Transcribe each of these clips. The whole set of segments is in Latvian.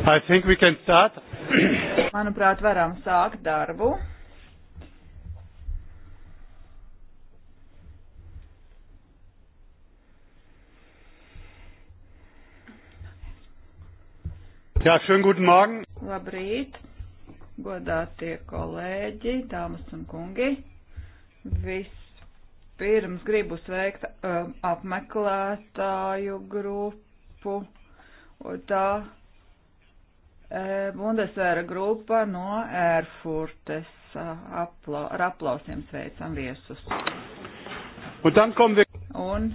I think we can start. Manuprāt, varam sākt darbu. Jā, ja, schönen guten Morgen. Labrīt godātie kolēģi, dāmas un kungi. Vispirms gribu sveikt um, apmeklētāju grupu. Tā um, Bundesvēra grupa no Erfurtes. Apla, ar aplausiem sveicam viesus. Un, kom... un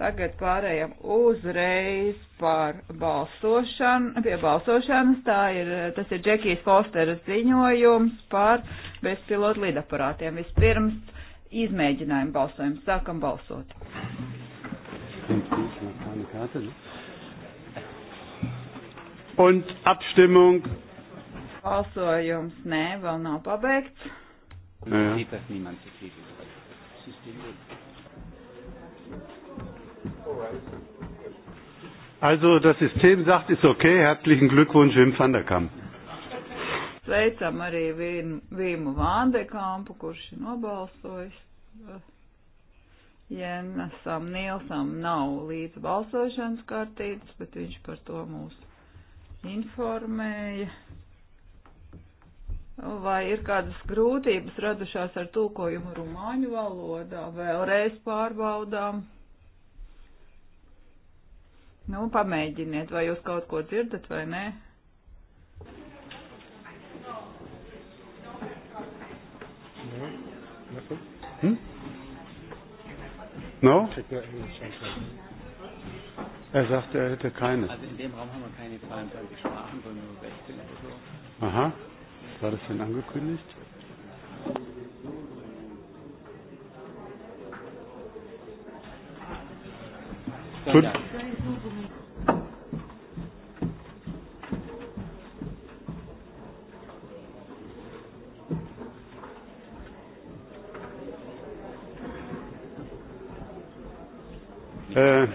tagad pārējām uzreiz par balsošanu, pie balsošanas. Tā ir, tas ir Džekijas Fosteras ziņojums par bezpilotu lidaparātiem. Vispirms izmēģinājumu balsojumu. Sākam balsot. Un apstimung. Balsojums nē, vēl nav pabeigts. Ja. All right. Also das System sagt, ist okay, herzlichen Glückwunsch Wim van der Kamp. Sveicam arī Vīmu Vandekampu, kurš ir nobalsojis. Jensam Nilsam nav līdz balsošanas kartītes, bet viņš par to mūs informēja. Vai ir kādas grūtības radušās ar tulkojumu rumāņu valodā? Vēlreiz pārbaudām. Nu, pamēģiniet, vai jūs kaut ko dzirdat vai nē. Hmm? No? Er sagte, er hätte keine. Also in dem Raum haben wir keine 22 Sprachen, sondern nur 16 oder so. Aha. War das denn angekündigt? Could, Uh,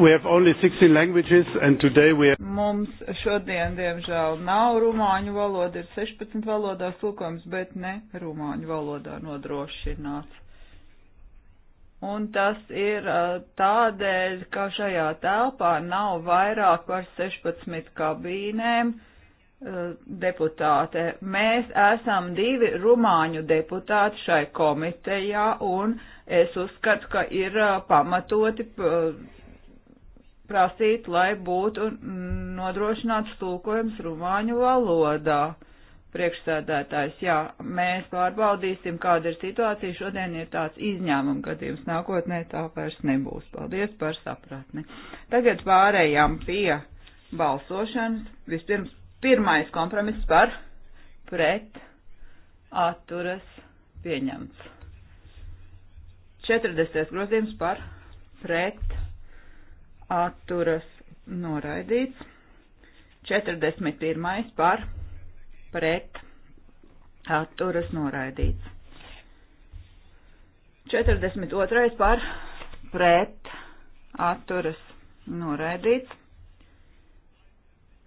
we have only 16 languages and today we have Mums šodien, diemžēl, nav rumāņu valoda, ir 16 valodās tulkojums, bet ne rumāņu valodā nodrošināts. Un tas ir tādēļ, ka šajā telpā nav vairāk par 16 kabīnēm deputāte. Mēs esam divi rumāņu deputāti šai komitejā, un es uzskatu, ka ir pamatoti prasīt, lai būtu nodrošināts tulkojums rumāņu valodā priekšsēdētājs, jā, mēs pārbaudīsim, kāda ir situācija. Šodien ir tāds izņēmuma gadījums, nākotnē tā vairs nebūs. Paldies par sapratni. Tagad pārējām pie balsošanas. Vispirms pirmais kompromiss par pret atturas pieņemts. 40. grozījums par pret atturas noraidīts. 41. par pret pret atturas noraidīts. 42. par pret atturas noraidīts.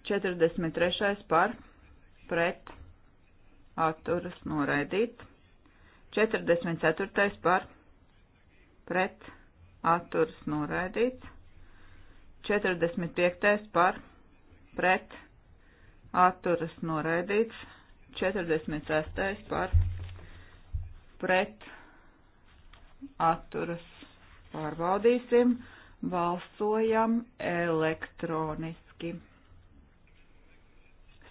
43. par pret atturas noraidīts. 44. par pret atturas noraidīts. 45. par pret atturas noraidīts, 46. par pret atturas pārbaudīsim, balsojam elektroniski.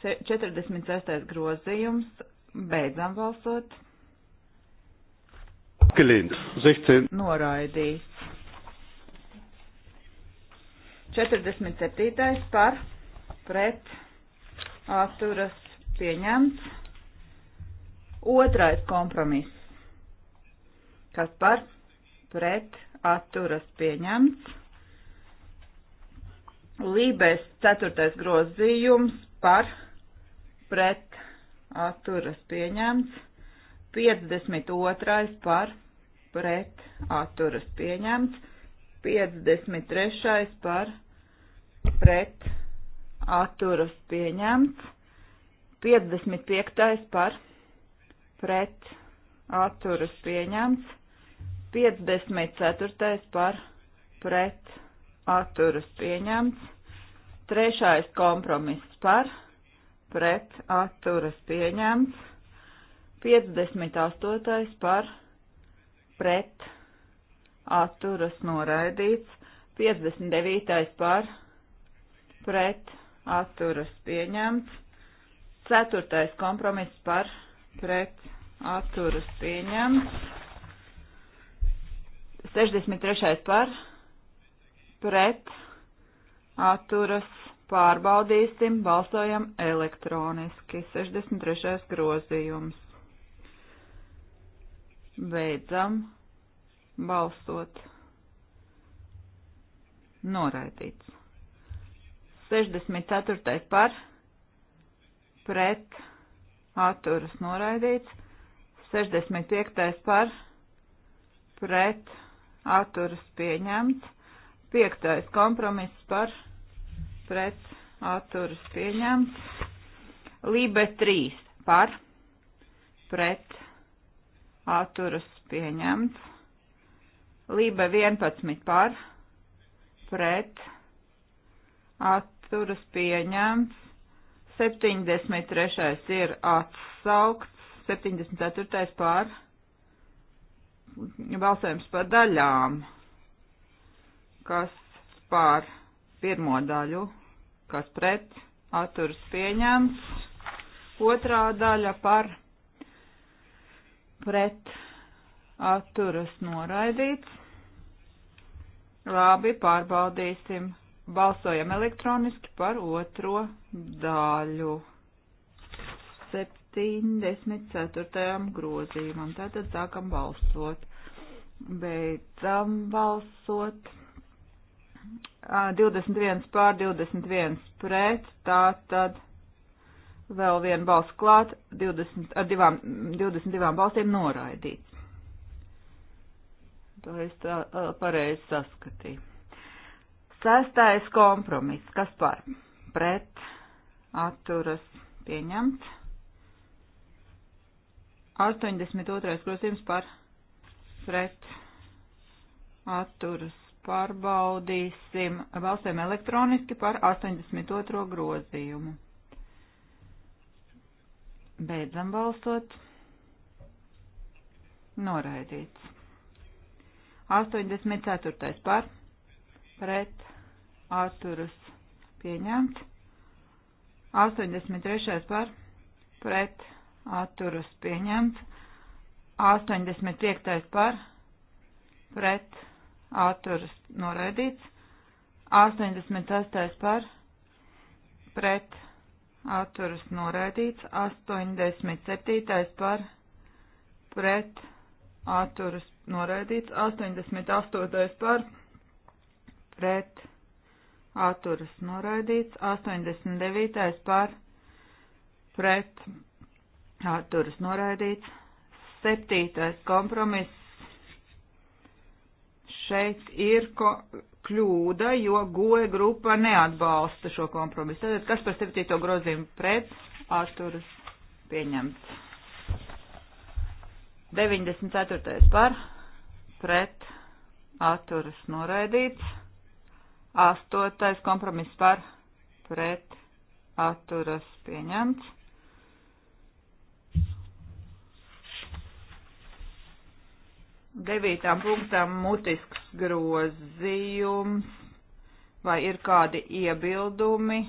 46. grozījums, beidzam balsot. Abgelehnt. 16. Noraidīts. 47. par pret atturas pieņemts. Otrais kompromiss. Kas par pret atturas pieņemts. Lībēs ceturtais grozījums par pret atturas pieņemts. 52. par pret atturas pieņemts. 53. par pret atturas pieņemts. 55. par pret atturas pieņemts. 54. par pret atturas pieņemts. 3. kompromiss par pret atturas pieņemts. 58. par pret atturas noraidīts. 59. par pret atturas pieņemts. Ceturtais kompromiss par pret atturas pieņemts. 63. par pret atturas pārbaudīsim, balsojam elektroniski. 63. grozījums. Beidzam balsot. Noraidīts. 64. par pret atturas noraidīts, 65. par pret atturas pieņemts, 5. kompromiss par pret atturas pieņemts, Lībe 3 par pret atturas pieņemts, Lībe 11 par pret atturas pieņemts atturas pieņemts, 73. ir atsaukts, 74. pār balsojums par daļām, kas pār pirmo daļu, kas pret atturas pieņemts, otrā daļa par pret atturas noraidīts. Labi, pārbaudīsim Balsojam elektroniski par otro daļu. 74. grozījumam. Tātad sākam balsot. Beidzam balsot. 21 pār 21 pret, tātad vēl viena balss klāt, 20, ar divām, 22 balsīm noraidīts. To es tā pareizi saskatīju. Sestais kompromiss. Kas par? Pret. Atturas. Pieņemts. 82. grozījums par. Pret. Atturas. Pārbaudīsim. Balsēm elektroniski par 82. grozījumu. Beidzam balsot. Noraidīts. 84. par. Pret atturas pieņemts. 83. par pret atturas pieņemts. 85. par pret atturas noraidīts. 86. par pret atturas noraidīts. 87. par pret atturas noraidīts. 88. par pret atturas noraidīts, 89. par pret atturas noraidīts, 7. kompromiss. Šeit ir ko, kļūda, jo goja grupa neatbalsta šo kompromisu. Tātad, kas par 7. grozījumu pret atturas pieņemts? 94. par pret atturas noraidīts. Astotais kompromiss par pret atturas pieņemts. Devītām punktām mutisks grozījums. Vai ir kādi iebildumi?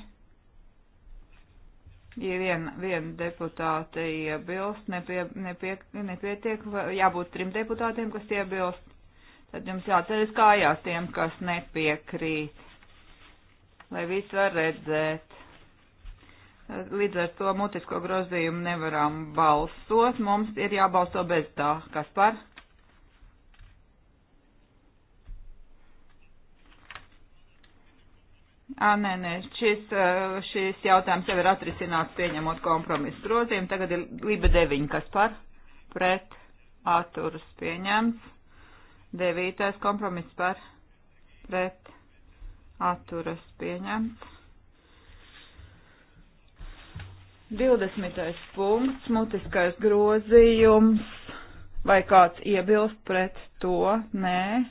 Ja vien, vien deputāte iebilst, nepie, nepie, nepietiek, jābūt trim deputātiem, kas iebilst. Tad jums jāceļas kājās tiem, kas nepiekrīt, lai viss var redzēt. Līdz ar to mutisko grozījumu nevaram balsot. Mums ir jābalso bez tā. Kas par? Ā, nē, nē, šis, šis jautājums jau ir atrisināts pieņemot kompromisu grozījumu. Tagad ir liba deviņi, kas par? Pret atturas pieņemts. Devītais kompromiss par pret atturas pieņemts. 20. punkts, mutiskais grozījums, vai kāds iebilst pret to? Nē.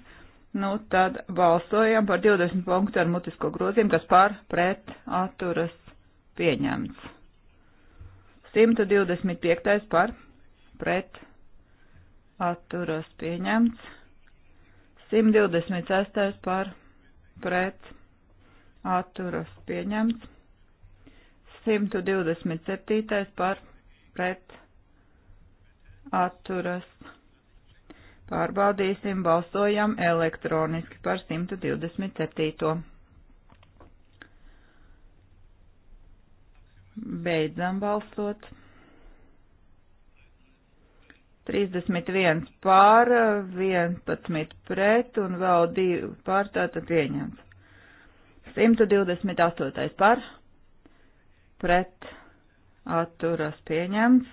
Nu, tad balsojam par 20 punktu ar mutisko grozījumu, kas par pret atturas pieņemts. 125. par pret atturas pieņemts. 126. par pret atturas pieņemts. 127. par pret atturas. Pārbaudīsim, balsojam elektroniski par 127. Beidzam balsot. 31 pār, 11 pret un vēl 2 pār, tātad pieņemts. 128 par, pret, atturas pieņemts.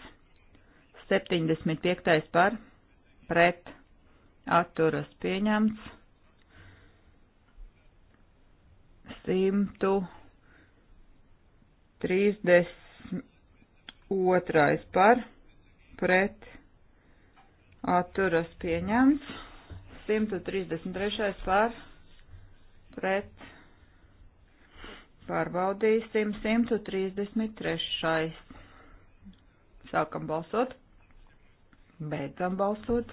75 par, pret, atturas pieņemts. 132 par, pret, atturas pieņemts. 133. par pret pārbaudīsim 133. Sākam balsot. Beidzam balsot.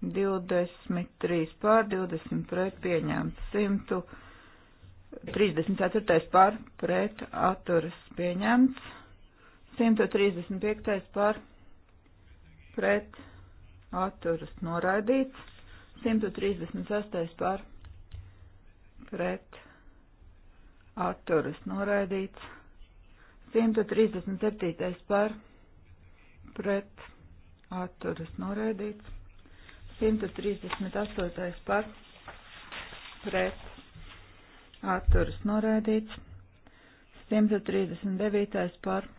23 pār 20 pret pieņemts 134 pār pret atturas pieņemts 135. par pret atturas noraidīts. 136. par pret atturas noraidīts. 137. par pret atturas noraidīts. 138. par pret atturas noraidīts. 139. par pret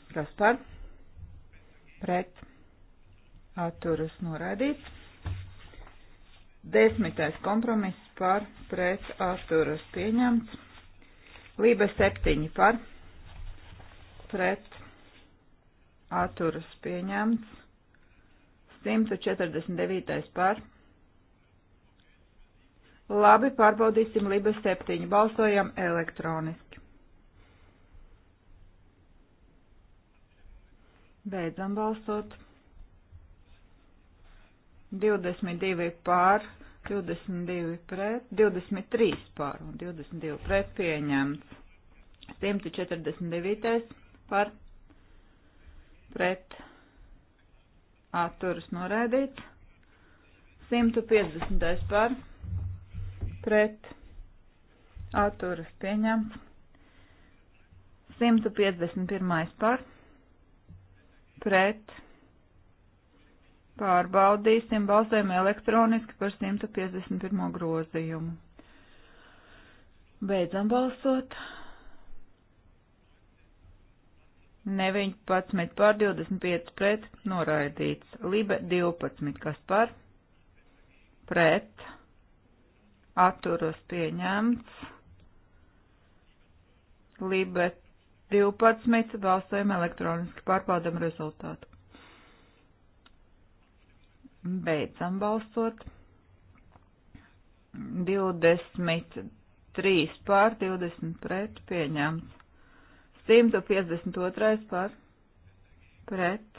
Kas par? Pret. Atturas noraidīts. Desmitais kompromiss par pret atturas pieņemts. Lība septiņi par pret atturas pieņemts. 149. par. Labi, pārbaudīsim Libes 7. Balsojam elektroniski. Beidzam balsot. 22 pār, 22 pret, 23 pār un 22 pret pieņemts. 149 par pret atturas norēdīts. 150 par pret atturas pieņemts. 151 par pret pret. Pārbaudīsim, balsēm elektroniski par 151. grozījumu. Beidzam balsot. 19 pār 25 pret, noraidīts. Libe 12, kas par? Pret. Atturos pieņemts. Libe 12. Balsojam elektroniski, pārbaudam rezultātu. Beidzam balsot. 23 pār 20 pret pieņemts. 152 pār pret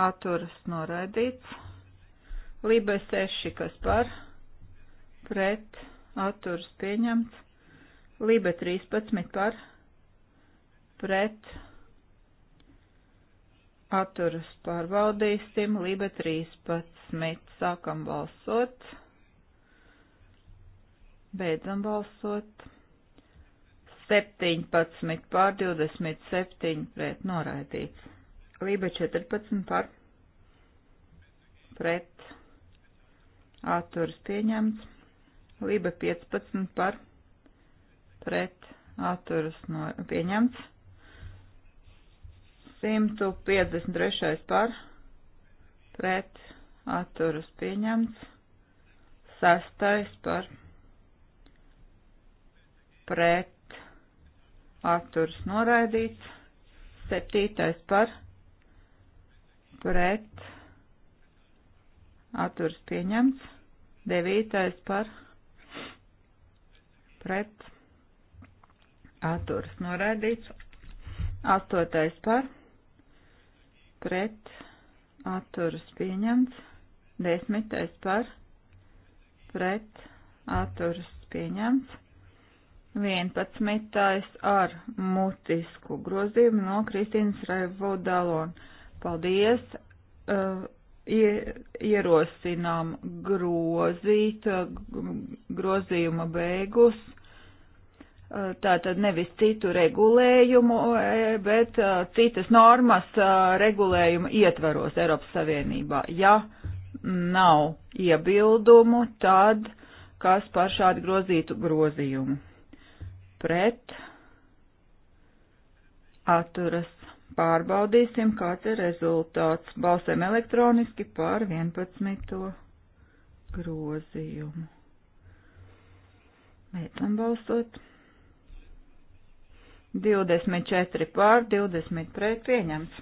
atturas noraidīts. Libe 6 kas par pret atturas pieņemts. Libe 13 par pret pret atturas pārbaudīsim, liba 13, sākam balsot, beidzam balsot, 17 pār 27 pret noraidīts, liba 14 pār pret atturas pieņemts, liba 15 pār pret atturas no, pieņemts. 153. par pret atturas pieņemts. 6. par pret atturas noraidīts. 7. par pret atturas pieņemts. 9. par pret atturas noraidīts. 8. par pret pret atturas pieņemts. Desmitais par pret atturas pieņemts. Vienpadsmitais ar mutisku grozījumu no Kristīnas Revodalona. Paldies! Uh, ierosinām grozīt uh, grozījuma beigus Eh, tātad nevis citu regulējumu, eh, bet eh, citas normas regulējumu ietvaros Eiropas Savienībā. Ja nav iebildumu, tad kas par šādu grozītu grozījumu? Pret atturas pārbaudīsim, kāds ir rezultāts. Balsēm elektroniski par 11. grozījumu. Beidzam balsot. 24 pār 20 pret pieņemts.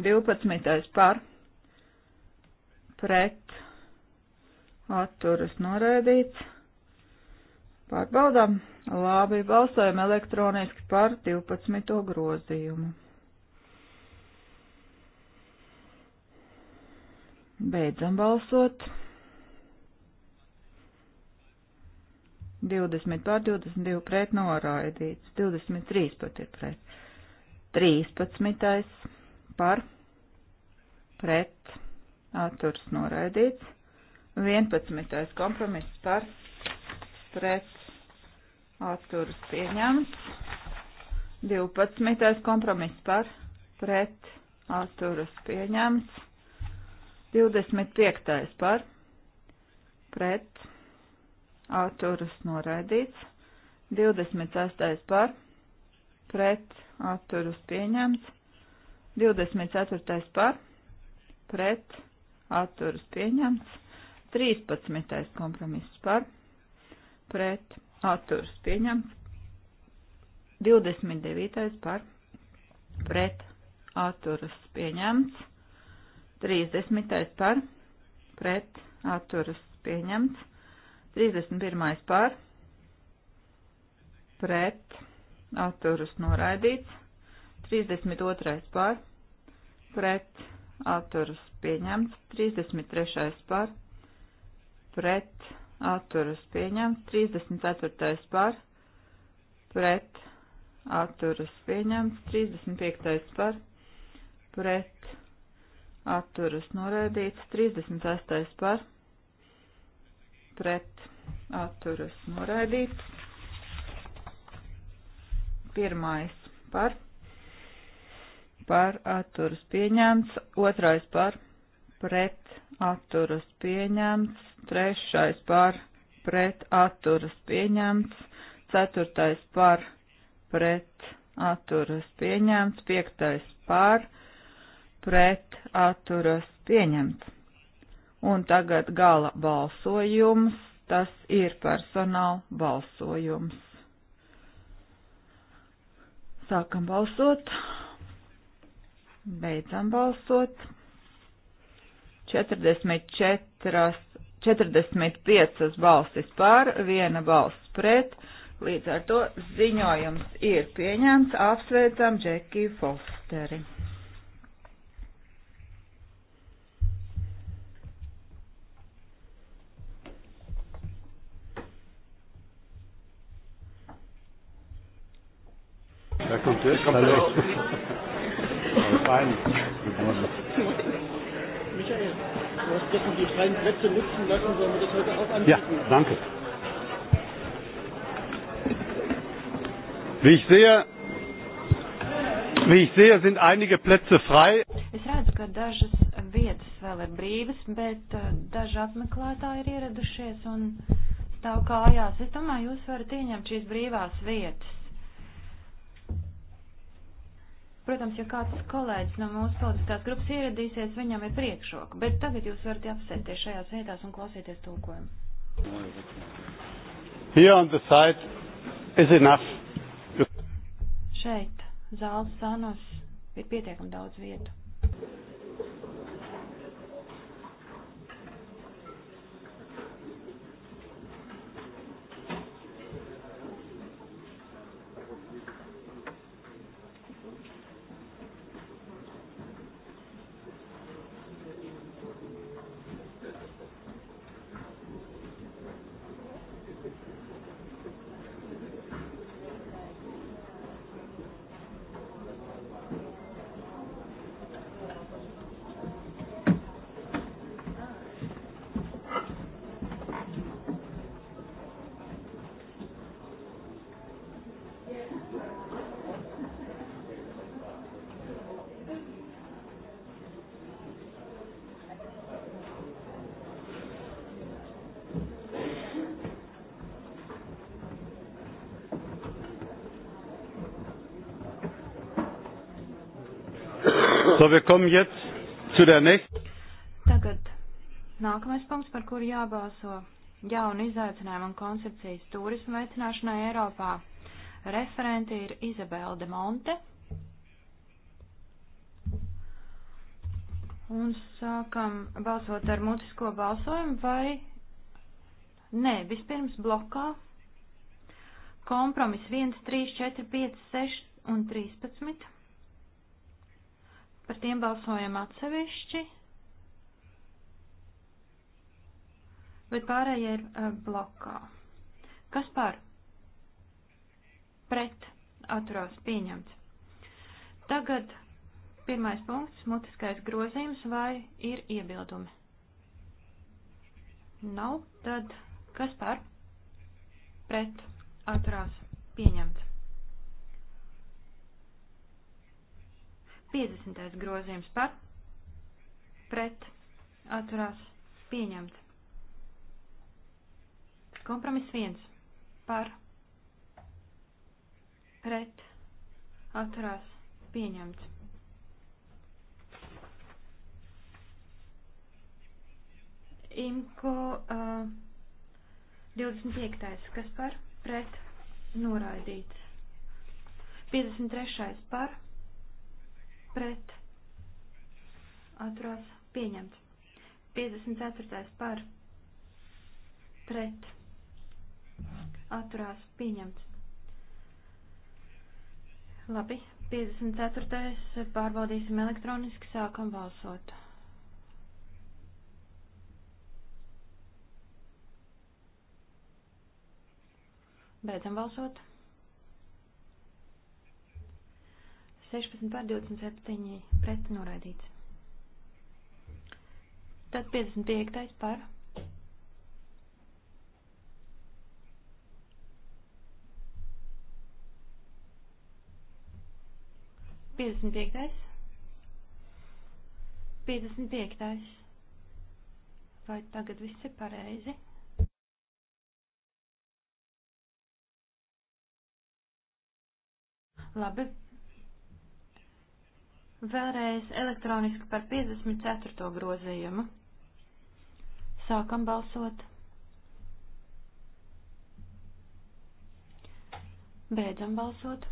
12. par pret atturas norēdīts. Pārbaudām. Labi, balsojam elektroniski par 12. grozījumu. Beidzam balsot. 20 pār 22 pret noraidīts, 23 pat ir pret. 13. par pret atturs noraidīts, 11. kompromiss par pret atturs pieņemts, 12. kompromiss par pret atturs pieņemts, 25. par pret atturs pieņemts atturas noraidīts, 26. par, pret, atturas pieņemts, 24. par, pret, atturas pieņemts, 13. kompromiss par, pret, atturas pieņemts, 29. par, pret, atturas pieņemts, 30. par, pret, atturas pieņemts, 31. par pret atturas noraidīts. 32. par pret atturas pieņemts. 33. par pret atturas pieņemts. 34. par pret atturas pieņemts. 35. par pret atturas noraidīts. 36. par pret pret atturas noraidīts. Pirmais par, par atturas pieņemts, otrais par, pret atturas pieņemts, trešais par, pret atturas pieņemts, ceturtais par, pret atturas pieņemts, piektais par, pret atturas pieņemts. Un tagad gala balsojums, tas ir personāla balsojums. Sākam balsot, beidzam balsot. 44, 45 balsis pār, viena balss pret, līdz ar to ziņojums ir pieņemts, apsveicam Džekiju Fosteri. Tschüss. Kommt Fein. Michael, du hast gestern die freien Plätze nutzen lassen, sollen wir das heute auch anbieten? Ja, danke. Wie ich sehe, wie ich sehe, sind einige Plätze frei. Es redzu, ka dažas vietas vēl ir brīvas, bet eh, daži apmeklētāji ir ieradušies un stāv kājās. Es domāju, jūs varat ieņemt šīs brīvās vietas. Protams, ja kāds kolēģis no mūsu politiskās grupas ieradīsies, viņam ir priekšroka, bet tagad jūs varat apsēties šajās vietās un klausīties tulkojumu. Here on the side is enough. Šeit zāles sānos ir pietiekami daudz vietu. So, wir kommen jetzt zu der nächsten. Tagad nākamais punkts, par kuru jābalso jaunu izaicinājumu un koncepcijas turismu veicināšanai Eiropā. Referenti ir Izabela de Monte. Un sākam balsot ar mutisko balsojumu vai nē, vispirms blokā. Kompromis 1, 3, 4, 5, 6 un 13. Par tiem balsojam atsevišķi. Bet pārējie ir eh, blokā. Kas par? Pret atturās pieņemts. Tagad pirmais punkts, mutiskais grozījums vai ir iebildumi? Nav, tad kas par? Pret atturās pieņemts. 50. grozījums par, pret, atturās, pieņemt. Kompromiss 1 par, pret, atturās, pieņemt. Imko uh, 25. kas par, pret, noraidīts. 53. par, pret pret atturās pieņemts. 54. par pret atturās pieņemts. Labi, 54. pārbaudīsim elektroniski, sākam balsot. Beidzam balsot. 16 pār 27 pret noraidīts. Tad 55 par. Piecdesmit piektais. Piecdesmit piektais. Vai tagad viss ir pareizi? Labi, Vēlreiz elektroniski par 54. grozījumu. Sākam balsot. Beidzam balsot.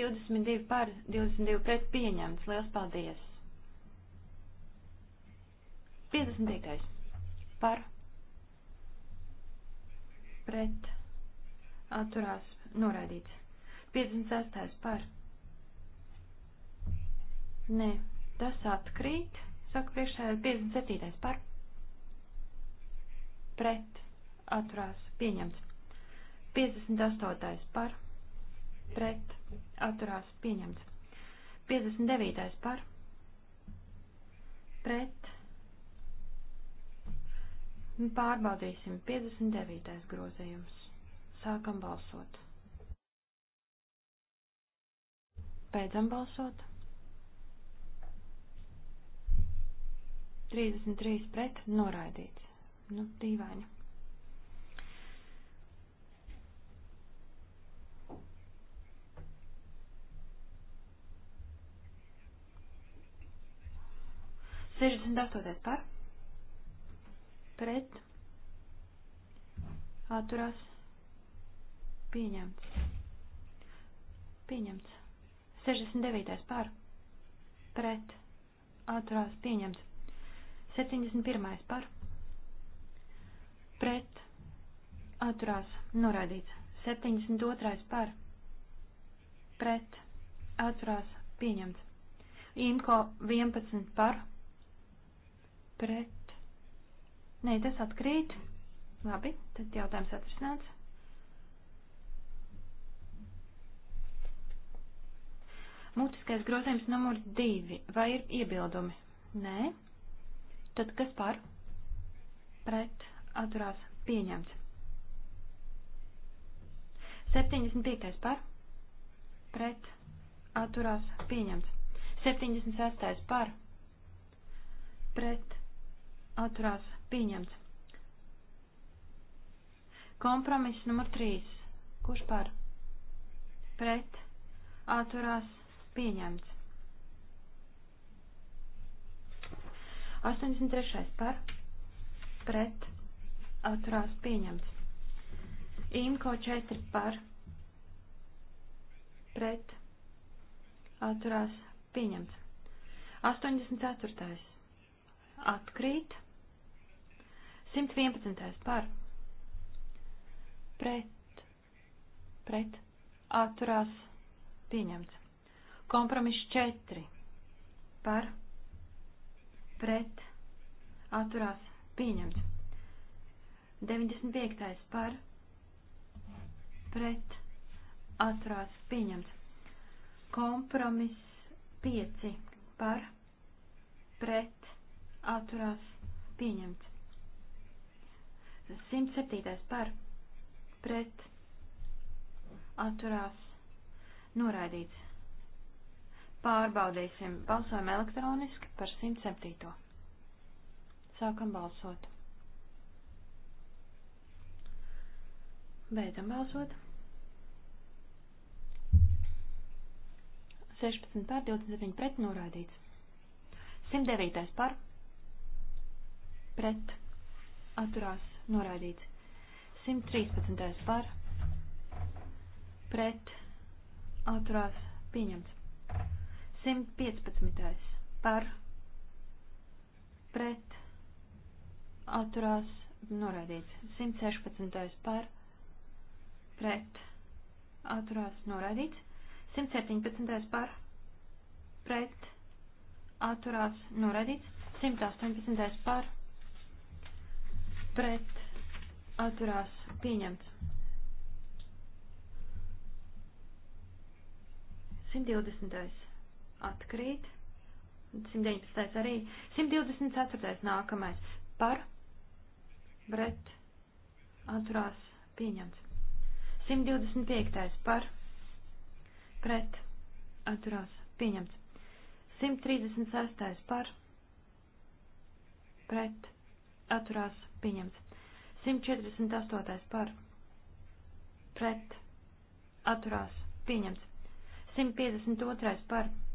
22 par, 22 pret pieņemts. Liels paldies. 59. Par. Pret. Atturās. Noraidīts. 56. Par. Nē, tas atkrīt. Saka priekšsēdētājs 57. par. Pret. Atturās. Pieņemts. 58. par. Pret. Atturās. Pieņemts. 59. par. Pret. Pārbaudīsim 59. grozījums. Sākam balsot. Beidzam balsot. 33 pret noraidīts. Nu, dīvaini. Sešdesmit astotais par, pret, atturās, pieņemts, pieņemts, sešdesmit devītais par, pret, atturās, pieņemts, 71. par pret atturās norādīts. 72. par pret atturās pieņemts. Imko 11 par pret. Nē, tas atkrīt. Labi, tad jautājums atrisināts. Mutiskais grozījums numur 2. Vai ir iebildumi? Nē. Tad kas par? Pret atturās pieņemts. 75. par? Pret atturās pieņemts. 76. par? Pret atturās pieņemts. Kompromiss numur 3. Kurš par? Pret atturās pieņemts. 83. par pret atturās pieņemts. Imko 4 par pret atturās pieņemts. 84. atkrīt. 111. par pret pret atturās pieņemts. Kompromiss 4 par pret pret atturās pieņemts. 95. par pret atturās pieņemts. Kompromiss 5 par pret atturās pieņemts. 107. par pret atturās noraidīts. Pārbaudīsim. Balsojam elektroniski par 107. Sākam balsot. Beidzam balsot. 16 pār 29 pret norādīts. 109 par pret atturās norādīts. 113 par pret atturās pieņemts. 115. par pret atturās noraidīts. 116. par pret atturās noraidīts. 117. par pret atturās noraidīts. 118. par pret atturās pieņemts. 120 atkrīt. 119. arī. 124. nākamais par pret atturās pieņemts. 125. par pret atturās pieņemts. 136. par pret atturās pieņemts. 148. par pret atturās pieņemts. 152. par pret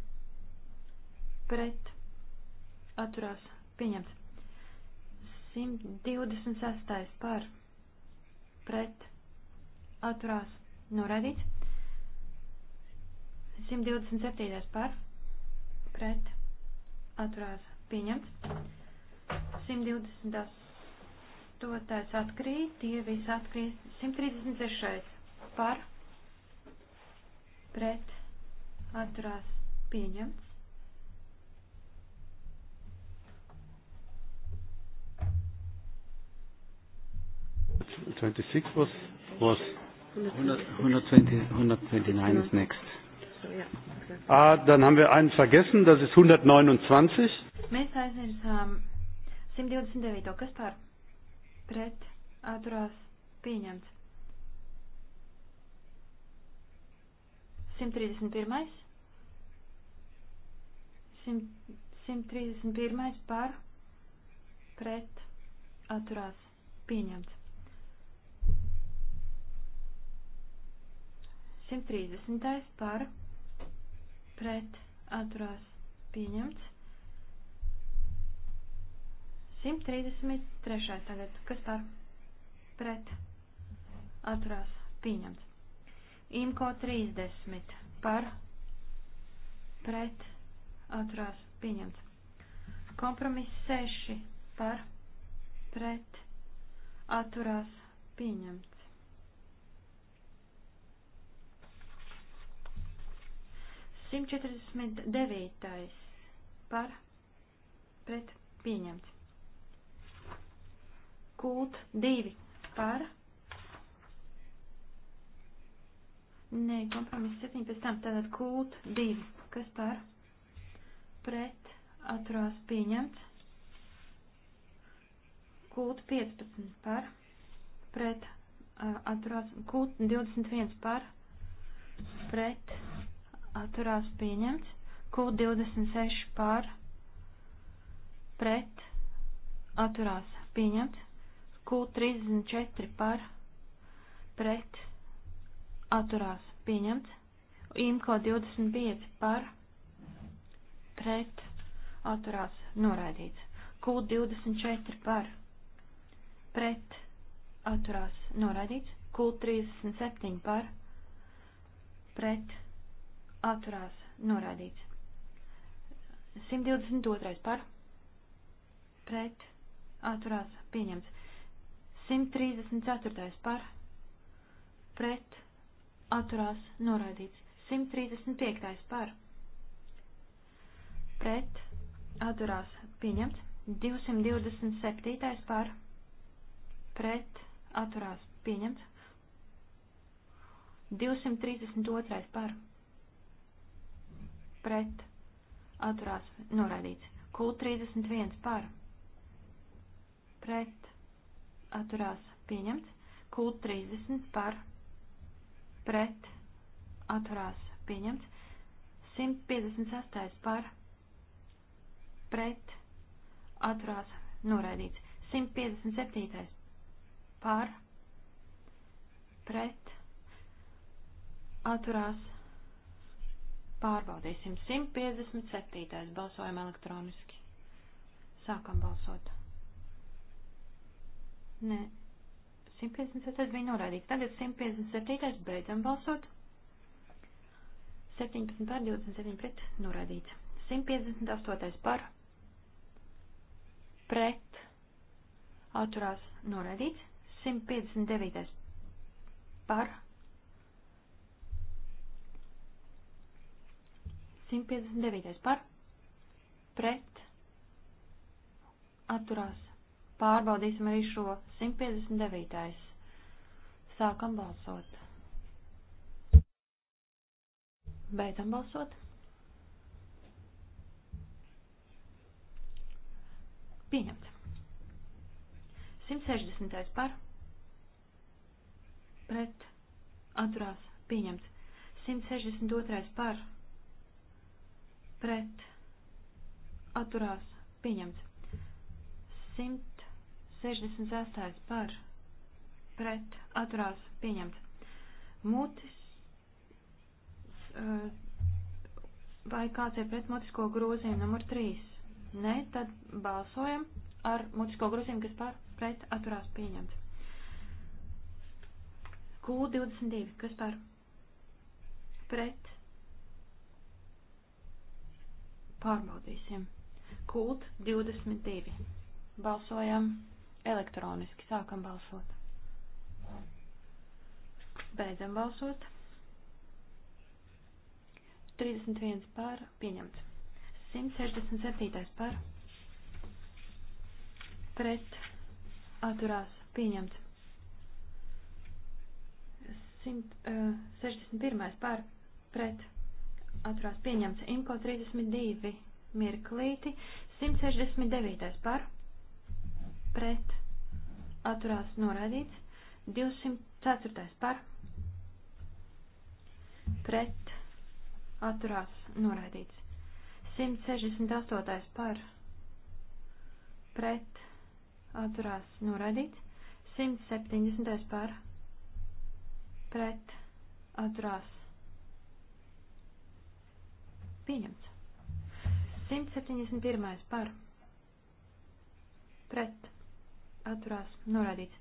pret atturās pieņemts. 126. par pret atturās noraidīts. 127. par pret atturās pieņemts. 128. atkrīt, tie visi atkrīt. 136. par pret atturās pieņemts. 26 was? was 120, 129 ist next. Ah, dann haben wir einen vergessen, das ist 129. Mēs aizmirsām 129. Kas par? Pret atturās pieņemts. 131. 131 par pret atturās pieņemts. 130. par pret atturās pieņemts. 133. tagad, kas par pret atturās pieņemts. Imko 30 par pret atturās pieņemts. Kompromiss 6 par pret atturās pieņemts. 149. par pret pieņemts. Kult 2 par. Nē, kompromiss 7 pēc tam. Tātad kult 2. Kas par? Pret atturās pieņemts. Kult 15 par. Pret atturās. Kult 21 par. Pret atturās pieņemts, Q26 par pret atturās pieņemts, Q34 par pret atturās pieņemts, IMCO 25 par pret atturās noraidīts, Q24 par pret atturās noraidīts, Q37 par pret atturās atturās norādīts. 122. par pret atturās pieņemts. 134. par pret atturās norādīts. 135. par pret atturās pieņemts. 227. par pret atturās pieņemts. 232. par pret, atturās, noraidīts. Kult 31 par, pret, atturās, pieņemts. Kult 30 par, pret, atturās, pieņemts. 156 par, pret, atturās, noraidīts. 157 par, pret, atturās, Pārbaudīsim 157. balsojam elektroniski. Sākam balsot. Nē, 157. bija norādīts. Tagad 157. beidzam balsot. 17 par 27 pret norādīts. 158. par pret atturās norādīts. 159. par 159. par pret atturās. Pārbaudīsim arī šo 159. Sākam balsot. Beidzam balsot. Pieņemts. 160. par pret atturās. Pieņemts. 162. par pret pret atturās pieņemts. 166. par pret atturās pieņemts. Mutis eh, vai kāds ir pret mutisko grozījumu numur 3? Nē, tad balsojam ar mutisko grozījumu, kas par pret atturās pieņemts. Q22, kas par pret Pārbaudīsim. Kult 22. Balsojam elektroniski. Sākam balsot. Beidzam balsot. 31 par pieņemts. 167 par pret atturās pieņemts. 161 eh, par pret atturās pieņemts Imko 32 mirklīti, 169 par, pret, atturās norādīts, 204 par, pret, atturās norādīts, 168 par, pret, atturās norādīts, 170 par, pret, atturās Pieņemts. 171. par. Pret. Atturās. Norādīts.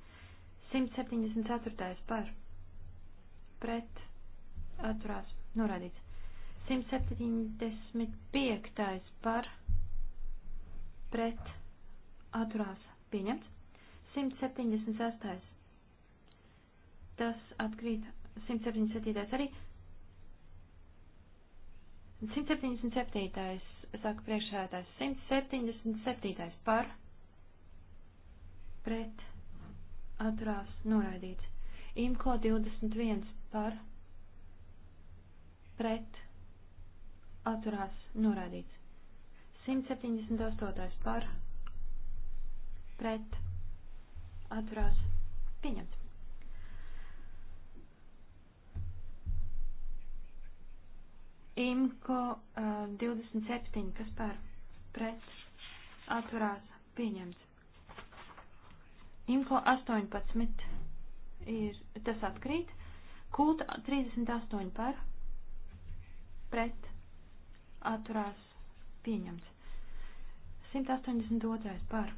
174. par. Pret. Atturās. Norādīts. 175. par. Pret. Atturās. Pieņemts. 176. Tas atkrīt. 177. arī. 177. saka priekšsēdētājs. 177. par pret atturās noraidīts. Imko 21 par pret atturās noraidīts. 178. par pret atturās pieņemts. Imko uh, 27, kas par pret atturās pieņemts. Imko 18 ir, tas atkrīt. Kulta 38 par pret atturās pieņemts. 182 par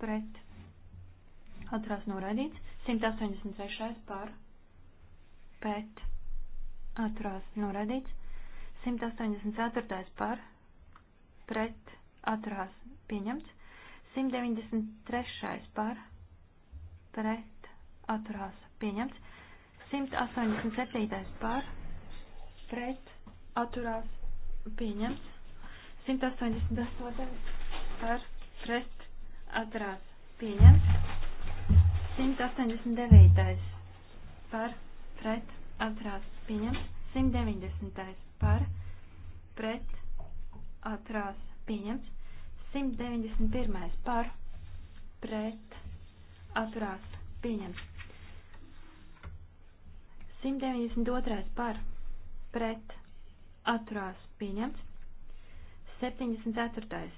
pret atturās noraidīts. 183 par pret atturās norādīts, 184. par, pret, atturās pieņemts, 193. par, pret, atturās pieņemts, 187. par, pret, atturās pieņemts, 188. par, pret, atturās pieņemts, 189. par, pret, atturās pieņemts. 190. par pret atturās pieņemts. 191. par pret atturās pieņemts. 192. par pret atturās pieņemts. 74.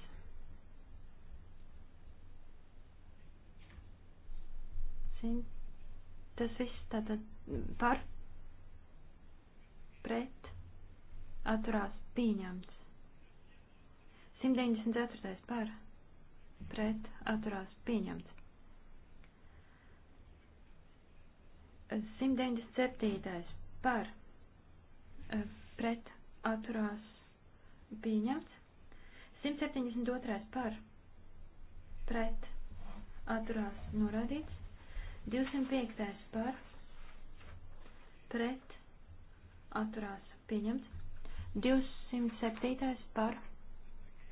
Tas viss tātad par pret atturās pieņemts. 194. par pret atturās pieņemts. 197. par pret atturās pieņemts. 172. par pret atturās norādīts. 205. par pret atturās pieņemts. 207. par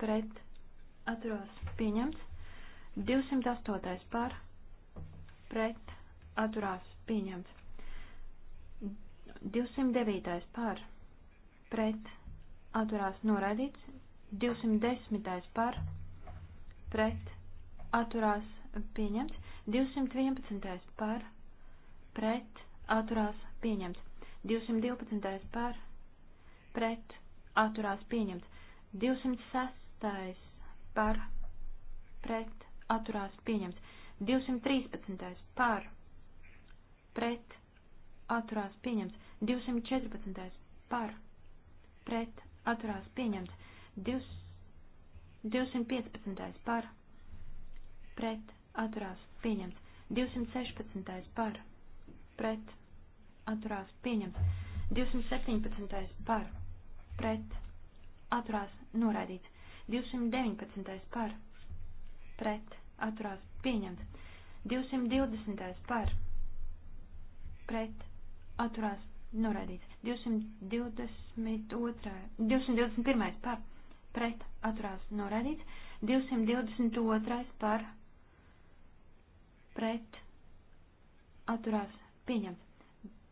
pret atturās pieņemts. 208. par pret atturās pieņemts. 209. par pret atturās noraidīts. 210. par pret atturās pieņemts. 211. par pret atturās pieņemts. 212. par pret atturās pieņemts. 206. par pret atturās pieņemts. 213. par pret atturās pieņemts. 214. par pret atturās pieņemts. 215. par pret atturās pieņemts. 216. par pret atturās pieņemts. 217. par pret atturās noraidīts. 219. par pret atturās pieņemts. 220. par pret atturās noraidīts. 222. 221. par pret atturās noraidīts. 222. par pret atturās pieņemts.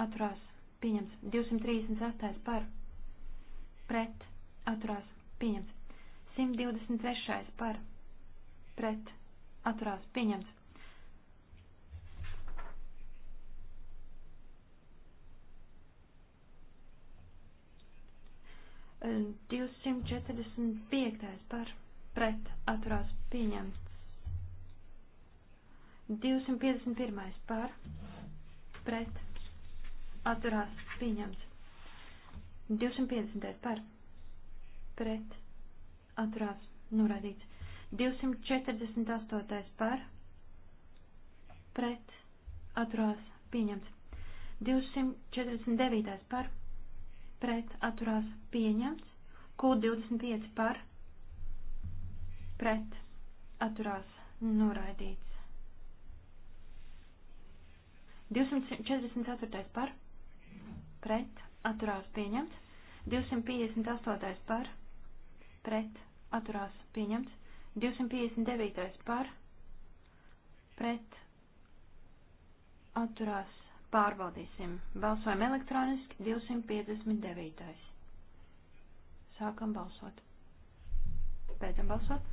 atturās pieņemts. 238. par pret atturās pieņemts. 123. par pret atturās pieņemts. Divsimt četrdesmit piektais par pret atturās pieņemts. 251. par pret atturās pieņemts. 250. par pret atturās norādīts. 248. par pret atturās pieņemts. 249. par pret atturās pieņemts. Q25 par pret atturās noraidīts. 244. par pret, atturās pieņemts. 258. par, pret, atturās pieņemts. 259. par, pret, atturās pārbaudīsim. Balsojam elektroniski 259. Sākam balsot. Beidzam balsot.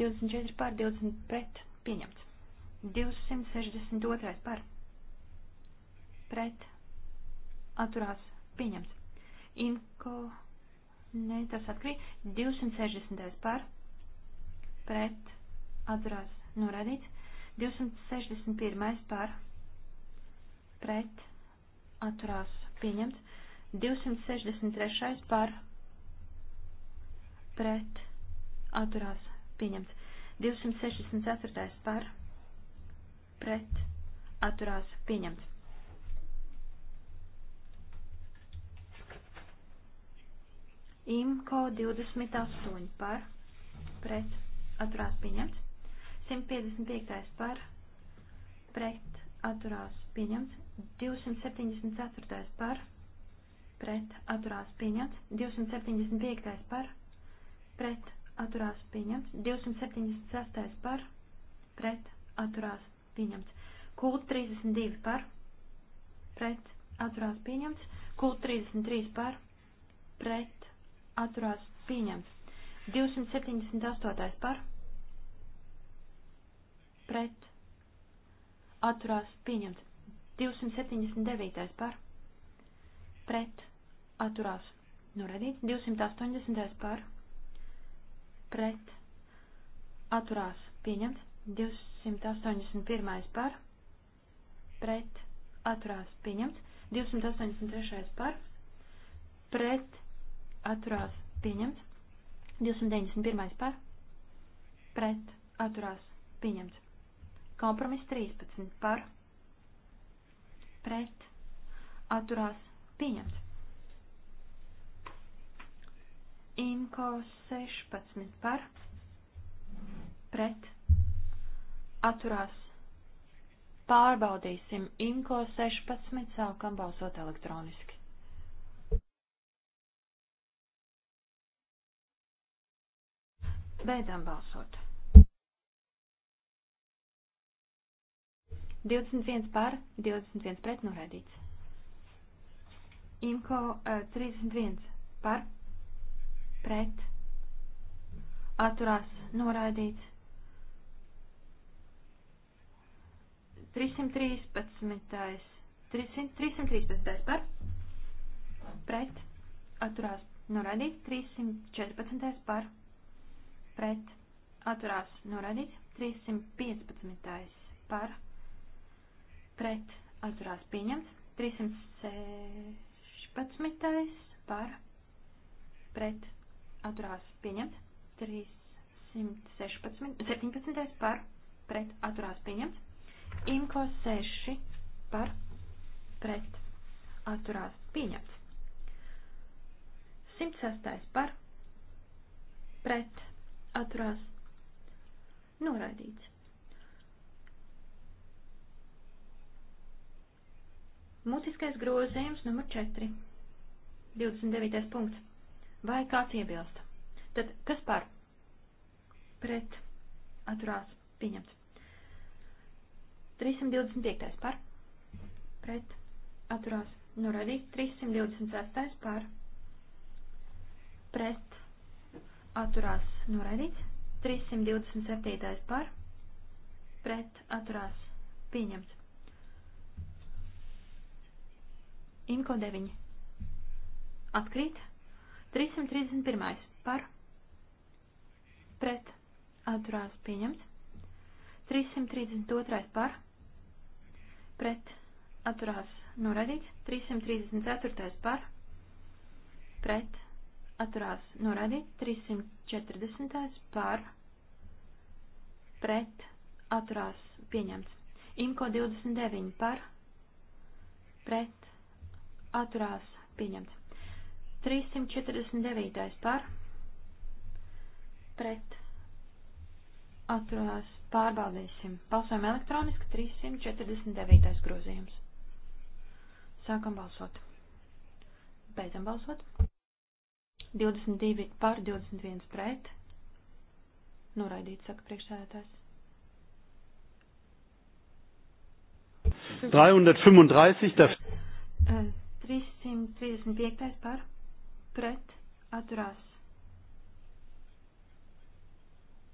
24 pār 20 pret pieņemts. 262 par pret atturās pieņems. Inko, ne, tas atkrīt, 260. par pret atturās norādīts, 261. par pret atturās pieņemts, 263. par pret atturās pieņemts, 264. par pret atturās pieņemts. IMCO 28 par pret atturās pieņemts. 155. par pret atturās pieņemts. 274. par pret atturās pieņemts. 275. par pret atturās pieņemts. 276. par pret atturās pieņemts. Kult 32 par pret atturās pieņemts. Kult 33 par pret atturās pieņemts. 278. par pret atturās pieņemts. 279. par pret atturās noradīts. Nu, 280. par pret atturās pieņemts. 281. par pret atturās pieņemts. 283. par pret atturās pieņemts. 291. par pret atturās pieņemts. Kompromiss 13 par pret atturās pieņemts. Inko 16 par pret atturās pārbaudīsim. Inko 16 sākam balsot elektroniski. Beidzam balsot. 21 par, 21 pret norādīts. Imko uh, eh, 31 par, pret, atturās norādīts. 313. 300, 313. par, pret, atturās norādīts. 314. par, pret pret atturās norādīts 315. par pret atturās pieņemts 316. par pret atturās pieņemts 316. 17. par pret atturās pieņemts Imko 6 par pret atturās pieņemts 106. par pret atturās noraidīts. Mūtiskais grozījums numur 4. 29. punkts. Vai kāds iebilst? Tad kas par? Pret atturās pieņemts. 325. par? Pret atturās noraidīts. 326. par? Pret atturās noraidīts, 327. par, pret atturās pieņemts. Imko 9. Atkrīt. 331. par, pret atturās pieņemts. 332. par, pret atturās noraidīts, 334. par, pret atturās norādīt 340. par pret atturās pieņemts. Imko 29 par pret atturās pieņemts. 349. par pret atturās pārbaudīsim. Balsojam elektroniski 349. grozījums. Sākam balsot. Beidzam balsot. 22 par 21 pret. Noraidīt, saka priekšsēdētājs. 335 daf. 335 par pret atturās.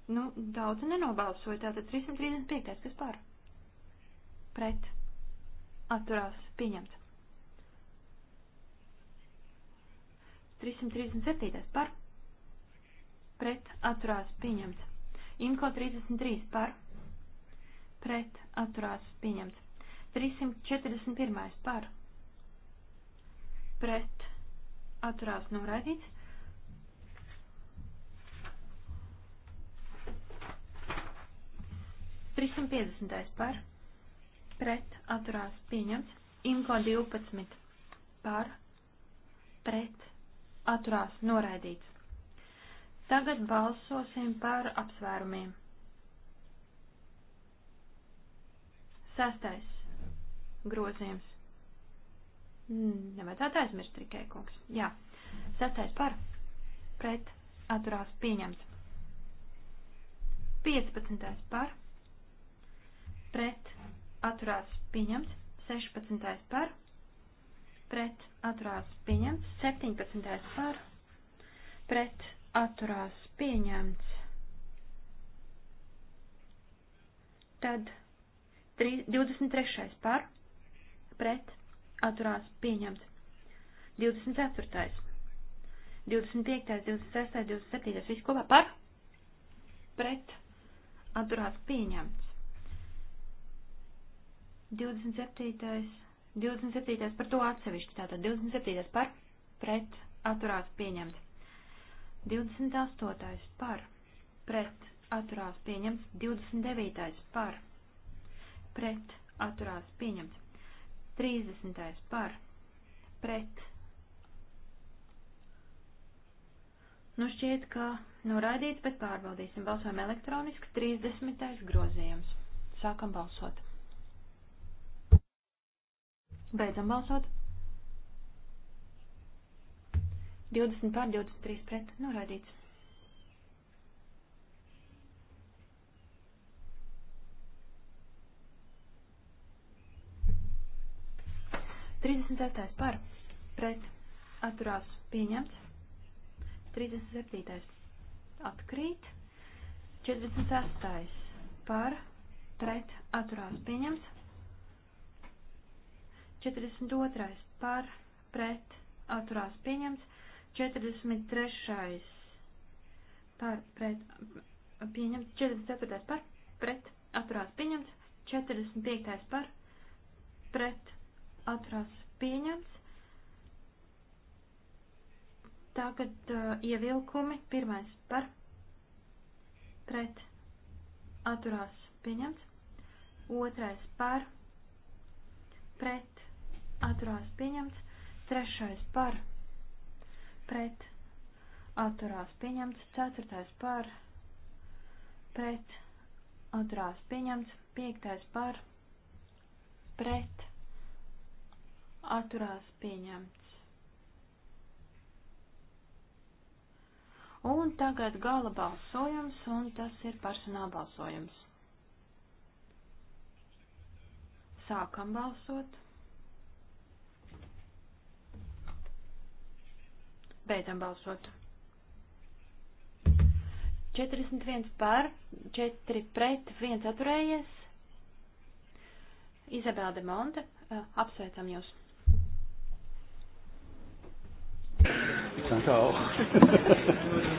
Nu, daudz nenobalsoja, tātad 335, kas par? Pret. Atturās. Pieņemts. 337. par pret atturās pieņemts. Imko 33 par pret atturās pieņemts. 341 par pret atturās noraidīts. Trīsim piecdesmitais par, pret, atturās, pieņemts, imko divpadsmit par, pret, atturās noraidīts. Tagad balsosim par apsvērumiem. Sestais grozījums. Nevajadzētu aizmirst tikai kungs. Jā. Sestais par. Pret. Atturās pieņemts. 15. par. Pret. Atturās pieņemts. 16. par pret atturās pieņemts, 17. par pret atturās pieņemts. Tad 23. par pret atturās pieņemts. 24. 25. 26. 27. viss kopā par pret atturās pieņemts. 27. 27. par to atsevišķi, tātad 27. par pret atturās pieņemts. 28. par pret atturās pieņemts. 29. par pret atturās pieņemts. 30. par pret. Nu šķiet, ka noraidīts, bet pārbaudīsim. Balsojam elektroniski. 30. grozījums. Sākam balsot. Beidzam balsot. 20 pār 23 pret norādīts. Trīsdesmit sestais par, pret, atturās, pieņemts. Trīsdesmit septītais atkrīt. Četrdesmit sestais par, pret, atturās, pieņemts. 42. par pret atturās pieņemts, 43. par pret pieņemts, 44. par pret atturās pieņemts, 45. par pret atturās pieņemts. Tagad uh, ievilkumi. Pirmais par pret atturās pieņemts, otrais par pret atturās pieņemts. Trešais par pret atturās pieņemts. Ceturtais par pret atturās pieņemts. Piektais par pret atturās pieņemts. Un tagad gala balsojums, un tas ir personāla balsojums. Sākam balsot. Beidzam balsot. 41 par, 4 pret, 1 atturējies. Izabela de Monte, apsveicam jūs. Danke auch.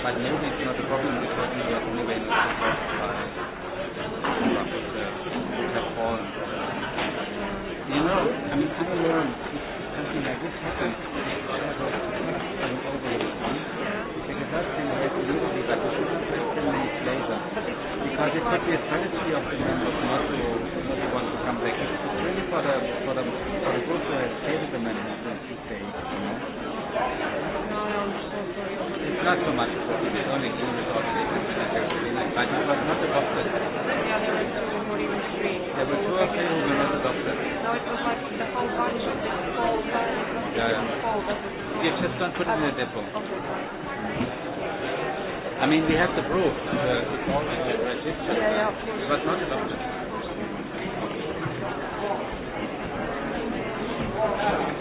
But moving is not a problem because we were only waiting for the first class. You know, I mean, I learned something like this happened. Because it could be a strategy of the members not to, not to want to come back. It's really for the for the for the group to have saved the management to stay. You know? No, I understand not so much cooking, there's only two resorts in but it was not adopted. Yeah, there were two in the street. There were two or three who were not adopted. No, it was like the whole bunch of this whole bunch of yeah, yeah. whole, but You just don't put it in a depot. Okay, I mean, we have the proof. The, uh, it's all registered. Yeah, yeah, of course. It was not adopted.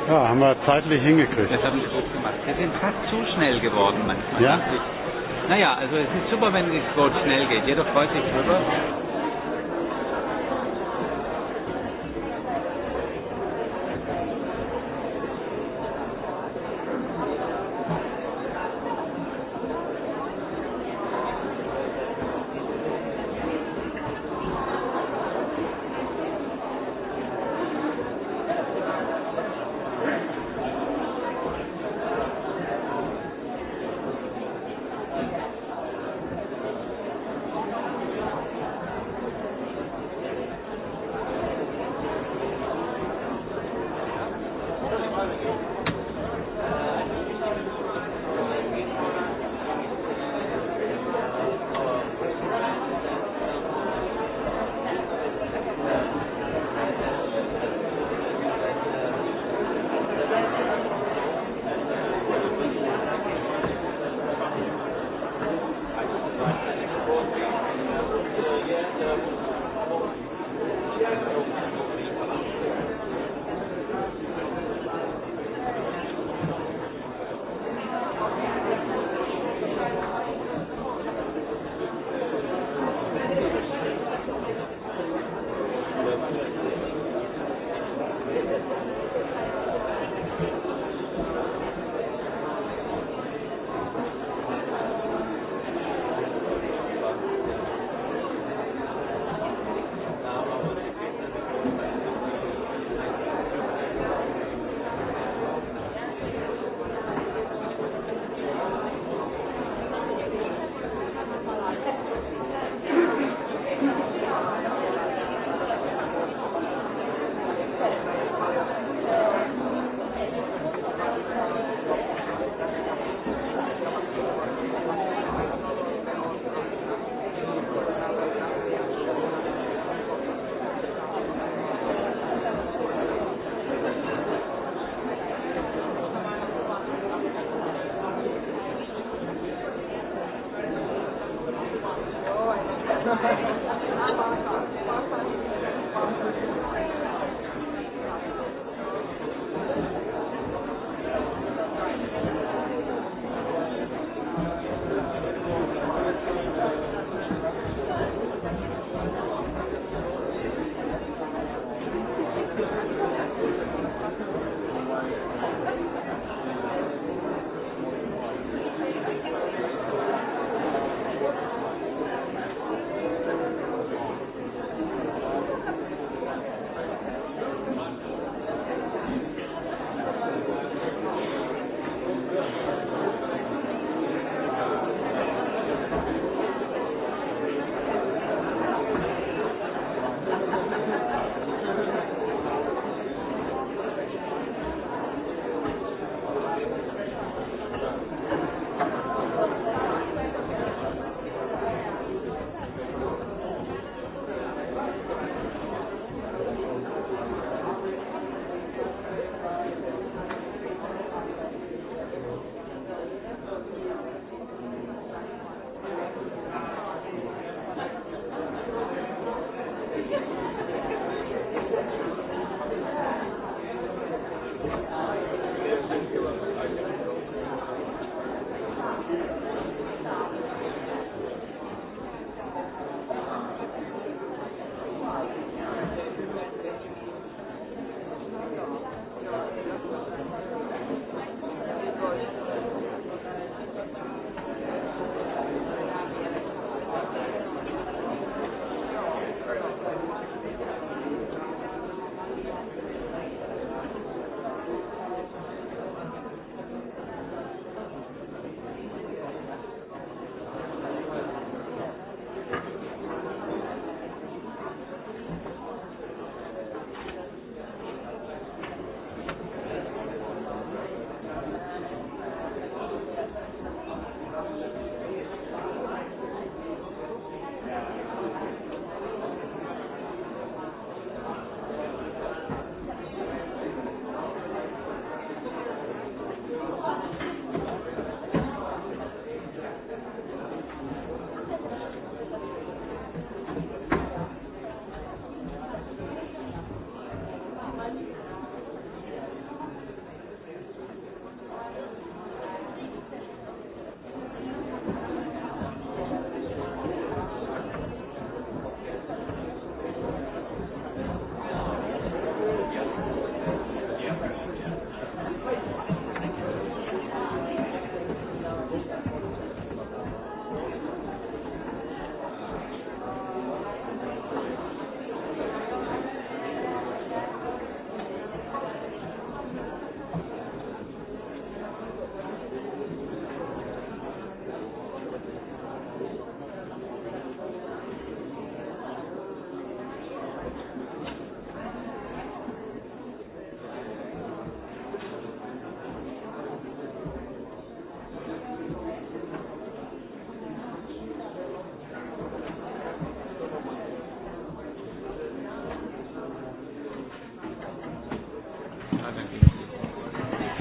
Ja, haben wir zeitlich hingekriegt. Das haben Sie gut gemacht. Wir sind fast zu schnell geworden manchmal. Ja? Naja, also es ist super, wenn es so schnell geht. Jeder freut sich drüber.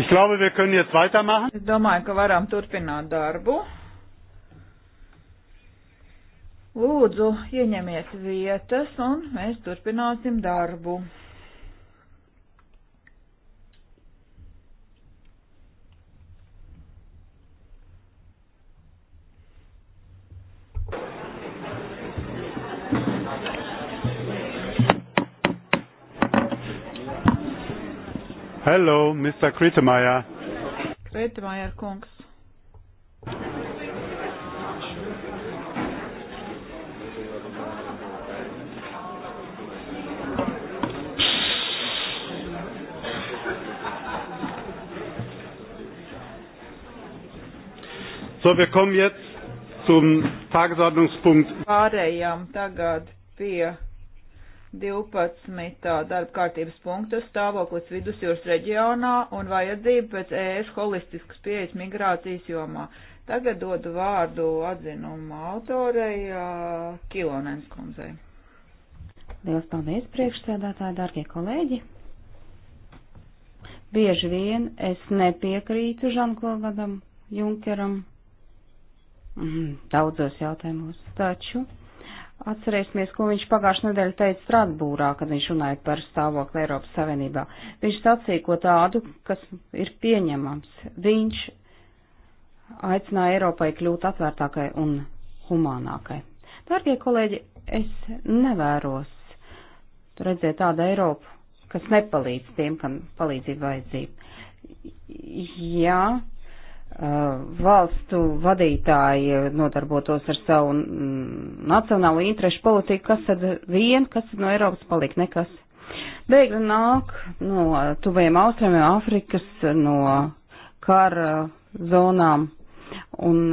Ich glaube, wir können jetzt weitermachen. Es domāju, ka varam turpināt darbu. Lūdzu, ieņemiet vietas un mēs turpināsim darbu. Hello, Mr. Kritemeier. Kritemeier kungs. So, wir kommen jetzt zum Tagesordnungspunkt. Pārējām tagad pie 12. darba kārtības punktu stāvoklis vidusjūras reģionā un vajadzība pēc ES holistiskas pieejas migrācijas jomā. Tagad dodu vārdu atzinumu autorei uh, Kilonens kundzei. Liels paldies priekšsēdētāji, dārgie kolēģi! Bieži vien es nepiekrītu Žanklodam Junkeram mhm, daudzos jautājumos, taču Atcerēsimies, ko viņš pagājušajā nedēļā teica Strasbūrā, kad viņš runāja par stāvokli Eiropas Savienībā. Viņš sacīja ko tādu, kas ir pieņemams. Viņš aicināja Eiropai kļūt atvērtākai un humānākai. Dārgie kolēģi, es nevēros redzēt tādu Eiropu, kas nepalīdz tiem, kam palīdzība vajadzība. Jā, Uh, valstu vadītāji nodarbotos ar savu mm, nacionālo interešu politiku, kas tad vien, kas tad no Eiropas palika nekas. Bēgļi nāk no tuviem austrumiem Afrikas, no kara zonām, un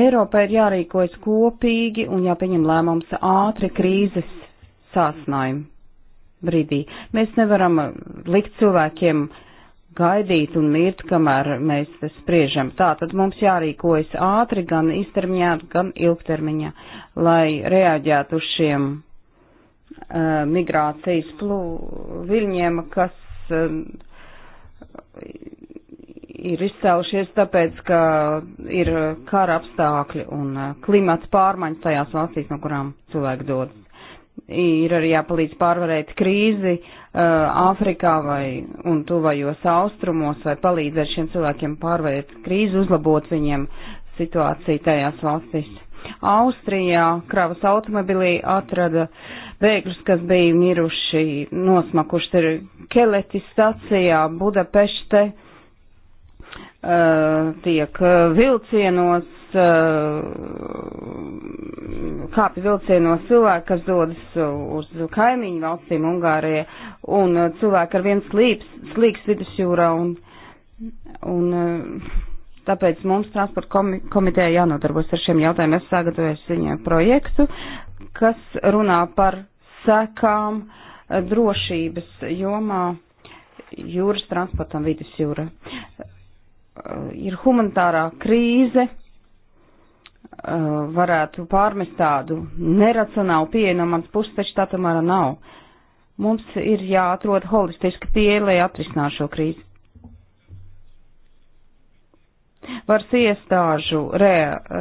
Eiropai ir jārīkojas kopīgi un jāpieņem lēmums ātri krīzes sāsnājumi brīdī. Mēs nevaram likt cilvēkiem uh, gaidīt un mirt, kamēr mēs spriežam. Tā tad mums jārīkojas ātri gan īstermiņā, gan ilgtermiņā, lai reaģētu uz šiem uh, migrācijas plū, viļņiem, kas uh, ir izcēlušies tāpēc, ka ir kara apstākļi un uh, klimats pārmaiņas tajās valstīs, no kurām cilvēki dodas ir arī jāpalīdz pārvarēt krīzi uh, Āfrikā uh, vai un tuvajos austrumos, vai palīdzēt šiem cilvēkiem pārvarēt krīzi, uzlabot viņiem situāciju tajās valstīs. Austrijā kravas automobilī atrada bēgļus, kas bija miruši, nosmakuši ir Keleti stacijā, Budapešte, uh, tiek uh, vilcienos Uh, kāpj vilcienos cilvēki, kas dodas uz kaimiņu valstīm Ungārijā, un uh, cilvēki ar viens slīps, slīgs vidusjūrā, un, un uh, tāpēc mums transporta komiteja jānodarbojas ar šiem jautājumiem. Es sagatavoju viņai projektu, kas runā par sekām drošības jomā jūras transportam vidusjūra. Ir humanitārā krīze Uh, varētu pārmest tādu neracionālu pieeju no manas puses, taču tā tomēr nav. Mums ir jāatrod holistiska pieeja, lai atrisinātu šo krīzi. Varas iestāžu re,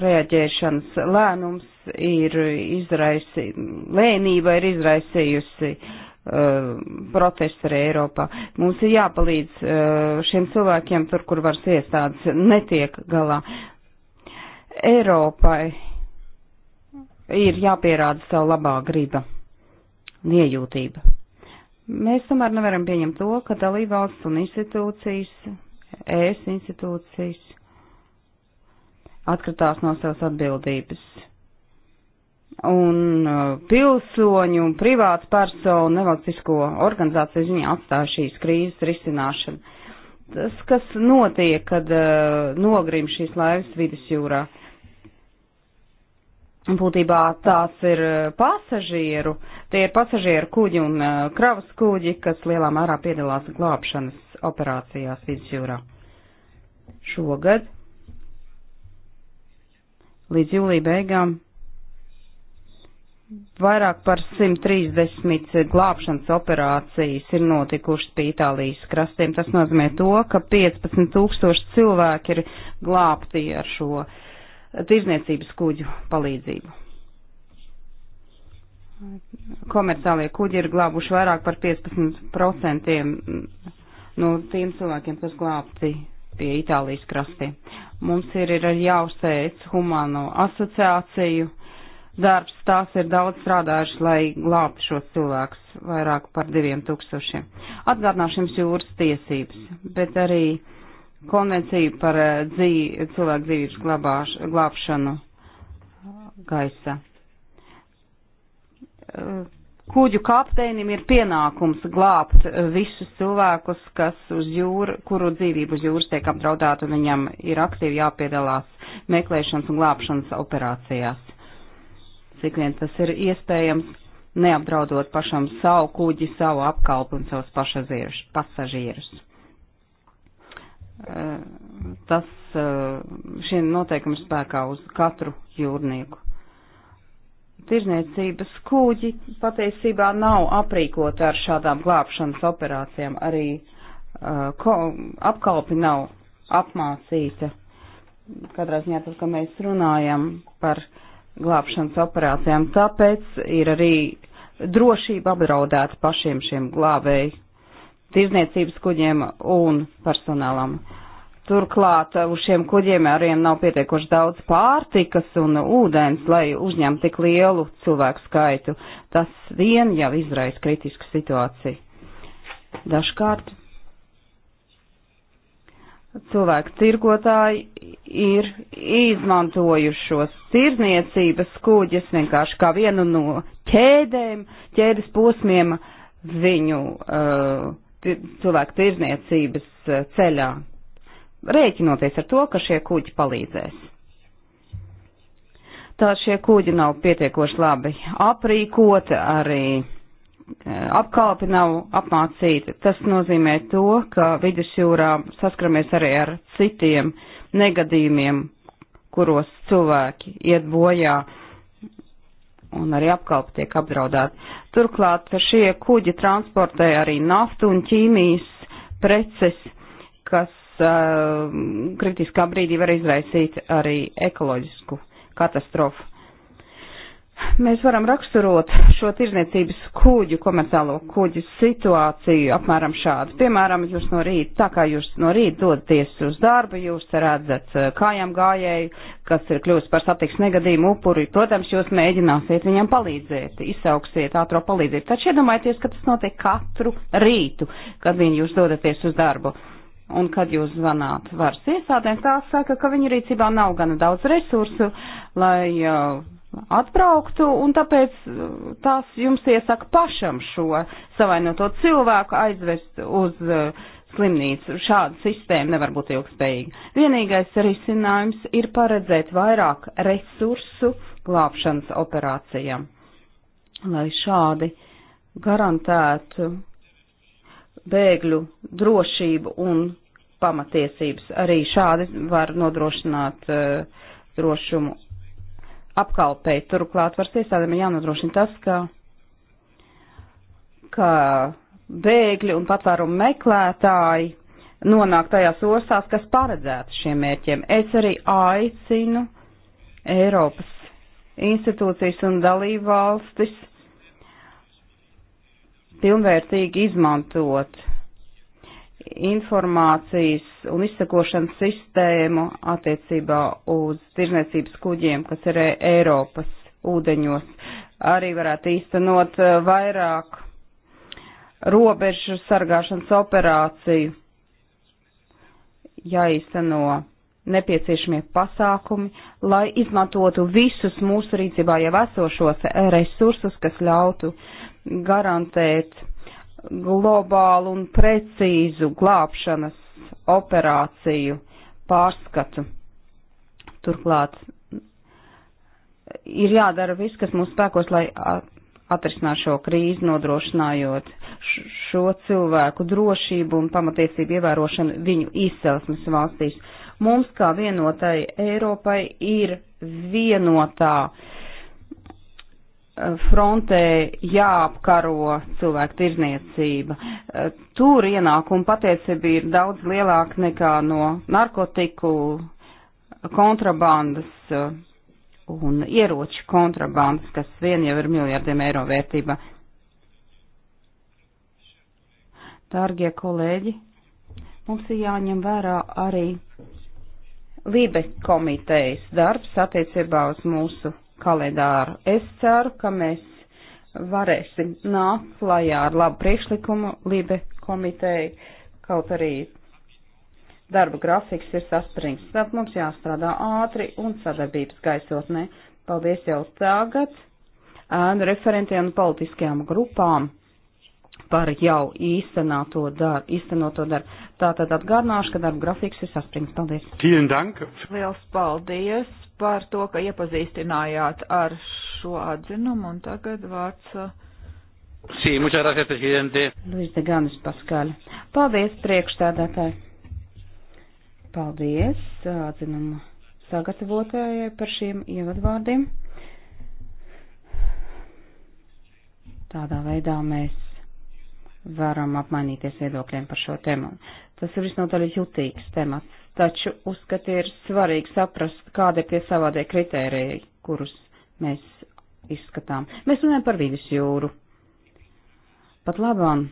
reaģēšanas lēnums ir izraisi, lēnība ir izraisījusi uh, protests arī Eiropā. Mums ir jāpalīdz uh, šiem cilvēkiem tur, kur varas iestādes netiek galā. Eiropai ir jāpierāda savu labā griba un iejūtība. Mēs tomēr nevaram pieņemt to, ka dalībvalsts un institūcijas, ES institūcijas, atkritās no savas atbildības. Un uh, pilsoņu un privāts personu nevalstisko organizāciju ziņā atstāja šīs krīzes risināšanu. Tas, kas notiek, kad uh, nogrim šīs laivas vidusjūrā, uh, Būtībā tās ir e, pasažieru, tie ir pasažieru kuģi un e, kravas kuģi, kas lielā mērā piedalās glābšanas operācijās vidusjūrā. Šogad līdz jūlija beigām vairāk par 130 glābšanas operācijas ir notikušas pie Itālijas krastiem. Tas nozīmē to, ka 15 tūkstoši cilvēki ir glābti ar šo uh, tirzniecības kuģu palīdzību. Komerciālie kuģi ir glābuši vairāk par 15% no tiem cilvēkiem, kas glābti pie Itālijas krastiem. Mums ir, ir jāuzsēc humāno asociāciju darbs, tās ir daudz strādājuši, lai glābtu šos cilvēkus vairāk par diviem tūkstošiem. Atgādināšu jums jūras tiesības, bet arī uh, konvenciju par eh, dzīvi, cilvēku dzīvības glabāš, glābšanu gaisa. Eh, kuģu kapteinim ir pienākums glābt visus cilvēkus, kas uz jūru, kuru dzīvību uz jūras tiek apdraudēta, un viņam ir aktīvi jāpiedalās meklēšanas un glābšanas operācijās. Cik vien tas ir iespējams, neapdraudot pašam savu kuģi, savu apkalpu un savus pasažierus. pasažierus. Eh, tas eh, šie noteikumi spēkā uz katru jūrnieku. Tirzniecības kūģi patiesībā nav aprīkoti ar šādām glābšanas operācijām, arī uh, ko, apkalpi nav apmācīta. Katrā ziņā tas, ka mēs runājam par glābšanas operācijām, tāpēc ir arī drošība apdraudēta pašiem šiem glābēju tirzniecības kuģiem un personālam. Turklāt uh, uz šiem kuģiem arī nav pietiekoši daudz pārtikas un ūdens, lai uzņemtu tik lielu cilvēku skaitu. Tas vien jau izraisa kritisku situāciju. Dažkārt cilvēku tirgotāji ir izmantojušos tirzniecības kuģis vienkārši kā vienu no ķēdēm, ķēdes posmiem viņu uh, cilvēku tirzniecības eh, ceļā, rēķinoties ar to, ka šie kuģi palīdzēs. Tā šie kuģi nav pietiekoši labi aprīkoti, arī eh, apkalpi nav apmācīti. Tas nozīmē to, ka vidusjūrā saskaramies arī ar citiem negadījumiem, kuros cilvēki iet bojā un arī apkalpe tiek apdraudēta. Turklāt šie kuģi transportē arī naftu un ķīmijas preces, kas uh, kritiskā brīdī var izraisīt arī ekoloģisku katastrofu. Mēs varam raksturot šo tirzniecības kuģu, komerciālo kuģu situāciju apmēram šādu. Piemēram, jūs no rīta, tā kā jūs no rīta dodaties uz darbu, jūs redzat eh, kājām gājēju, kas ir kļūst par satiks negadījumu upuri. Protams, jūs mēģināsiet viņam palīdzēt, izsauksiet ātro palīdzību. Taču iedomājieties, ka tas notiek katru rītu, kad viņi jūs dodaties uz darbu. Un kad jūs zvanāt varas iestādēm, tā saka, ka viņu rīcībā nav gana daudz resursu, lai uh, atbrauktu, un tāpēc uh, tās jums iesaka pašam šo savainoto cilvēku aizvest uz uh, slimnīcu. Šāda sistēma nevar būt ilgspējīga. Vienīgais risinājums ir paredzēt vairāk resursu glābšanas operācijām, lai šādi garantētu bēgļu drošību un pamatiesības. Arī šādi var nodrošināt uh, drošumu apkalpei. Turklāt varas iestādēm ir jānodrošina tas, ka, ka bēgļi un patvērumu meklētāji nonāk tajās ostās, kas paredzētas šiem mērķiem. Es arī aicinu Eiropas institūcijas un dalību valstis pilnvērtīgi izmantot informācijas un izsakošanas sistēmu attiecībā uz tirzniecības kuģiem, kas ir Eiropas ūdeņos. Arī varētu īstenot eh, vairāk robežu sargāšanas operāciju, jāīsteno nepieciešamie pasākumi, lai izmantotu visus mūsu rīcībā jau esošos resursus, kas ļautu garantēt uh, globālu un precīzu glābšanas operāciju pārskatu. Turklāt ir jādara viss, kas mūsu spēkos, lai atrisināt šo krīzi, nodrošinājot šo cilvēku drošību un pamatiesību ievērošanu viņu izcelsmes valstīs. Mums, kā vienotai Eiropai, ir vienotā uh, frontē jāapkaro cilvēku tirzniecība. Tur ienākuma patiesība ir daudz lielāka nekā no narkotiku kontrabandas un ieroču kontrabandas, kas vien jau ir miljardiem eiro vērtība. Dārgie kolēģi, mums ir jāņem vērā arī Lībe komitejas darbs attiecībā uz mūsu kalendāru. Es ceru, ka mēs varēsim nākt klajā ar labu priekšlikumu Libe komiteju, kaut arī darba grafiks ir saspringts. Tad mums jāstrādā ātri un sadarbības gaisotnē. Paldies jau tagad ēnu referentiem un politiskajām grupām par jau īstenoto darbu. Īstenoto darbu. Tātad atgādināšu, ka darba grafiks ir saspringts. Paldies! Liels paldies par to, ka iepazīstinājāt ar šo atzinumu un tagad vārds. Uh, sí, muchas gracias, presidente. Luis de Ganis Paskāļa. Paldies, priekšstādātāji. Paldies uh, atzinumu sagatavotājai par šiem ievadvārdiem. Tādā veidā mēs varam apmainīties viedokļiem par šo tēmu. Tas ir visnotaļ jutīgs temats, taču uzskatu ir svarīgi saprast, kāda ir tie savādie kritēriji, kurus mēs izskatām. Mēs runājam par vidus jūru. Pat labām.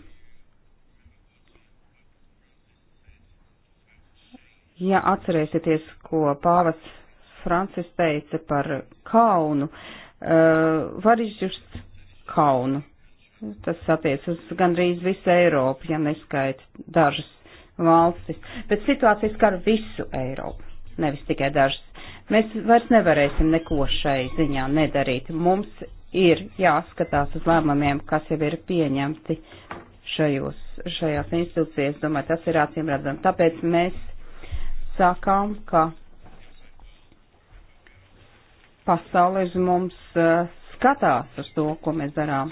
Ja atcerēsieties, ko pāvests Francis teica par kaunu, uh, var izjust kaunu Tas attiec uz gandrīz visu Eiropu, ja neskait dažas valstis. Bet situācija skar visu Eiropu, nevis tikai dažas. Mēs vairs nevarēsim neko šai ziņā nedarīt. Mums ir jāskatās uz lēmumiem, kas jau ir pieņemti šajos, šajās institūcijās. Domāju, tas ir acīm redzam. Tāpēc mēs sākām, ka pasaule uz mums uh, skatās uz to, ko mēs darām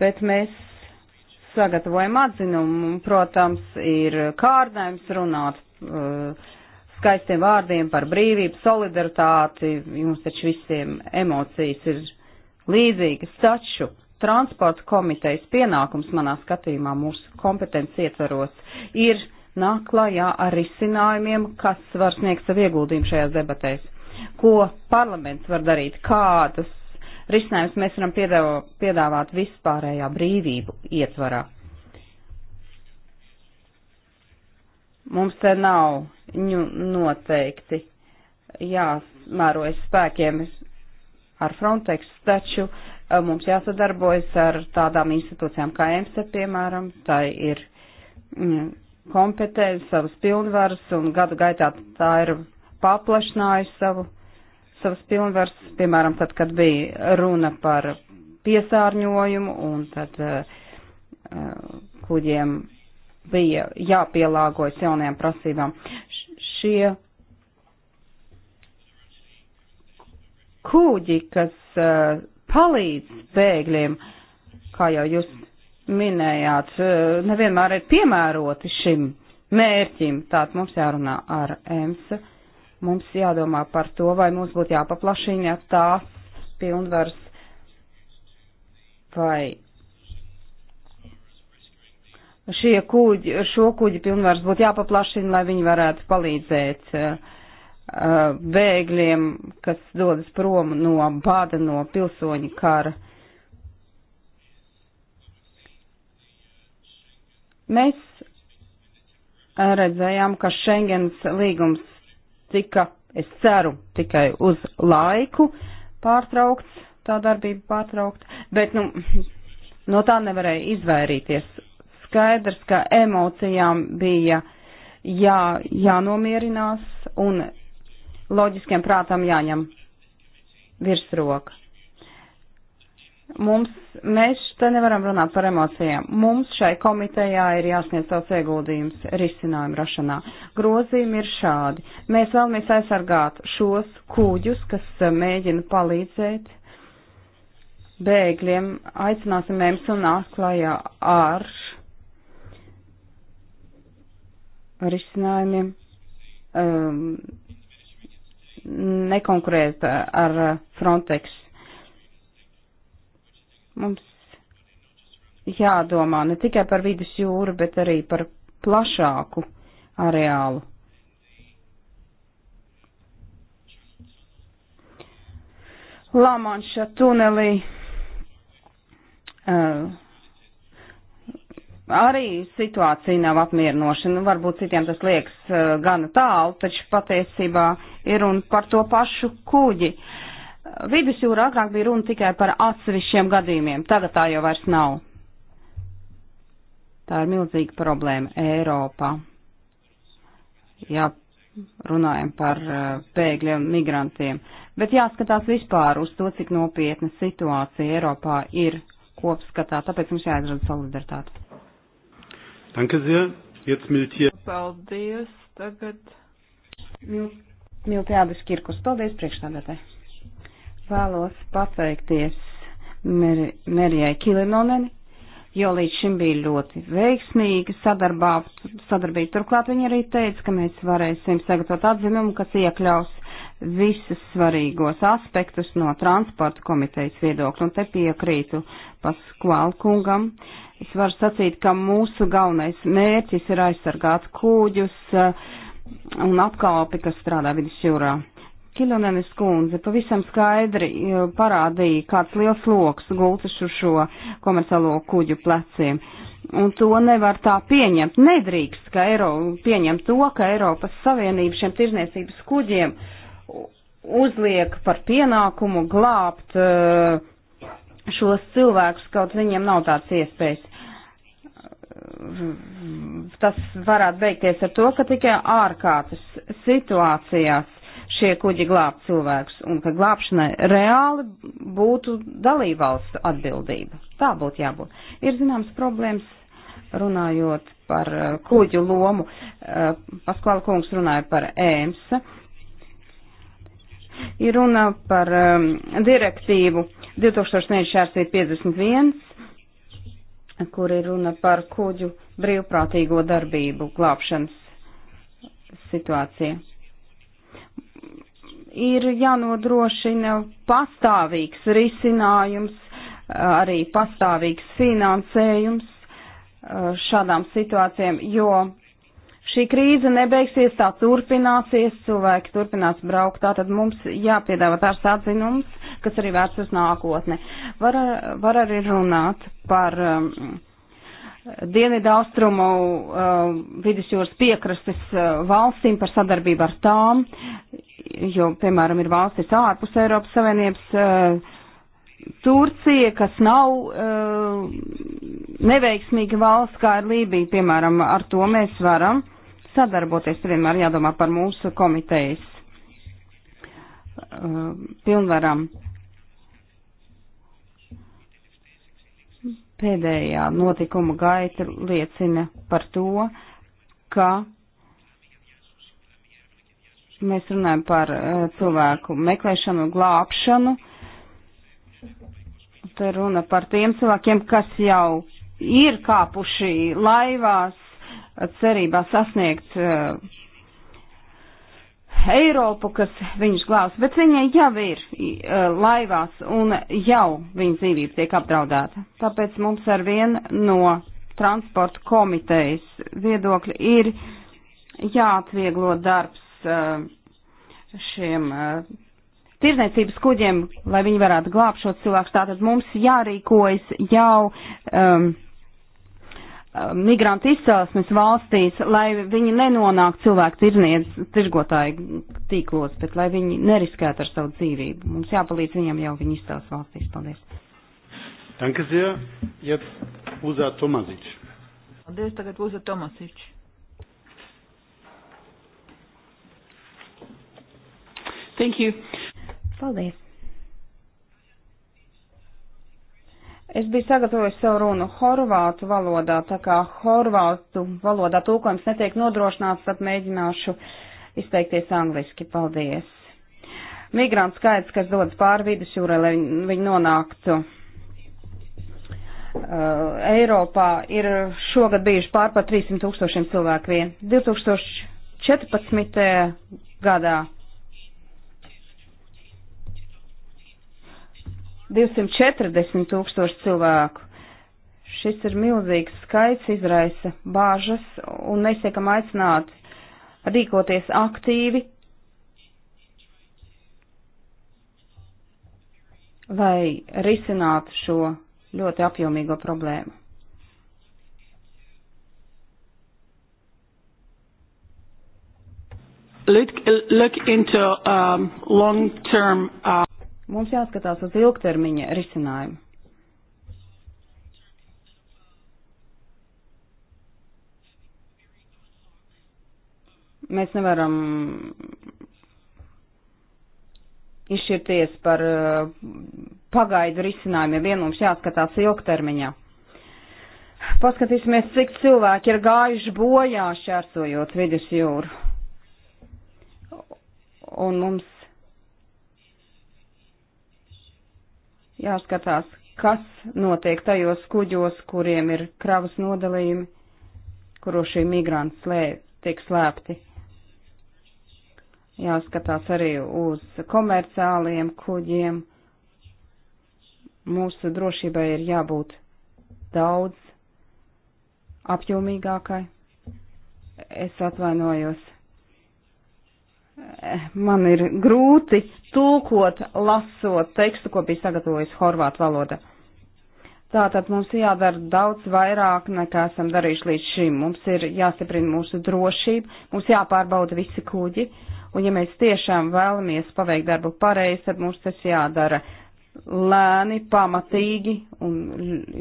bet mēs sagatavojam atzinumu. Protams, ir kārdinājums runāt uh, skaistiem vārdiem par brīvību, solidaritāti. Jums taču visiem emocijas ir līdzīgas, taču transporta komitejas pienākums manā skatījumā mūsu kompetenci ietveros ir nāk klajā ar risinājumiem, kas var sniegt savu ieguldījumu šajās debatēs. Ko parlaments var darīt, kādas risinājums mēs varam piedāvā, piedāvāt vispārējā brīvību ietvarā. Mums te nav noteikti jāsmērojas spēkiem ar Frontex, taču eh, mums jāsadarbojas ar tādām institūcijām kā EMSA, piemēram, tā ir mm, kompetenci, savas pilnvaras un gadu gaitā tā ir paplašinājusi savu savas pilnvars, piemēram, tad, kad bija runa par piesārņojumu un tad eh, eh, kuģiem bija jāpielāgojas jaunajām prasībām. Šie kūģi, kas eh, palīdz bēgļiem, kā jau jūs minējāt, nevienmēr ir piemēroti šim mērķim. Tātad mums jārunā ar EMSA Mums jādomā par to, vai mums būtu jāpaplašina tās pilnvars vai šie kuģi, šo kuģi pilnvars būtu jāpaplašina, lai viņi varētu palīdzēt uh, uh, bēgļiem, kas dodas prom no bāda, no pilsoņu kara. Mēs redzējām, ka Schengens līgums tika, es ceru, tikai uz laiku pārtraukts, tā darbība pārtraukta, bet nu, no tā nevarēja izvairīties. Skaidrs, ka emocijām bija jā, jānomierinās un loģiskiem prātam jāņem virsroka. Mums, mēs te nevaram runāt par emocijām. Mums šai komitejā ir jāsniedz savs ieguldījums risinājumu rašanā. Grozījumi ir šādi. Mēs vēlamies aizsargāt šos kūģus, kas eh, mēģina palīdzēt bēgļiem. Aicināsim mēms un atklājā ar risinājumiem. Um, nekonkurēt ar Frontex Mums jādomā ne tikai par vidus jūru, bet arī par plašāku areālu. Lamanša tunelī uh, arī situācija nav apmierinoša. Nu, varbūt citiem tas liekas uh, gana tālu, taču patiesībā ir un par to pašu kuģi. Uh, Vidusjūra agrāk bija runa tikai par atsevišķiem gadījumiem, tagad tā jau vairs nav. Tā ir milzīga problēma Eiropā. Ja runājam par eh, bēgļiem, migrantiem, bet jāskatās vispār uz to, cik nopietna situācija Eiropā ir kopskatā, tāpēc mums jāizrada solidaritāte. Danke sehr. Jetzt militier. Paldies. Tagad. Mil... Miltiādas Kirkus. Paldies priekšstādātāji. Vēlos pateikties Mer Merijai Kilinoneni, jo līdz šim bija ļoti veiksmīga sadarbā, sadarbība. Turklāt viņa arī teica, ka mēs varēsim sagatavot atzinumu, kas iekļaus visus svarīgos aspektus no transporta komitejas viedokļa, un te piekrītu Paskvalkungam. Es varu sacīt, ka mūsu galvenais mērķis ir aizsargāt kūģus uh, un apkalpi, kas strādā vidus jūrā. Kilonenes kundze pavisam skaidri e, parādīja, kāds liels loks gultas uz šo komerciālo kuģu pleciem. Un to nevar tā pieņemt. Nedrīkst, ka Eiro, pieņem to, ka Eiropas Savienība šiem tirzniecības kuģiem uzliek par pienākumu glābt e, šos cilvēkus, kaut viņiem nav tāds iespējas tas varētu beigties ar to, ka tikai ārkārtas situācijās šie kuģi glābt cilvēkus un ka glābšanai reāli būtu dalībvalsts atbildība. Tā būtu jābūt. Ir zināms problēmas runājot par uh, kuģu lomu. Uh, Paskala kungs runāja par ēmsa. Ir runa par um, direktīvu 2051, kur ir runa par kuģu brīvprātīgo darbību glābšanas situācija ir jānodrošina pastāvīgs risinājums, arī pastāvīgs finansējums uh, šādām situācijām, jo šī krīze nebeigsies, tā turpināsies, cilvēki turpinās braukt, tātad mums jāpiedāvā tāds atzinums, kas arī vērts uz nākotni. Var, var arī runāt par um, Dienvidu austrumu uh, vidusjūras piekrastes uh, valstīm par sadarbību ar tām, jo, piemēram, ir valstis ārpus Eiropas Savienības, uh, Turcija, kas nav uh, neveiksmīga valsts, kā ir Lībija, piemēram, ar to mēs varam sadarboties, vienmēr jādomā par mūsu komitejas uh, pilnvaram. Uh, Pēdējā notikuma gaita liecina par to, ka mēs runājam par uh, cilvēku meklēšanu un glābšanu. Te runa par tiem cilvēkiem, kas jau ir kāpuši laivās cerībā sasniegt uh, Eiropu, kas viņus glābs, bet viņai jau ir e, laivās un jau viņa dzīvība tiek apdraudēta. Tāpēc mums ar vienu no transporta komitejas viedokļa ir jāatvieglo darbs e, šiem e, tirdzniecības kuģiem, lai viņi varētu glābt šo cilvēku. Tātad mums jārīkojas jau. Um, Um, migrantu izcelsmes valstīs, lai viņi nenonāk cilvēku tirniec, tirgotāju tīklos, bet lai viņi neriskētu ar savu dzīvību. Mums jāpalīdz viņam jau viņu izcelsmes valstīs. Paldies! Danke sehr. Jetzt Uza Tomasic. Paldies, tagad Uza Tomasic. Thank you. Paldies. Es biju sagatavojis savu runu horvātu valodā, tā kā horvātu valodā tūkojums netiek nodrošināts, tad mēģināšu izteikties angliski. Paldies! Migrantu skaits, kas dodas pāri vidusjūrai, lai viņi nonāktu uh, Eiropā, ir šogad bijuši pār par 300 tūkstošiem cilvēku vien. 2014. gadā 240 tūkstoši cilvēku. Šis ir milzīgs skaits, izraisa bāžas un mēs tiekam aicināti rīkoties aktīvi, lai risinātu šo ļoti apjomīgo problēmu. Look, look into um, long-term. Uh... Mums jāskatās uz ilgtermiņa risinājumu. Mēs nevaram izšķirties par uh, pagaidu risinājumiem, vien mums jāskatās ilgtermiņā. Paskatīsimies, cik cilvēki ir gājuši bojā šķērsojot vidus jūru. Un mums jāskatās, kas notiek tajos kuģos, kuriem ir kravas nodalījumi, kuros šī migranti slē, tiek slēpti. Jāskatās arī uz komerciāliem kuģiem. Mūsu drošībai ir jābūt daudz apjomīgākai. Es atvainojos Eh, man ir grūti tulkot, lasot tekstu, ko bija sagatavojis horvātu valoda. Tātad mums jādara daudz vairāk, nekā esam darījuši līdz šim. Mums ir jāstiprina mūsu drošība, mums jāpārbauda visi kuģi, un ja mēs tiešām vēlamies paveikt darbu pareizi, tad mums tas jādara lēni, pamatīgi un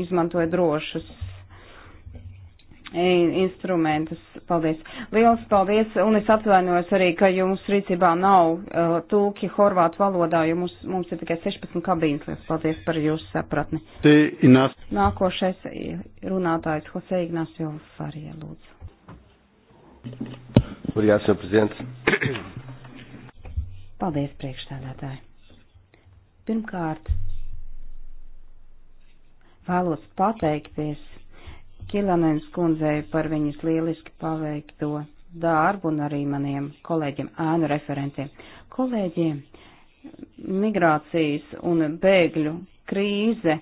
izmantoja drošus instrumentus. Paldies. Liels paldies, un es atvainojos arī, ka jums rīcībā nav uh, tūki horvātu valodā, jo mums, mums ir tikai 16 kabīnes. Liels paldies par jūsu sapratni. Nākošais runātājs Jose Ignacio Farie, lūdzu. Obrigado, Sr. Presidente. Paldies, priekšstādātāji. Pirmkārt, vēlos pateikties Kilanens kundzei par viņas lieliski paveikto darbu un arī maniem kolēģiem, ēnu referentiem. Kolēģiem, migrācijas un bēgļu krīze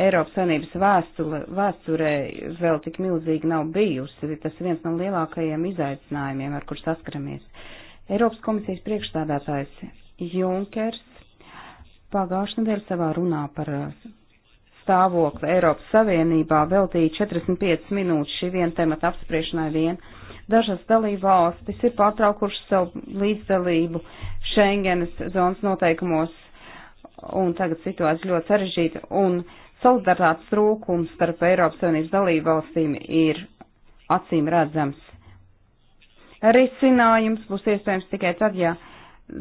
Eiropas Savienības vēsture, vēsturē vēl tik milzīgi nav bijusi. Tas ir viens no lielākajiem izaicinājumiem, ar kur saskaramies. Eiropas komisijas priekšstādātājs Junkers pagājušajā nedēļā savā runā par stāvokli Eiropas Savienībā veltīja 45 minūtes šī viena temata apspriešanai vien. Dažas dalībvalstis ir pārtraukušas savu līdzdalību Schengenas zonas noteikumos, un tagad situācija ļoti sarežģīta, un solidaritātes trūkums starp Eiropas Savienības dalībvalstīm ir acīm redzams. Risinājums būs iespējams tikai tad, ja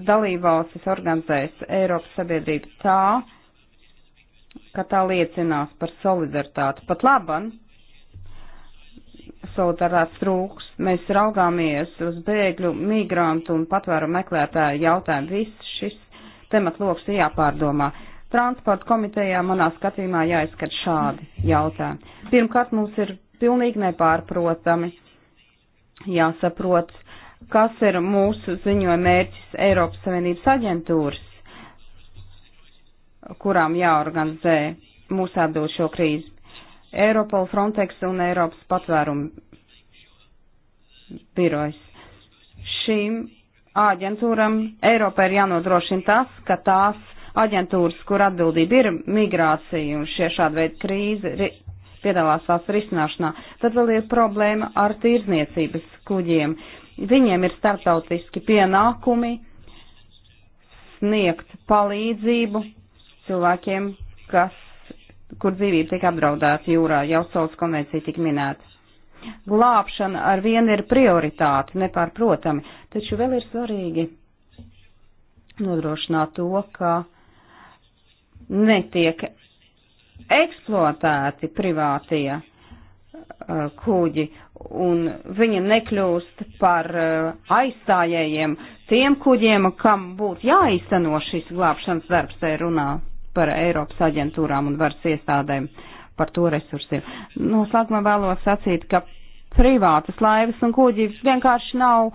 dalībvalstis organizēs Eiropas sabiedrību tā, ka tā liecinās par solidaritāti. Pat laban, solidaritātes trūks, mēs raugāmies uz bēgļu, migrantu un patvēru meklētāju jautājumu. Viss šis temat loks ir jāpārdomā. Transporta komitejā manā skatījumā jāizskat šādi jautājumi. Pirmkārt, mums ir pilnīgi nepārprotami jāsaprot, kas ir mūsu ziņojuma mērķis Eiropas Savienības aģentūras kurām jāorganizē mūsu atbild šo krīzi. Eiropola, Frontex un Eiropas patvērumu birojas. Šīm aģentūram Eiropai ir jānodrošina tas, ka tās aģentūras, kur atbildība ir migrācija un šie šāda veida krīze, ri, piedalās tās risināšanā. Tad vēl ir problēma ar tīrzniecības kuģiem. Viņiem ir starptautiski pienākumi sniegt palīdzību cilvēkiem, kas, kur dzīvība tiek apdraudēta jūrā, jau Sols konvencija tika minēta. Glābšana ar vienu ir prioritāte, nepārprotami, taču vēl ir svarīgi nodrošināt to, ka netiek eksploatēti privātie uh, kuģi un viņi nekļūst par uh, aizstājējiem tiem kuģiem, kam būtu jāizteno šis glābšanas darbs, te runā par Eiropas aģentūrām un varas iestādēm, par to resursiem. Noslēgumā vēlos sacīt, ka privātas laivas un kuģi vienkārši nav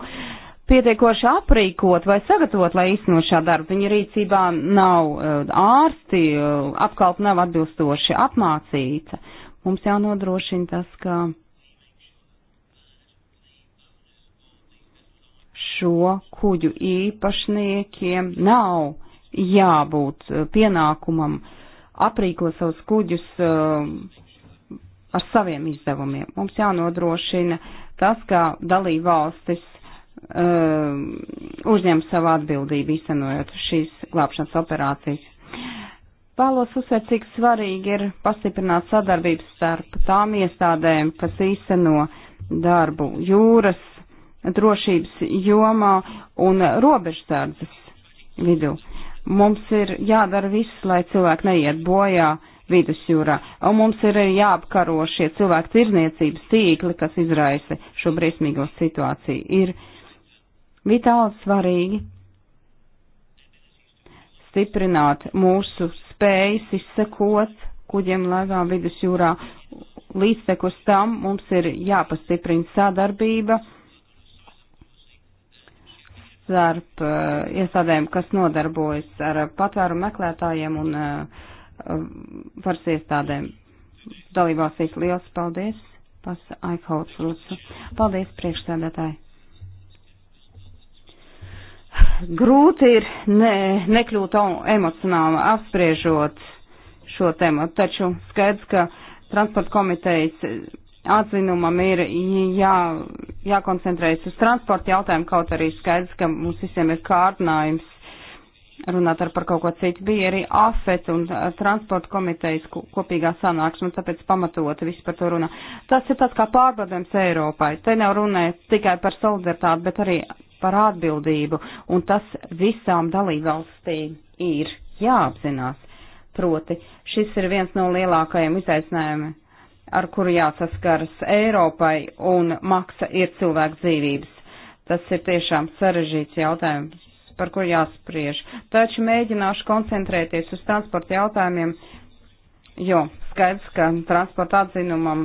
pietiekoši aprīkot vai sagatavot, lai īstenot šā darbu. Viņa rīcībā nav eh, ārsti, eh, apkalpa nav atbilstoši apmācīta. Mums jau nodrošina tas, ka šo kuģu īpašniekiem nav jābūt eh, pienākumam aprīkot savus kuģus eh, ar saviem izdevumiem. Mums jānodrošina tas, ka dalībvalstis eh, uzņem savu atbildību izcenojot šīs glābšanas operācijas. Pālos uzsver, cik svarīgi ir pastiprināt sadarbības starp tām iestādēm, kas īsteno darbu jūras drošības jomā un robežsardzes vidū. Mums ir jādara viss, lai cilvēki neiet bojā vidusjūrā, un mums ir jāapkaro šie cilvēku tirzniecības tīkli, kas izraisa šo briesmīgo situāciju. Ir vitāli svarīgi stiprināt mūsu spējas izsekot kuģiem laivām vidusjūrā. Līdztekus tam mums ir jāpastiprina sadarbība starp uh, iestādēm, kas nodarbojas ar patvēru meklētājiem un uh, varas iestādēm. Dalībvalstīs liels paldies, pas Aikauts Lūdzu. Paldies, priekšsēdētāji. Grūti ir ne, nekļūt emocionāli apspriežot šo tēmu, taču skaidrs, ka transporta komitejas atzinumam ir jā, jākoncentrējas uz transporta jautājumu, kaut arī skaidrs, ka mums visiem ir kārdinājums runāt ar par kaut ko citu. Bija arī AFET un transporta komitejas kopīgā sanāksme, tāpēc pamatoti viss par to runā. Tas ir tāds kā pārbaudījums Eiropai. Te nav runa tikai par solidaritāti, bet arī par atbildību, un tas visām dalībvalstīm ir jāapzinās. Proti, šis ir viens no lielākajiem izaicinājumiem ar kuru jāsaskaras Eiropai un maksa ir cilvēku dzīvības. Tas ir tiešām sarežģīts jautājums, par kur jāspriež. Taču mēģināšu koncentrēties uz transporta jautājumiem, jo skaidrs, ka transporta atzinumam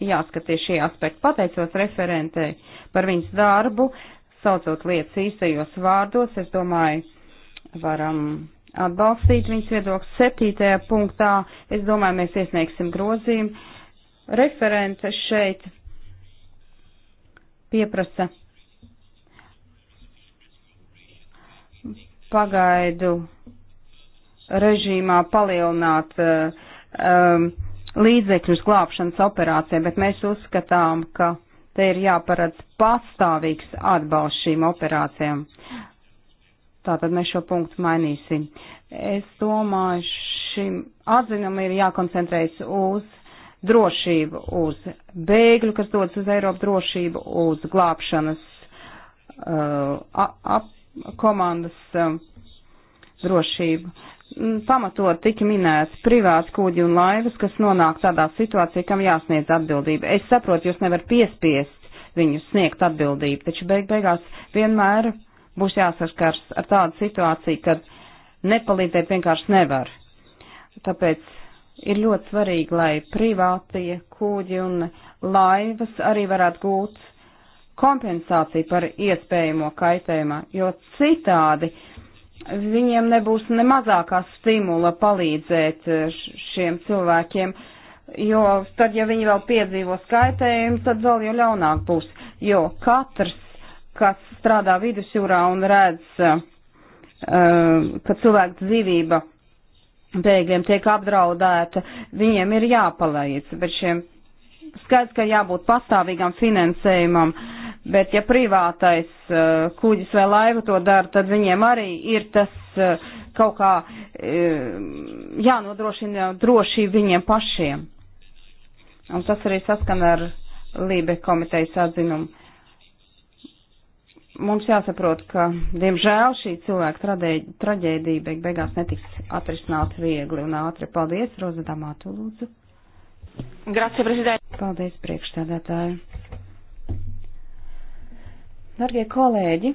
jāskatīs šie aspekti. Pateicos referentei par viņas darbu, saucot lietas īstajos vārdos, es domāju, varam atbalstīt viņas viedokli. Septītajā punktā, es domāju, mēs iesniegsim grozījumu referente šeit pieprasa pagaidu režīmā palielināt eh, um, līdzekļus glābšanas operācijai, bet mēs uzskatām, ka te ir jāparedz pastāvīgs atbalsts šīm operācijām. Tātad mēs šo punktu mainīsim. Es domāju, šim atzinam ir jākoncentrējas uz drošību, uz bēgļu, kas dodas uz Eiropu drošību, uz glābšanas uh, ap, komandas uh, drošību. Mm, pamatot tika minēts privāts kuģi un laivas, kas nonāk tādā situācijā, kam jāsniedz atbildība. Es saprotu, jūs nevar piespiest viņu sniegt atbildību, taču beig beigās vienmēr būs jāsaskars ar tādu situāciju, kad nepalīdzēt vienkārši nevar. Tāpēc ir ļoti svarīgi, lai privātie kuģi un laivas arī varētu gūt kompensāciju par iespējamo kaitējumu, jo citādi viņiem nebūs ne mazākā stimula palīdzēt eh, šiem cilvēkiem, jo tad, ja viņi vēl piedzīvos kaitējumu, tad vēl jau ļaunāk būs, jo katrs, kas strādā vidusjūrā un redz, eh, ka cilvēku dzīvība bēgļiem tiek apdraudēta, viņiem ir jāpalīdz, bet šiem skaidrs, ka jābūt pastāvīgam finansējumam, bet ja privātais uh, kuģis vai laiva to dara, tad viņiem arī ir tas uh, kaut kā uh, jānodrošina drošība viņiem pašiem. Un tas arī saskan ar Lībe komitejas atzinumu mums jāsaprot, ka, diemžēl, šī cilvēka traģēdija beig beigās netiks atrisināt viegli un ātri. Paldies, Rozada Mātu, lūdzu. Grazie, prezident. Paldies, priekšstādātāji. Dargie kolēģi,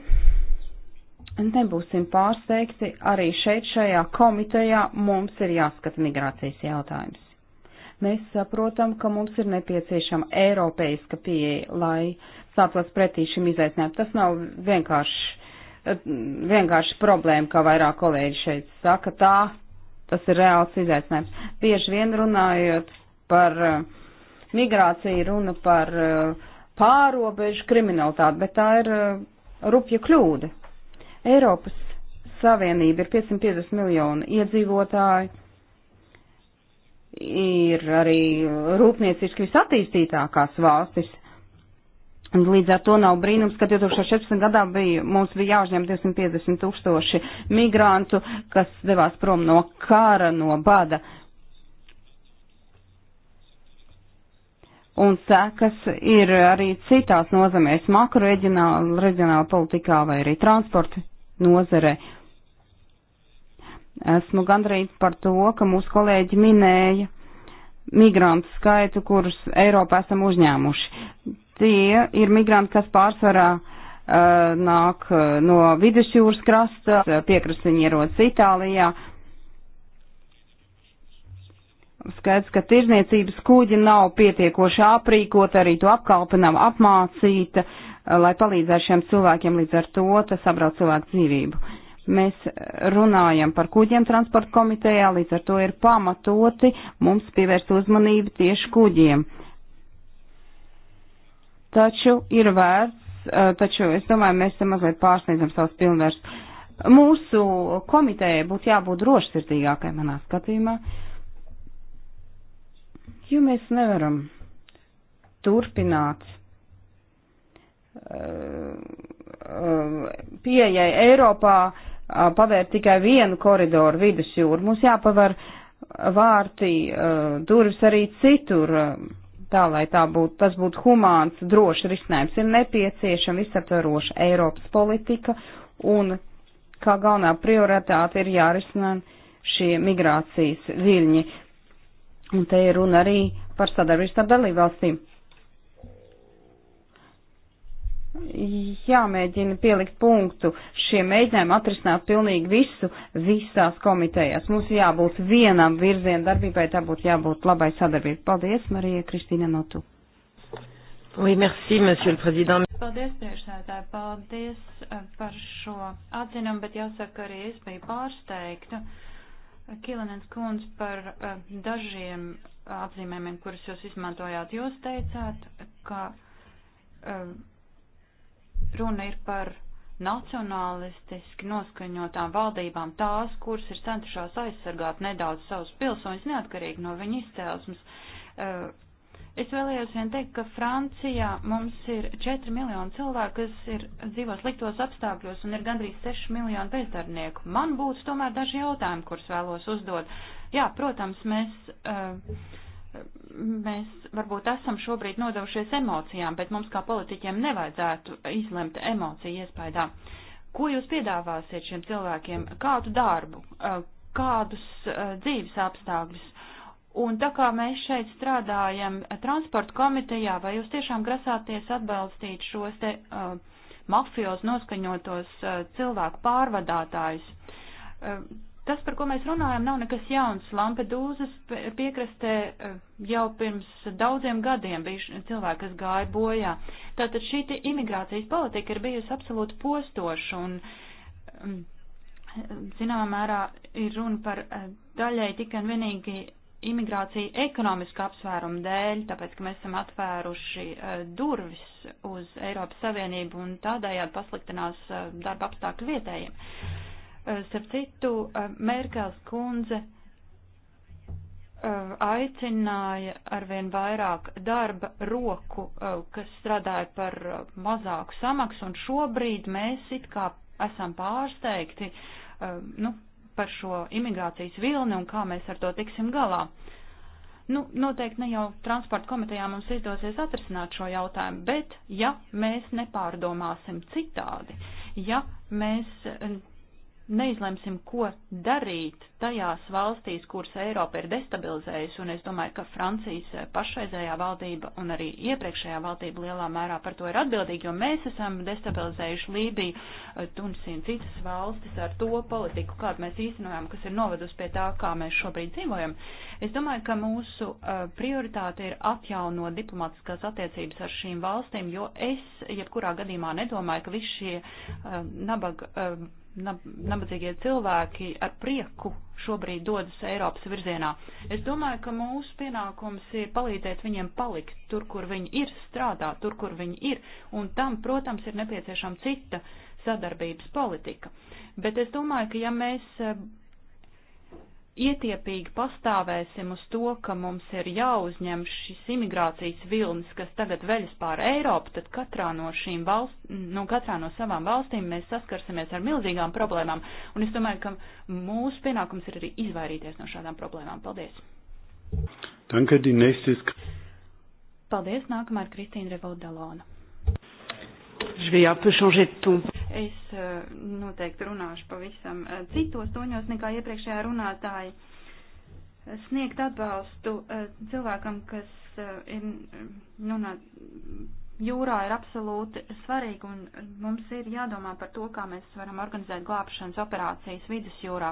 nebūsim pārsteigti, arī šeit šajā komitejā mums ir jāskata migrācijas jautājums. Mēs saprotam, ka mums ir nepieciešama eiropeiska pieeja, lai uh, stātos pretī šim izaicinājumam. Tas nav vienkārši, eh, vienkārši problēma, kā vairāk kolēģi šeit saka. Tā, tas ir reāls izaicinājums. Bieži vien runājot par eh, migrāciju, runa par eh, pārobežu kriminalitāti, bet tā ir rupja kļūda. Eiropas Savienība ir 550 miljonu iedzīvotāju, ir arī rūpnieciski visattīstītākās valstis, Līdz ar to nav brīnums, ka 2016. gadā bija, mums bija jāuzņem 250 tūkstoši migrantu, kas devās prom no kara, no bada. Un sekas ir arī citās nozamēs, makroreģionāla, reģionāla politikā vai arī transporta nozare. Esmu gandrīz par to, ka mūsu kolēģi minēja migrantu skaitu, kurus Eiropā esam uzņēmuši Tie ir migranti, kas pārsvarā eh, nāk eh, no vidusjūras krasta, piekrastiņi ierodas Itālijā. Skaidrs, ka tirzniecības kuģi nav pietiekoši aprīkot, arī to apkalpinām apmācīta, eh, lai palīdzētu šiem cilvēkiem līdz ar to, tas apdraud cilvēku dzīvību. Mēs runājam par kuģiem transporta komitejā, līdz ar to ir pamatoti mums pievērst uzmanību tieši kuģiem. Uh, taču ir vērts, eh, taču es domāju, mēs te mazliet pārsniedzam savus pilnvērs. Mūsu komitējai būtu jābūt drošsirdīgākai manā skatījumā, jo mēs nevaram turpināt eh, pieejai Eiropā eh, pavērt tikai vienu koridoru vidusjūru. Mums jāpavar vārti, durvis arī citur. Uh, tā, lai tā būtu, tas būtu humāns, drošs risinājums, ir nepieciešama visaptvaroša Eiropas politika un kā galvenā prioritāte ir jārisina šie migrācijas viļņi. Un te ir runa arī par sadarbību starp dalībvalstīm jāmēģina pielikt punktu šiem mēģinājumiem atrisināt pilnīgi visu visās komitejās. Mums jābūt vienam virzienam darbībai, tā būtu jābūt labai sadarbībai. Paldies, Marija Kristīna Notu. Oui, merci, monsieur le président. Paldies, priekšsēdētāji, paldies eh, par šo atzinumu, bet jāsaka, arī es biju pārsteigta. Eh, Kilanens kundz par eh, dažiem apzīmējumiem, kurus jūs izmantojāt. Jūs teicāt, ka Runa ir par nacionālistiski noskaņotām valdībām tās, kuras ir centušās aizsargāt nedaudz savus pilsoņus neatkarīgi no viņu izcēlesmes. Eh, es vēlējos vien teikt, ka Francijā mums ir 4 miljoni cilvēku, kas ir dzīvo sliktos apstākļos un ir gandrīz 6 miljoni bezdarbnieku. Man būtu tomēr daži jautājumi, kurus vēlos uzdot. Jā, protams, mēs. Uh, mēs varbūt esam šobrīd nodevušies emocijām, bet mums kā politiķiem nevajadzētu izlemt emociju iespējā. Ko jūs piedāvāsiet šiem cilvēkiem? Kādu darbu, eh, kādus eh, dzīves apstākļus? Un tā kā mēs šeit strādājam transporta komitejā, vai jūs tiešām grasāties atbalstīt šos te uh, eh, mafijos noskaņotos uh, cilvēku pārvadātājus? Uh, Tas, par ko mēs runājam, nav nekas jauns. Lampedūzas piekrastē e, jau pirms daudziem gadiem bija cilvēki, kas gāja bojā. Tātad šī imigrācijas politika ir bijusi absolūti postoša un, zināmā mērā, ir runa par e, daļai tikai un vienīgi imigrāciju ekonomisku apsvērumu dēļ, tāpēc, ka mēs esam atvēruši e, durvis uz Eiropas Savienību un tādējādi pasliktinās darba apstākļu vietējiem. Eh, starp citu, eh, Merkels kundze eh, aicināja arvien vairāk darba roku, kas strādāja par mazāku samaksu, un šobrīd mēs it kā esam pārsteigti nu, par šo imigrācijas vilni un kā mēs ar to tiksim galā. Nu, noteikti ne jau transporta komitejā mums izdosies atrisināt šo jautājumu, bet ja mēs nepārdomāsim citādi, ja mēs neizlemsim, ko darīt tajās valstīs, kuras Eiropa ir destabilizējusi, un es domāju, ka Francijas pašreizējā valdība un arī iepriekšējā valdība lielā mērā par to ir atbildīga, jo mēs esam destabilizējuši Lībiju, eh, Tunisiju un citas valstis ar to politiku, kādu mēs īstenojam, kas ir novedusi pie tā, kā mēs šobrīd dzīvojam. Es domāju, ka mūsu eh, prioritāte ir atjaunot diplomatiskās attiecības ar šīm valstīm, jo es jebkurā gadījumā nedomāju, ka visi šie eh, nabaga nabadzīgie cilvēki ar prieku šobrīd dodas Eiropas virzienā. Es domāju, ka mūsu pienākums ir palīdzēt viņiem palikt tur, kur viņi ir, strādāt tur, kur viņi ir, un tam, protams, ir nepieciešama cita sadarbības politika. Bet es domāju, ka ja mēs eh, ietiepīgi pastāvēsim uz to, ka mums ir jāuzņem šis imigrācijas vilnis, kas tagad veļas pār Eiropu, tad katrā no šīm valst, nu, katrā no savām valstīm mēs saskarsimies ar milzīgām problēmām. Un es domāju, ka mūsu pienākums ir arī izvairīties no šādām problēmām. Paldies! Danke, die nächste ist... Paldies, nākamā ir Kristīna Revaudalona. Je vais un peu changer de ton Es eh, noteikti runāšu pavisam eh, citos toņos nekā iepriekšējā runātāja. Sniegt atbalstu eh, cilvēkam, kas ir nonāk, nu, jūrā ir absolūti svarīgi, un mums ir jādomā par to, kā mēs varam organizēt glābšanas operācijas vidusjūrā.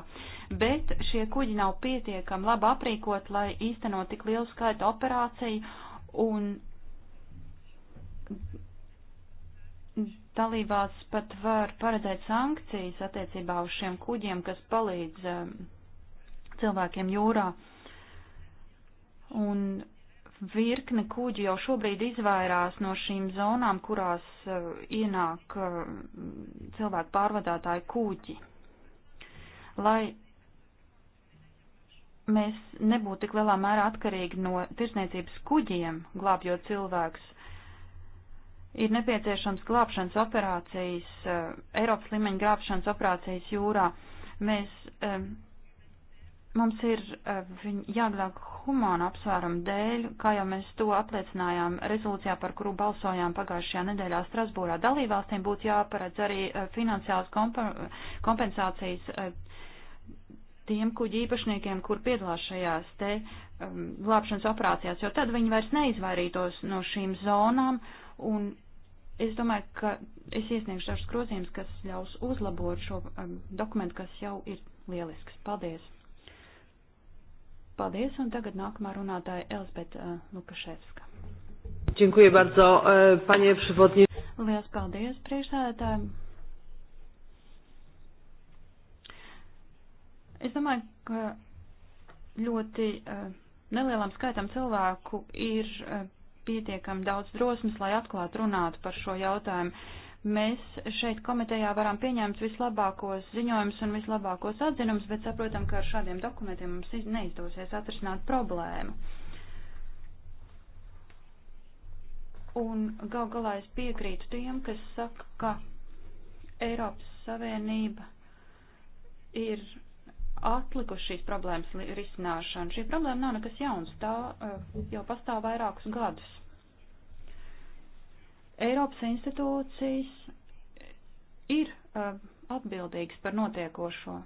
Bet šie kuģi nav pietiekami labi aprīkot, lai īstenot tik lielu skaitu operāciju, un Dalībās pat var paredzēt sankcijas attiecībā uz šiem kuģiem, kas palīdz um, cilvēkiem jūrā. Un virkne kuģi jau šobrīd izvairās no šīm zonām, kurās uh, ienāk uh, cilvēku pārvadātāju kuģi. Lai mēs nebūtu tik lielā mērā atkarīgi no tirsniecības kuģiem, glābjot cilvēkus, ir nepieciešams glābšanas operācijas, eh, Eiropas līmeņa glābšanas operācijas jūrā. Mēs, eh, mums ir eh, jāglāb humāna apsvērumu dēļ, kā jau mēs to apliecinājām rezolūcijā, par kuru balsojām pagājušajā nedēļā Strasbūrā. Dalībvalstīm būtu jāparedz arī finansiālas kompensācijas tiem kuģi īpašniekiem, kur piedalās šajās te um, glābšanas operācijās, jo tad viņi vairs neizvairītos no šīm zonām Un es domāju, ka es iesniegšu dažus grozījumus, kas ļaus uzlabot šo um, dokumentu, kas jau ir lielisks. Paldies! Paldies, un tagad nākamā runātāja Elzbeta uh, Lukaševska. Dziękuję bardzo, uh, panie przewodniczący. Lielas paldies, priekšsēdētāji. Es domāju, ka ļoti uh, nelielam skaitam cilvēku ir uh, pietiekam daudz drosmes, lai atklāt runātu par šo jautājumu. Mēs šeit komitejā varam pieņemt vislabākos ziņojumus un vislabākos atzinumus, bet saprotam, ka ar šādiem dokumentiem mums neizdosies atrisināt problēmu. Un gal galā es piekrītu tiem, kas saka, ka Eiropas Savienība ir atlikuši šīs problēmas risināšanu. Šī problēma nav nekas jauns, tā eh, jau pastāv vairākus gadus. Eiropas institūcijas ir eh, atbildīgas par notiekošo.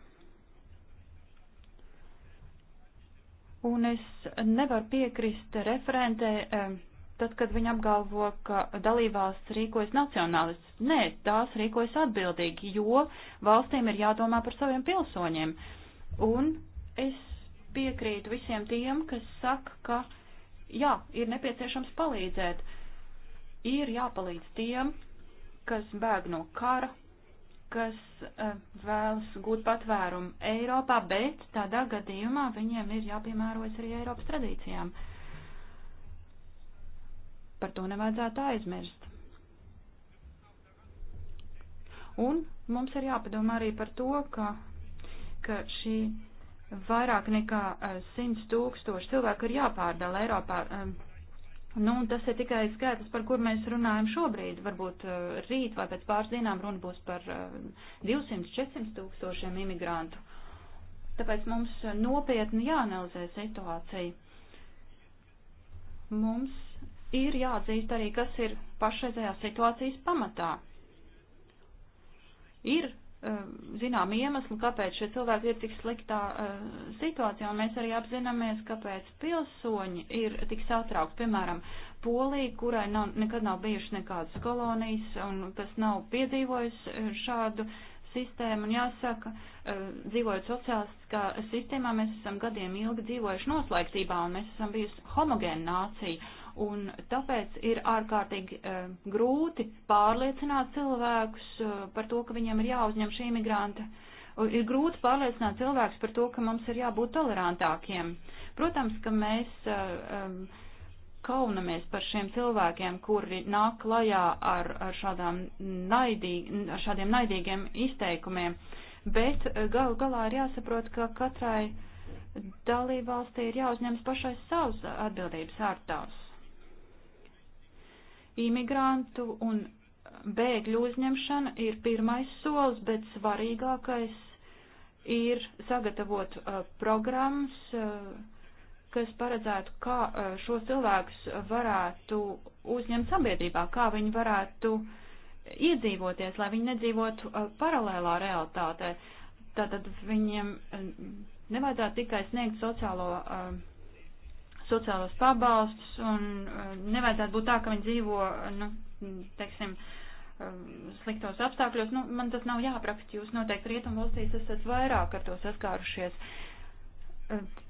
Un es nevaru piekrist referentē, eh, tad, kad viņi apgalvo, ka dalībās rīkojas nacionālists. Nē, tās rīkojas atbildīgi, jo valstīm ir jādomā par saviem pilsoņiem. Uh, Un es piekrītu visiem tiem, kas saka, ka jā, ir nepieciešams palīdzēt. Ir jāpalīdz tiem, kas bēg no kara, kas uh, vēlas gūt patvērumu Eiropā, bet tādā gadījumā viņiem ir jāpiemērojas arī Eiropas tradīcijām. Par to nevajadzētu aizmirst. Un mums ir jāpadomā arī par to, ka ka šī vairāk nekā 100 eh, tūkstoši cilvēku ir jāpārdala Eiropā. Eh, nu, un tas ir tikai skaitlis, par kur mēs runājam šobrīd. Varbūt eh, rīt vai pēc pāris dienām runa būs par 200-400 tūkstošiem imigrantu. Tāpēc mums nopietni jāanalizē situācija. Mums ir jāatzīst arī, kas ir pašreizējās situācijas pamatā. Ir Eh, zinām iemeslu, kāpēc šie cilvēki ir tik sliktā uh, situācijā, un mēs arī apzināmies, kāpēc pilsoņi ir tik satraukti. Piemēram, Polija, kurai nav, nekad nav bijušas nekādas kolonijas, un kas nav piedzīvojis eh, šādu sistēmu, un jāsaka, uh, dzīvojot sociālistiskā sistēmā, mēs esam gadiem ilgi dzīvojuši noslēgtībā, un mēs esam bijusi homogēna nācija Un tāpēc ir ārkārtīgi uh, grūti pārliecināt cilvēkus uh, par to, ka viņiem ir jāuzņem šī imigranta. Uh, ir grūti pārliecināt cilvēkus par to, ka mums ir jābūt tolerantākiem. Protams, ka mēs. Uh, um, kaunamies par šiem cilvēkiem, kuri nāk klajā ar, ar, naidīg, ar šādiem naidīgiem izteikumiem, bet gal galā ir jāsaprot, ka katrai dalībvalstī ir jāuzņemas pašai savas atbildības ārtās. Imigrantu un bēgļu uzņemšana ir pirmais solis, bet svarīgākais ir sagatavot uh, programmas, uh, kas paredzētu, kā uh, šo cilvēkus varētu uzņemt sabiedrībā, kā viņi varētu iedzīvoties, lai viņi nedzīvotu uh, paralēlā realitātē. Tātad viņiem uh, nevajadzētu tikai sniegt sociālo uh, sociālos pabalstus, un eh, nevajadzētu būt tā, ka viņi dzīvo, eh, nu, teiksim, eh, sliktos apstākļos. Nu, man tas nav jāapraksta, jūs noteikti rietumvalstīs esat vairāk ar to saskārušies.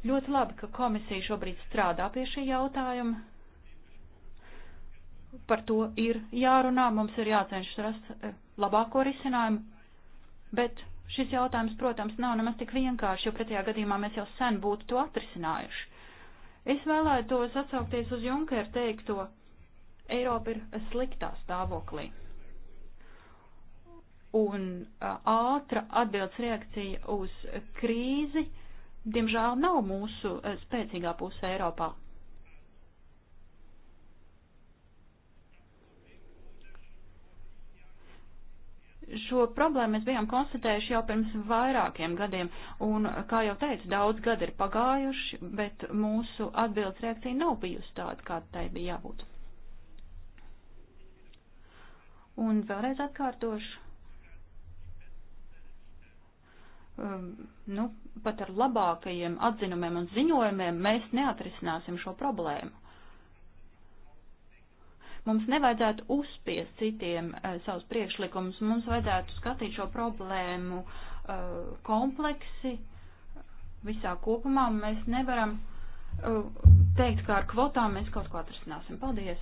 Ļoti labi, ka komisija šobrīd strādā pie šī jautājuma. Par to ir jārunā, mums ir jācenšas rast labāko risinājumu, bet šis jautājums, protams, nav nemaz tik vienkārši, jo pretējā gadījumā mēs jau sen būtu to atrisinājuši. Es vēlētos atsaukties uz Junkeru teikto, Eiropa ir sliktā stāvoklī. Un ātra atbildes reakcija uz krīzi, diemžēl, nav mūsu spēcīgā puse Eiropā. Šo problēmu mēs bijām konstatējuši jau pirms vairākiem gadiem, un, kā jau teicu, daudz gadi ir pagājuši, bet mūsu atbildes reakcija nav bijusi tāda, kāda tai bija jābūt. Un vēlreiz atkārtošu. Um, nu, pat ar labākajiem atzinumiem un ziņojumiem mēs neatrisināsim šo problēmu. Mums nevajadzētu uzspiest citiem uh, savus priekšlikumus, mums vajadzētu skatīt šo problēmu uh, kompleksi visā kopumā. Mēs nevaram uh, teikt, ka ar kvotām mēs kaut ko atrisināsim. Paldies!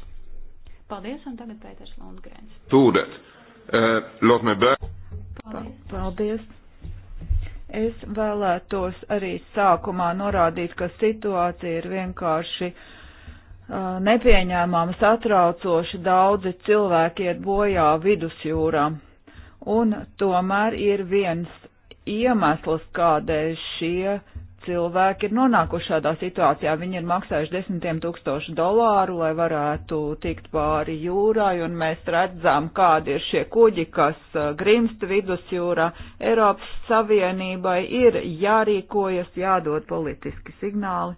Paldies, un tagad Pēters Lundgrēns. Tūdet, lūk, mē bēr. Paldies! Es vēlētos arī sākumā norādīt, ka situācija ir vienkārši uh, nepieņēmām satraucoši daudzi cilvēki iet bojā vidusjūrā. Un tomēr ir viens iemesls, kādēļ šie cilvēki ir nonākuši šādā situācijā. Viņi ir maksājuši desmitiem tūkstošu dolāru, lai varētu tikt pāri jūrai, un mēs redzam, kādi ir šie kuģi, kas grimst vidusjūrā. Eiropas Savienībai ir jārīkojas, jādod politiski signāli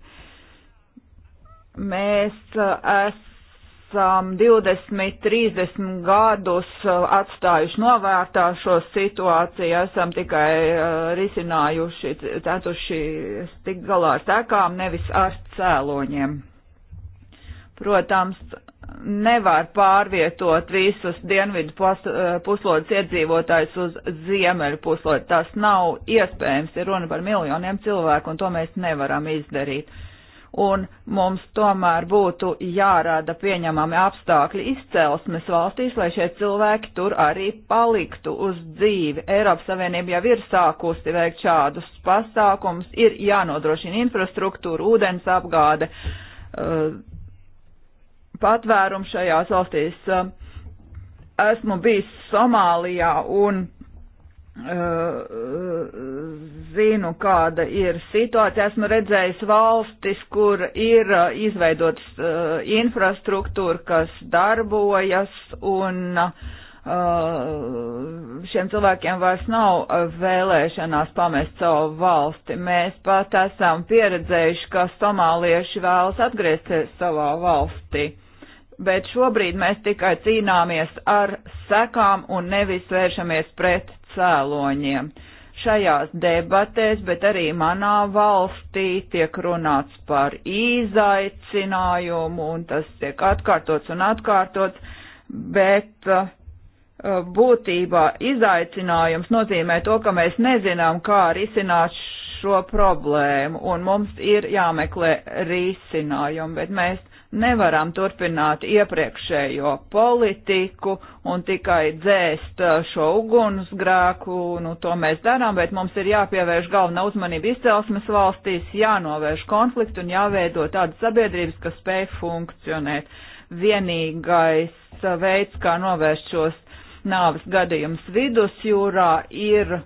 Mēs uh, esam 20, 30 gadus uh, atstājuši novērtā šo situāciju, esam tikai uh, risinājuši, cetuši tik galā ar sekām, nevis ar cēloņiem. Protams, nevar pārvietot visus dienvidu puslodes iedzīvotājus uz ziemeļu puslodi. Tas nav iespējams, ir runa par miljoniem cilvēku, un to mēs nevaram izdarīt. Uh, un mums tomēr būtu jārāda pieņemami apstākļi izcelsmes valstīs, lai šie cilvēki tur arī paliktu uz dzīvi. Eiropas Savienība jau ir sākusi veikt šādus pasākumus, ir jānodrošina infrastruktūra, ūdens apgāde, eh, patvērums šajās valstīs. Eh, esmu bijis Somālijā un Eh, eh, zinu, kāda ir situācija. Esmu redzējis valstis, kur ir eh, izveidots infrastruktūra, kas darbojas, un šiem cilvēkiem vairs nav vēlēšanās pamest savu valsti. Mēs pat esam pieredzējuši, ka somālieši vēlas atgriezties savā valstī bet šobrīd mēs tikai cīnāmies ar sekām un nevis vēršamies pret cēloņiem. Šajās debatēs, bet arī manā valstī tiek runāts par izaicinājumu, un tas tiek atkārtots un atkārtots, bet uh, būtībā izaicinājums nozīmē to, ka mēs nezinām, kā risināt šo problēmu, un mums ir jāmeklē risinājumi, bet mēs nevaram turpināt iepriekšējo politiku un tikai dzēst uh, šo ugunsgrēku, nu to mēs darām, bet mums ir jāpievērš galvenā uzmanība izcelsmes valstīs, jānovērš konfliktu un jāveido tādas sabiedrības, kas spēj funkcionēt. Vienīgais uh, veids, kā novērst šos nāves gadījumus vidusjūrā, ir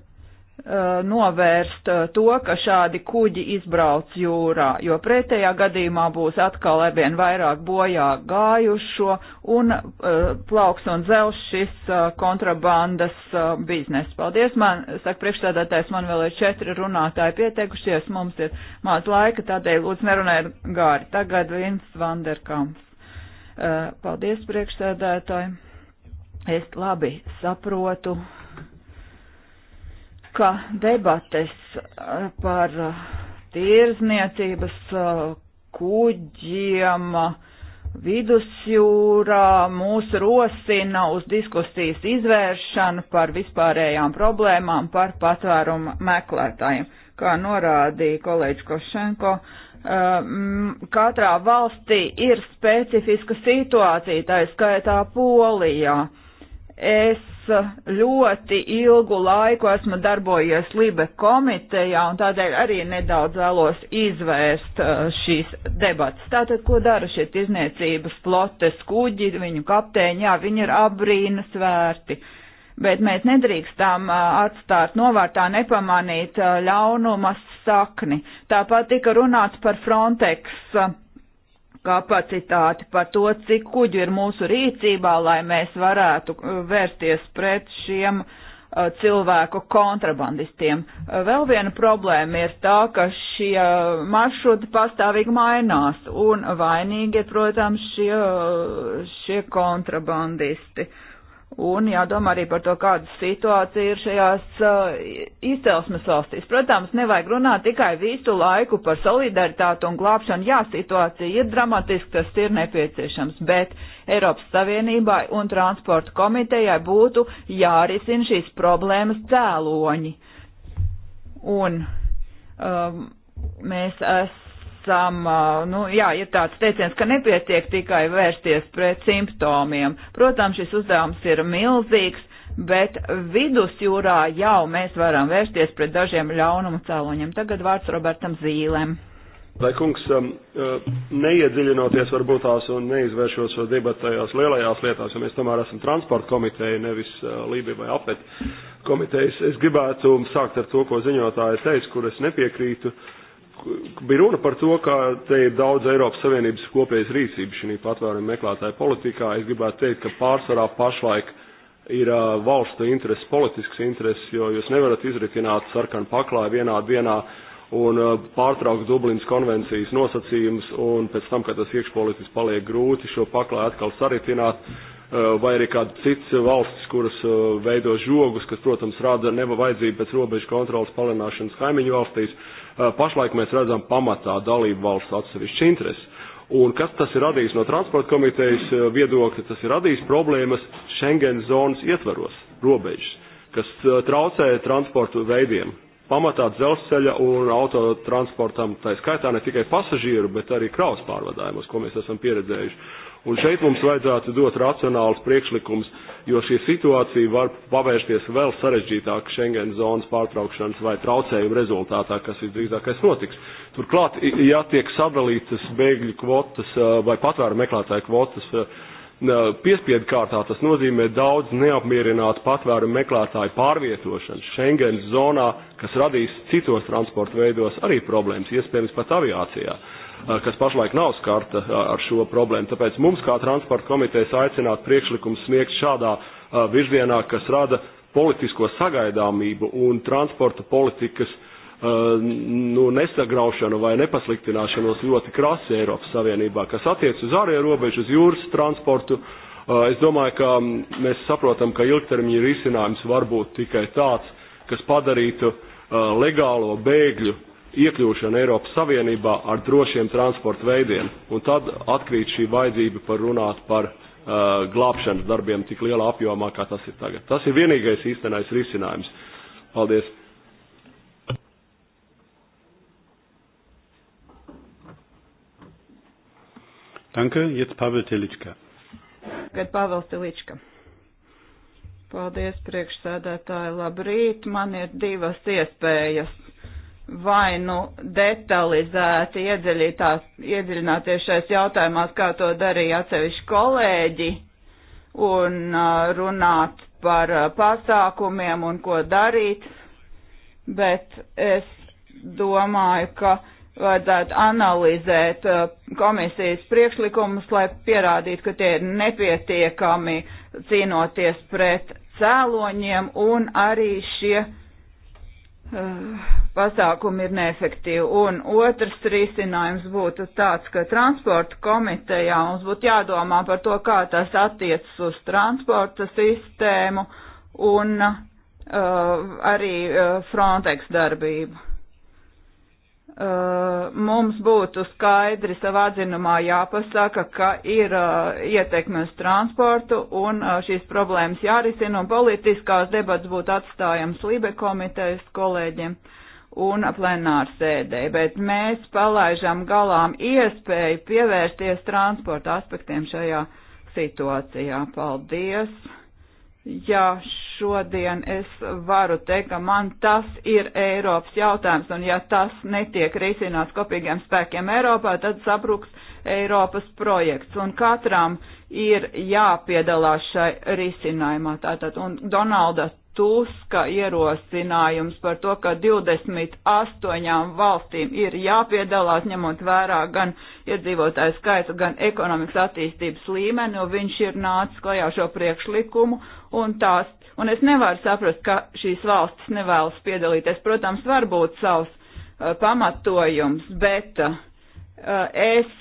Eh, novērst eh, to, ka šādi kuģi izbrauc jūrā, jo pretējā gadījumā būs atkal arvien vairāk bojā gājušo un uh, plauks un zels šis uh, kontrabandas uh, biznes. Paldies, man, saka priekšstādātājs, man vēl ir četri runātāji pieteikušies, mums ir maz laika, tādēļ lūdzu nerunājiet gāri. Tagad Vins Vanderkams. Paldies, priekšstādātāji. Es labi saprotu ka debates eh, par eh, tirzniecības eh, kuģiem vidusjūrā mūs rosina uz diskusijas izvēršanu par vispārējām problēmām par patvērumu meklētājiem. Kā norādīja kolēģis Košenko, katrā valstī ir specifiska situācija, tā skaitā Polijā. Es ļoti ilgu laiku esmu darbojies Libe komitejā un tādēļ arī nedaudz vēlos izvērst uh, šīs debatas. Tātad, ko dara šie tirzniecības flotes kuģi, viņu kapteiņi, jā, viņi ir apbrīnas vērti. Bet mēs nedrīkstām uh, atstāt novārtā nepamanīt uh, ļaunuma sakni. Tāpat tika runāts par Frontex kapacitāti, par to, cik kuģi ir mūsu rīcībā, lai mēs varētu uh, vērsties pret šiem uh, cilvēku kontrabandistiem. Uh, vēl viena problēma ir tā, ka šie maršruti pastāvīgi mainās, un vainīgi ir, protams, šie, uh, šie kontrabandisti. Uh, Un jādomā arī par to, kāda situācija ir šajās uh, izcelsmes valstīs. Protams, nevajag runāt tikai visu laiku par solidaritāti un glābšanu. Jā, situācija ir dramatiska, tas ir nepieciešams, bet Eiropas Savienībai un transporta komitejai būtu jārisina šīs problēmas cēloņi. Un um, mēs esam esam, nu jā, ir tāds teiciens, ka nepietiek tikai vērsties pret simptomiem. Protams, šis uzdevums ir milzīgs, bet vidusjūrā jau mēs varam vērsties pret dažiem ļaunumu cēloņiem. Tagad vārds Robertam Zīlēm. Lai kungs um, neiedziļinoties varbūt tās un neizvēršos debatējās lielajās lietās, jo mēs tomēr esam transporta komiteja, nevis uh, Lībija vai apet komitejas, es gribētu sākt ar to, ko ziņotāja teica, kur es nepiekrītu. Uh, bija runa par to, ka te ir daudz Eiropas Savienības kopējas rīcības šī patvēruma meklētāja politikā. Es gribētu teikt, ka pārsvarā pašlaik ir uh, valsts intereses, politisks intereses, jo jūs nevarat izritināt sarkanu paklāju vienā dienā un uh, pārtraukt Dublinas konvencijas nosacījumus, un pēc tam, kad tas iekšpolitiski paliek grūti, šo paklāju atkal saritināt. Eh, vai arī kāda cits valstis, kuras eh, veido žogus, kas, protams, rada neva vajadzību pēc robežu kontrolas palielināšanas kaimiņu valstīs, eh, pašlaik mēs redzam pamatā dalību valsts atsevišķu interesi. Un kas tas ir radījis no transporta komitejas viedokļa? Tas ir radījis problēmas Schengen zonas ietvaros, robežas, kas traucē transportu veidiem. Pamatā dzelzceļa un autotransportam, tā skaitā ne tikai pasažieru, bet arī kraus pārvadājumus, ko mēs esam pieredzējuši. Un šeit mums vajadzētu dot racionāls priekšlikums, jo šī situācija var pavērsties vēl sarežģītāk Schengen zonas pārtraukšanas vai traucējumu rezultātā, kas visdrīzākais notiks. Turklāt, ja tiek sadalītas bēgļu kvotas vai patvēru meklētāju kvotas, piespiedu kārtā tas nozīmē daudz neapmierinātu patvērumu meklētāju pārvietošanu Schengen zonā, kas radīs citos transporta veidos arī problēmas, iespējams pat aviācijā kas pašlaik nav skarta ar šo problēmu. Tāpēc mums kā transporta komitejas aicināt priekšlikums sniegt šādā virzienā, kas rada politisko sagaidāmību un transporta politikas nu, nesagraušanu vai nepasliktināšanos ļoti krasi Eiropas Savienībā, kas attiec uz ārējo robežu, uz jūras transportu. Es domāju, ka mēs saprotam, ka ilgtermiņa risinājums var būt tikai tāds, kas padarītu legālo bēgļu iekļūšanu Eiropas Savienībā ar drošiem transporta veidiem, un tad atkrīt šī vajadzība par runāt par uh, glābšanas darbiem tik lielā apjomā, kā tas ir tagad. Tas ir vienīgais īstenais risinājums. Paldies! Danke, jetzt Pavel Telička. Tagad Pavel Telička. Paldies, priekšsēdētāji, labrīt. Man ir divas iespējas vai nu detalizēti iedziļināties šais jautājumās, kā to darīja atsevišķi kolēģi, un uh, runāt par uh, pasākumiem un ko darīt, bet es domāju, ka vajadzētu analizēt uh, komisijas priekšlikumus, lai pierādītu, ka tie ir nepietiekami cīnoties pret cēloņiem un arī šie uh, pasākumi ir neefektīvi. Un otrs risinājums būtu tāds, ka transporta komitejā mums būtu jādomā par to, kā tas attiecas uz transporta sistēmu un uh, arī uh, Frontex darbību. Uh, mums būtu skaidri savā dzinumā jāpasaka, ka ir uh, ietekme uz transportu un uh, šīs problēmas jārisina un politiskās debats būtu atstājams Libe komitejas kolēģiem. Uh, un plenāru sēdē, bet mēs palaižam galām iespēju pievērsties transporta aspektiem šajā situācijā. Paldies! Ja šodien es varu teikt, ka man tas ir Eiropas jautājums, un ja tas netiek risināts kopīgiem spēkiem Eiropā, tad sabruks Eiropas projekts, un katram ir jāpiedalās šai risinājumā. Tātad, un Donalda Tuska ierosinājums par to, ka 28 valstīm ir jāpiedalās, ņemot vērā gan iedzīvotāju skaitu, gan ekonomikas attīstības līmeni, un viņš ir nācis klajā šo priekšlikumu, un tās, un es nevaru saprast, ka šīs valstis nevēlas piedalīties. Protams, var būt savs uh, pamatojums, bet uh, es.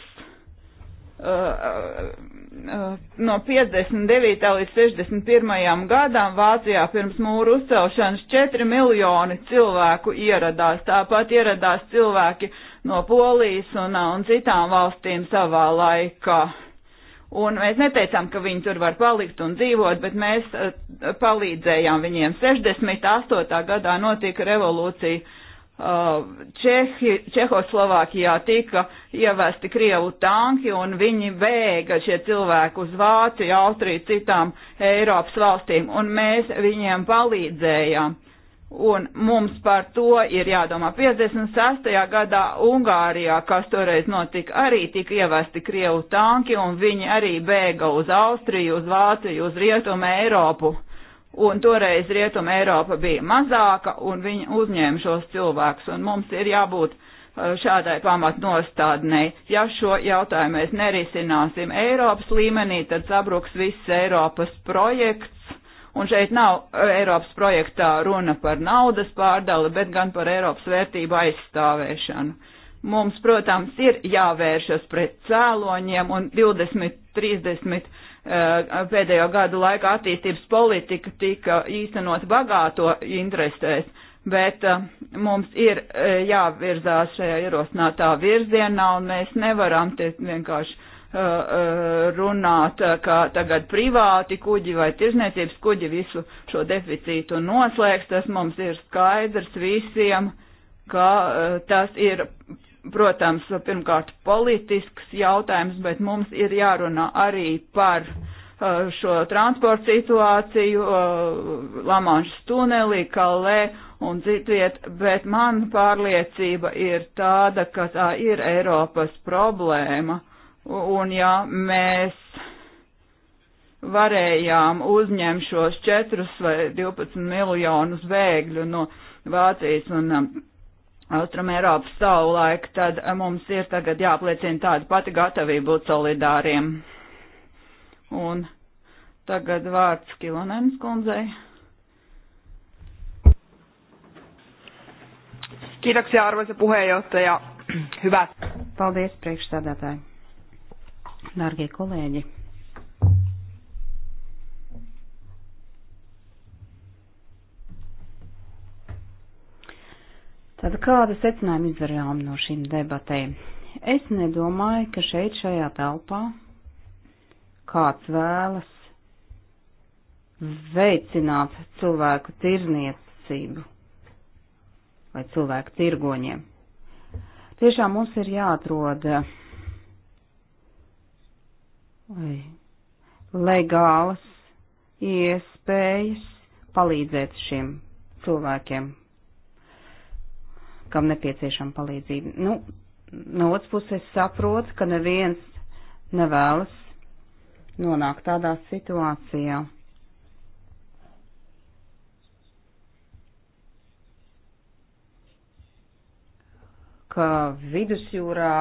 Uh, Uh, no 59. līdz 61. gadam Vācijā pirms mūru uzcelšanas 4 miljoni cilvēku ieradās. Tāpat ieradās cilvēki no Polijas un, uh, un citām valstīm savā laikā. Un mēs neteicām, ka viņi tur var palikt un dzīvot, bet mēs uh, palīdzējām viņiem. 68. gadā notika revolūcija Uh, Čehi, Čehoslovākijā tika ievesti Krievu tanki un viņi bēga šie cilvēki uz Vāciju, Austriju, citām Eiropas valstīm un mēs viņiem palīdzējām. Un mums par to ir jādomā. 56. gadā Ungārijā, kas toreiz notika, arī tika ievesti Krievu tanki un viņi arī bēga uz Austriju, uz Vāciju, uz Rietumu Eiropu. Uh, un toreiz Rietuma Eiropa bija mazāka, un viņi uzņēma šos cilvēkus, un mums ir jābūt uh, šādai pamatnostādnei. Ja šo jautājumu mēs nerisināsim Eiropas līmenī, tad sabruks viss Eiropas projekts, un šeit nav uh, Eiropas projektā runa par naudas pārdali, bet gan par Eiropas vērtību aizstāvēšanu Mums, protams, ir jāvēršas pret cēloņiem un 20, 30 eh, pēdējo gadu laikā attīstības politika tika īstenot bagāto interesēs, bet eh, mums ir eh, jāvirzās šajā ierosinātā virzienā un mēs nevaram vienkārši runāt, ka tagad privāti kuģi vai tirzniecības kuģi visu šo deficītu noslēgs, tas mums ir skaidrs visiem. Uh, ka eh, tas ir, protams, pirmkārt politisks jautājums, bet mums ir jārunā arī par eh, šo transportu situāciju eh, Lamanšas tunelī, Kalē un citviet, bet man pārliecība ir tāda, ka tā ir Eiropas problēma. Un ja mēs varējām uzņemt šos 4 vai 12 miljonus bēgļu no Vācijas un um, Austrum Eiropas savulaik, tad eh, mums ir tagad jāpliecina tāda pati gatavība būt solidāriem. Un tagad vārds Kilonēnas kundzei. Kiitoksia arvoisa puheenjohtaja. Hyvät. Paldies priekšstādātāji. Dargie kolēģi. Tad kāda secinājuma izdarījām no šīm debatēm? Es nedomāju, ka šeit šajā telpā kāds vēlas veicināt cilvēku tirzniecību vai cilvēku tirgoņiem. Tiešām mums ir jāatrod vai, legālas iespējas palīdzēt šiem cilvēkiem kam nepieciešama palīdzība. Nu, no otras puses saprotu, ka neviens nevēlas nonākt tādā situācijā. ka vidusjūrā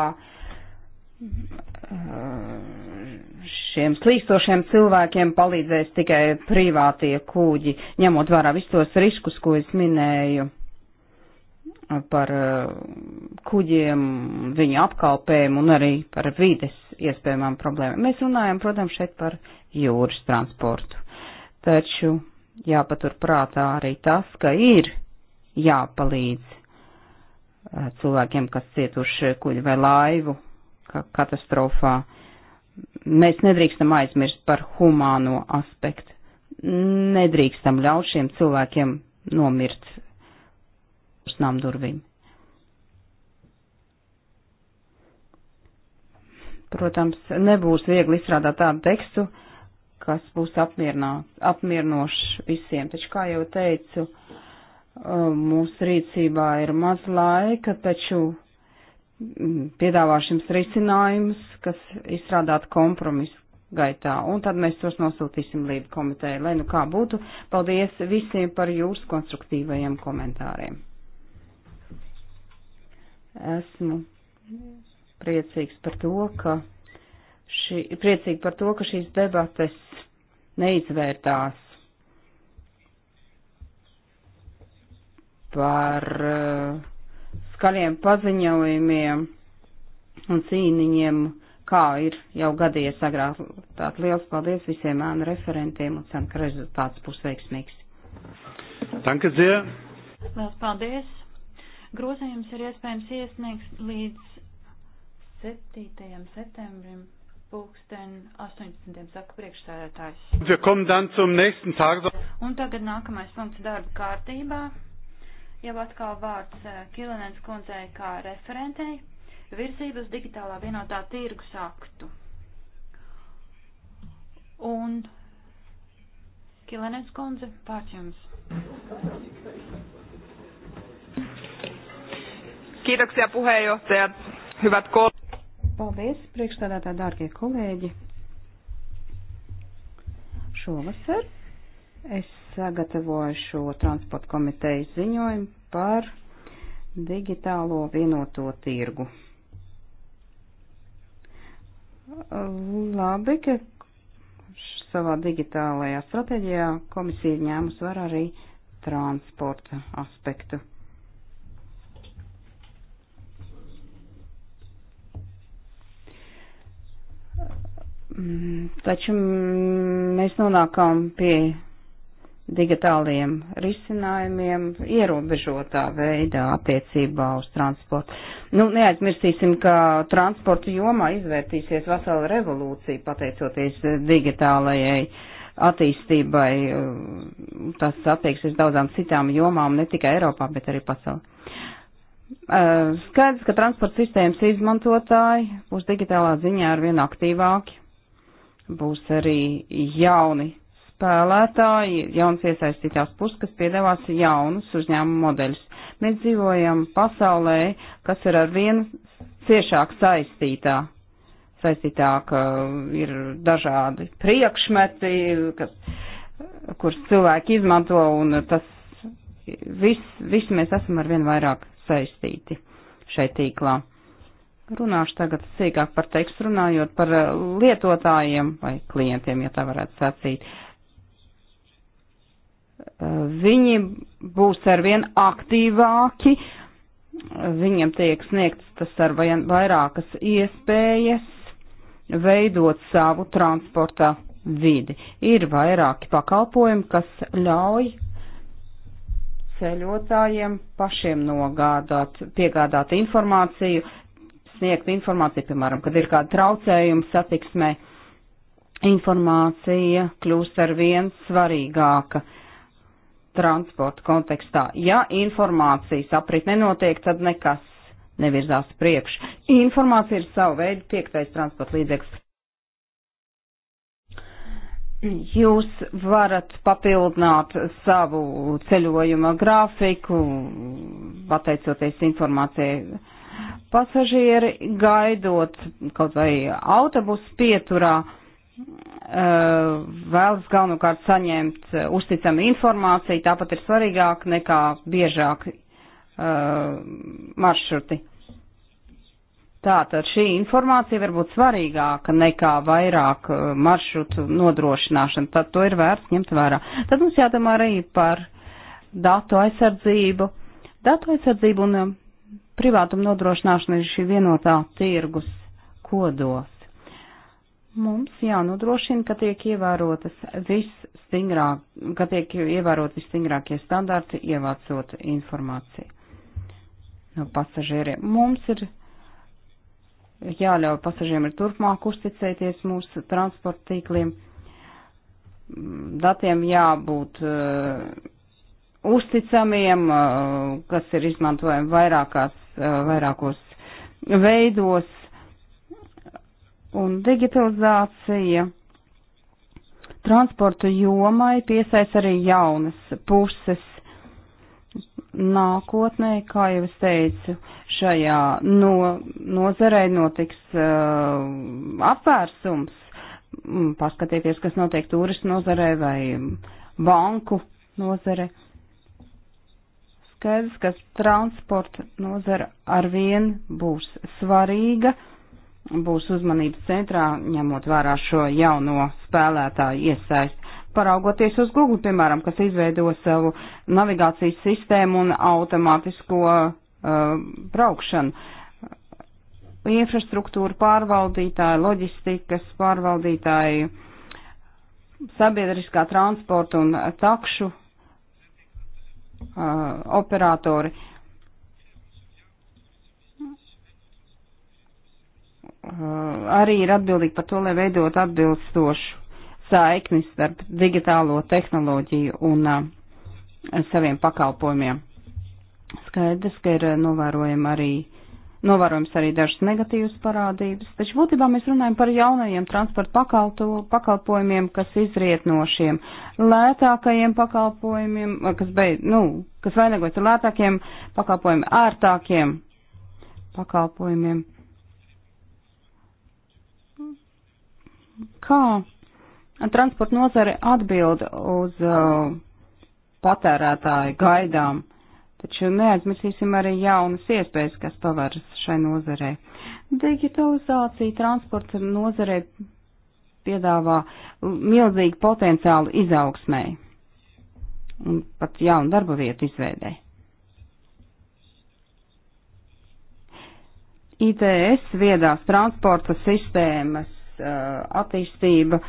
šiem slīstošiem cilvēkiem palīdzēs tikai privātie kūģi, ņemot vērā visus tos riskus, ko es minēju par eh, kuģiem, viņu apkalpējumu un arī par vides iespējamām problēmām. Mēs runājam, protams, šeit par jūras transportu. Taču jāpatur prātā arī tas, ka ir jāpalīdz eh, cilvēkiem, kas cietuši kuģi vai laivu katastrofā. Mēs nedrīkstam aizmirst par humāno aspektu. Nedrīkstam ļaut šiem cilvēkiem nomirt uz tām durvīm. Protams, nebūs viegli izstrādāt tādu tekstu, kas būs apmierinošs visiem, taču, kā jau teicu, um, mūsu rīcībā ir maz laika, taču mm, piedāvāšu jums risinājumus, kas izstrādāt kompromisu gaitā, un tad mēs tos nosūtīsim līdz komitejai, lai nu kā būtu. Paldies visiem par jūsu konstruktīvajiem komentāriem. Esmu priecīgs par to, ka, šī, priecīgi par to, ka šīs debates neizvērtās par uh, skaļiem paziņojumiem un cīniņiem, kā ir jau gadījies agrāk. Tātad liels paldies visiem ēnu referentiem un ceru, ka rezultāts būs veiksmīgs. Tanka Dzie. Liels paldies. Grozījums ir iespējams iesniegt līdz 7. septembrim. Pūksten 18. saka priekšsēdētājs. Un tagad nākamais punkts darba kārtībā. Jau atkal vārds eh, Kilenens kundzei kā referentei. Virzības digitālā vienotā tirgus aktu. Un Kilenens kundze, pārķums. Kiitoksia puheenjohtajat, hyvät kollegat. Paldies, priekšstādātā dārgie kolēģi. Šovasar es sagatavoju šo transporta komitejas ziņojumu par digitālo vienoto tirgu. Labi, ka savā digitālajā stratēģijā komisija ir ņēmusi var arī transporta aspektu. Mm, taču mm, mēs nonākam pie digitāliem risinājumiem ierobežotā veidā attiecībā uz transportu. Nu, neaizmirsīsim, ka transporta jomā izvērtīsies vesela revolūcija pateicoties digitālajai attīstībai. Tas attieksies daudzām citām jomām, ne tikai Eiropā, bet arī pasaulē. Eh, skaidrs, ka transporta sistēmas izmantotāji būs digitālā ziņā ar vien aktīvāki Būs arī jauni spēlētāji, jauns iesaistītās puses, kas piedāvās jaunus uzņēmumu modeļus. Mēs dzīvojam pasaulē, kas ir ar vienu ciešāk saistītā. Saistītāk uh, ir dažādi priekšmeti, kas, kurus cilvēki izmanto, un tas viss, viss mēs esam ar vien vairāk saistīti šai tīklā. Runāšu tagad sīkāk par tekstu, runājot par eh, lietotājiem vai klientiem, ja tā varētu sacīt. Eh, viņi būs arvien aktīvāki, eh, viņiem tiek sniegts tas arvien vairākas iespējas veidot savu transporta vidi. Ir vairāki pakalpojumi, kas ļauj ceļotājiem pašiem nogādāt, piegādāt informāciju, sniegt informāciju, piemēram, kad ir kāda traucējuma satiksmē, informācija kļūst ar vien svarīgāka transporta kontekstā. Ja informācijas aprit nenotiek, tad nekas nevirzās priekš. Informācija ir savu veidu piektais transporta līdzeklis. Jūs varat papildināt savu ceļojuma grafiku, pateicoties informācijai pasažieri gaidot kaut vai autobusu pieturā eh, vēlas galvenokārt saņemt eh, uzticamu informāciju, tāpat ir svarīgāk nekā biežāk eh, maršruti. Tātad šī informācija var būt svarīgāka nekā vairāk maršrutu nodrošināšana, tad to ir vērts ņemt vērā. Tad mums jādomā arī par datu aizsardzību. Datu aizsardzību un privātuma nodrošināšana ir šī vienotā tirgus kodos. Mums jānodrošina, ka tiek ievērotas visstingrāk, ka tiek ievērot visstingrākie standarti, ievācot informāciju no pasažieriem. Mums ir jāļauj pasažieriem ir turpmāk uzticēties mūsu transporta tīkliem. Mm, datiem jābūt uh, uzticamiem, uh, kas ir izmantojami vairākās, uh, vairākos veidos. Un digitalizācija transporta jomai piesaist arī jaunas puses nākotnē, kā jau es teicu, šajā no, nozarei notiks uh, apvērsums. Mm, Paskatieties, kas notiek turismu nozarei vai banku nozarei skaidrs, ka transporta nozara arvien būs svarīga, būs uzmanības centrā, ņemot vērā šo jauno spēlētāju iesaisti. Paraugoties uz Google, piemēram, kas izveido savu navigācijas sistēmu un automātisko uh, braukšanu, infrastruktūra pārvaldītāji, loģistikas pārvaldītāji, sabiedriskā transporta un takšu Uh, operatori. Uh, arī ir atbildīgi par to, lai veidot atbilstošu saikni starp digitālo tehnoloģiju un uh, saviem pakalpojumiem. Skaidrs, ka ir novērojama arī novērojams arī dažas negatīvas parādības, taču būtībā mēs runājam par jaunajiem transporta pakalpojumiem, kas izriet no šiem lētākajiem pakalpojumiem, kas, beid, nu, kas vainagojas ar lētākiem pakalpojumiem, ērtākiem pakalpojumiem. Kā transporta nozare atbild uz uh, patērētāju gaidām? Taču neaizmirsīsim arī jaunas iespējas, kas pavaras šai nozarē. Digitalizācija transporta nozarē piedāvā milzīgu potenciālu izaugsmai un pat jaunu darba vietu izveidēji. ITS viedās transporta sistēmas uh, attīstība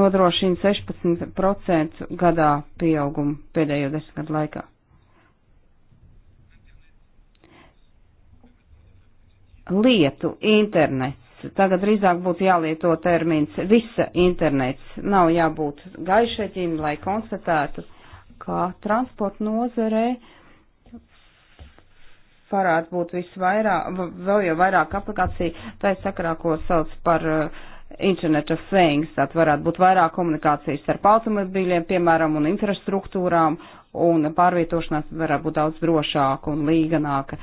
nodrošina 16% gadā pieaugumu pēdējo desmit gadu laikā. lietu internets. Tagad drīzāk būtu jālieto termins visa internets. Nav jābūt gaišeķim, lai konstatētu, ka transporta nozarē varētu būt visvairāk, vēl jau vairāk aplikācija, tā ir sakarā, ko sauc par uh, Internet of Things, tad varētu būt vairāk komunikācijas starp automobīļiem, piemēram, un infrastruktūrām, un pārvietošanās varētu būt daudz drošāka un līganāka.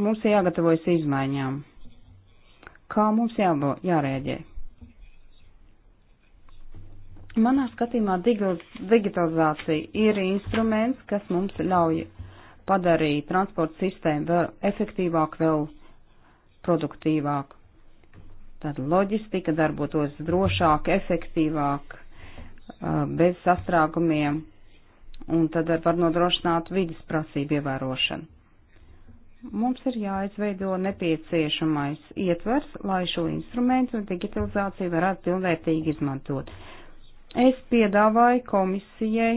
mums ir jāgatavojas izmaiņām. Kā mums jābo, jārēģē? Manā skatījumā digitalizācija ir instruments, kas mums ļauj padarīt transporta sistēmu vēl efektīvāku, vēl produktīvāku. Tad loģistika darbotos drošāk, efektīvāk, bez sastrāgumiem, un tad var nodrošināt vidas prasību ievērošanu. Mums ir jāizveido nepieciešamais ietvers, lai šo instrumentu digitalizāciju varētu pilnvērtīgi izmantot. Es piedāvāju komisijai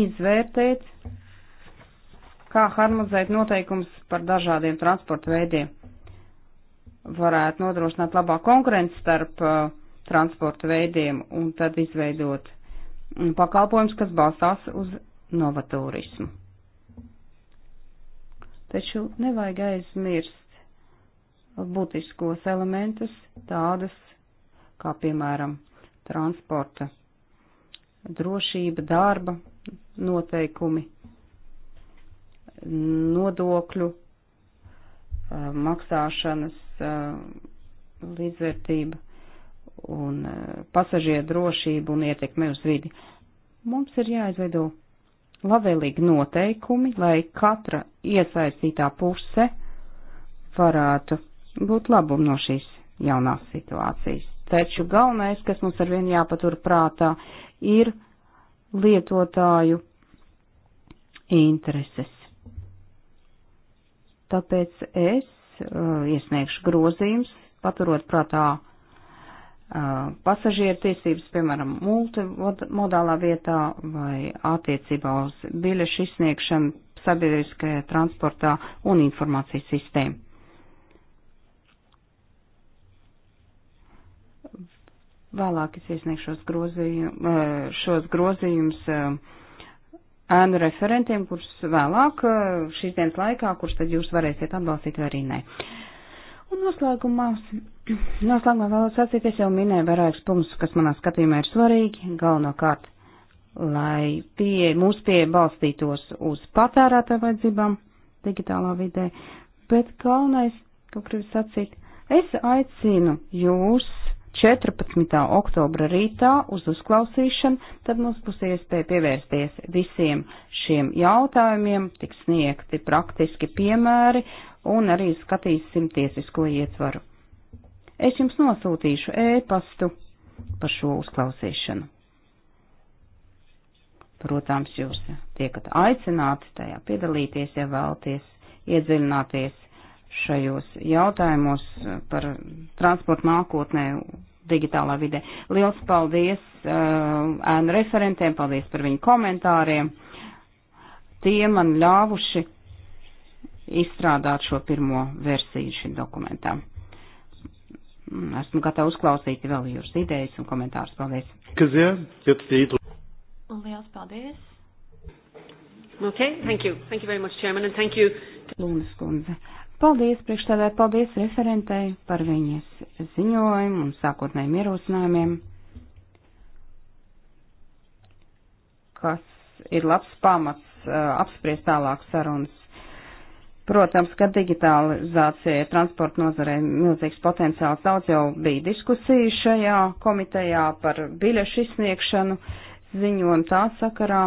izvērtēt, kā harmonizēt noteikums par dažādiem transporta veidiem. Varētu nodrošināt labā konkurence starp uh, transporta veidiem un tad izveidot mm, pakalpojums, kas balstās uz novatūrismu. Taču nevajag aizmirst būtiskos elementus, tādus kā, piemēram, transporta drošība, darba noteikumi, nodokļu maksāšanas līdzvērtība un pasažieru drošība un ietekme uz vidi. Mums ir jāizveido labvēlīgi noteikumi, lai katra iesaistītā puse varētu būt labum no šīs jaunās situācijas. Taču galvenais, kas mums ar vienu jāpatur prātā, ir lietotāju intereses. Tāpēc es uh, iesniegšu grozījums, paturot prātā pasažieru tiesības, piemēram, multimodālā vietā vai attiecībā uz biļešu izsniegšanu sabiedriskajā transportā un informācijas sistēmu. Vēlāk es iesniegšos grozījumu, šos grozījumus ēnu referentiem, kurus vēlāk šīs dienas laikā, kurus tad jūs varēsiet atbalstīt vai arī nē. Un noslēgumā Noslēgumā vēlos sacīt, es jau minēju vairākus punktus, kas manā skatījumā ir svarīgi, galvenokārt, lai pie, mūsu pieeja balstītos uz patērētāju vajadzībām digitālā vidē, bet galvenais, ko gribu sacīt, es aicinu jūs 14. oktobra rītā uz uzklausīšanu, tad mums būs iespēja pievērsties visiem šiem jautājumiem, tiks sniegti praktiski piemēri un arī skatīsim tiesisko ietvaru. Es jums nosūtīšu ēpastu par šo uzklausīšanu. Protams, jūs tiekat aicināti tajā piedalīties, ja vēlties iedziļināties šajos jautājumos par transportu nākotnē digitālā vidē. Liels paldies uh, ēnu uh, referentiem, paldies par viņu komentāriem. Tie man ļāvuši izstrādāt šo pirmo versiju šim dokumentam. Mm, esmu gatava uzklausīt vēl jūsu idejas un komentārus. Paldies! Liels paldies! Okay, thank you. Thank you very much, Chairman, and thank you. Lūnas kundze. Paldies priekšstādē, paldies referentei par viņas ziņojumu un sākotnējiem ierosinājumiem, kas ir labs pamats uh, apspriest tālāk sarunas Protams, ka digitalizācija transporta nozarē milzīgs potenciāls. Daudz jau bija diskusija šajā komitejā par biļešu izsniegšanu ziņojumu tā sakarā.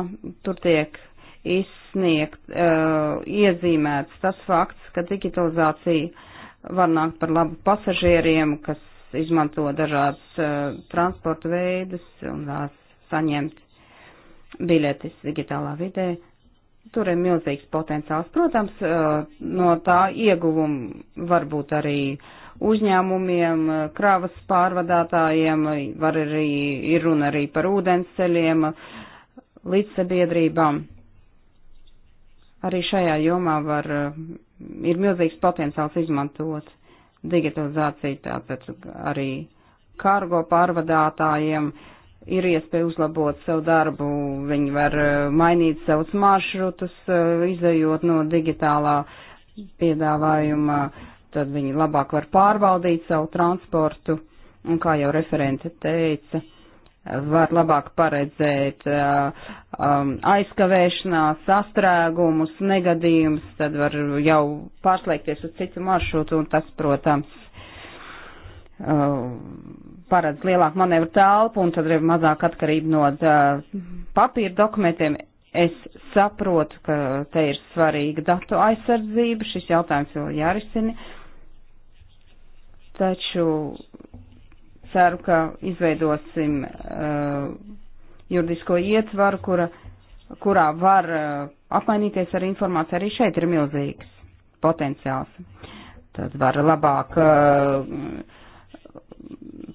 Tur tiek izsniegt, uh, iezīmēts tas fakts, ka digitalizācija var nākt par labu pasažieriem, kas izmanto dažādas uh, transporta veidus un tās saņemt biļetes digitālā vidē. Uh, Tur ir milzīgs potenciāls. Protams, eh, no tā ieguvuma varbūt arī uzņēmumiem, eh, kravas pārvadātājiem, var arī ir runa arī par ūdensceļiem, eh, līdzsabiedrībām. Arī šajā jomā var, ir milzīgs potenciāls izmantot digitalizāciju, tātad arī kargo pārvadātājiem, uh, ir iespēja uzlabot savu darbu, viņi var eh, mainīt savus maršrutus, eh, izējot no digitālā piedāvājuma, tad viņi labāk var pārvaldīt savu transportu, un kā jau referente teica, var labāk paredzēt eh, um, aizkavēšanās, sastrēgumus, negadījumus, tad var jau pārslēgties uz citu maršrutu, un tas, protams, paredz lielāku manevru telpu un tad ir mazāk atkarība no papīra dokumentiem. Es saprotu, ka te ir svarīga datu aizsardzība, šis jautājums vēl jārisina, taču ceru, ka izveidosim uh, juridisko ietvaru, kura, kurā var uh, apmainīties ar informāciju. Arī šeit ir milzīgs potenciāls. Tad var labāk uh,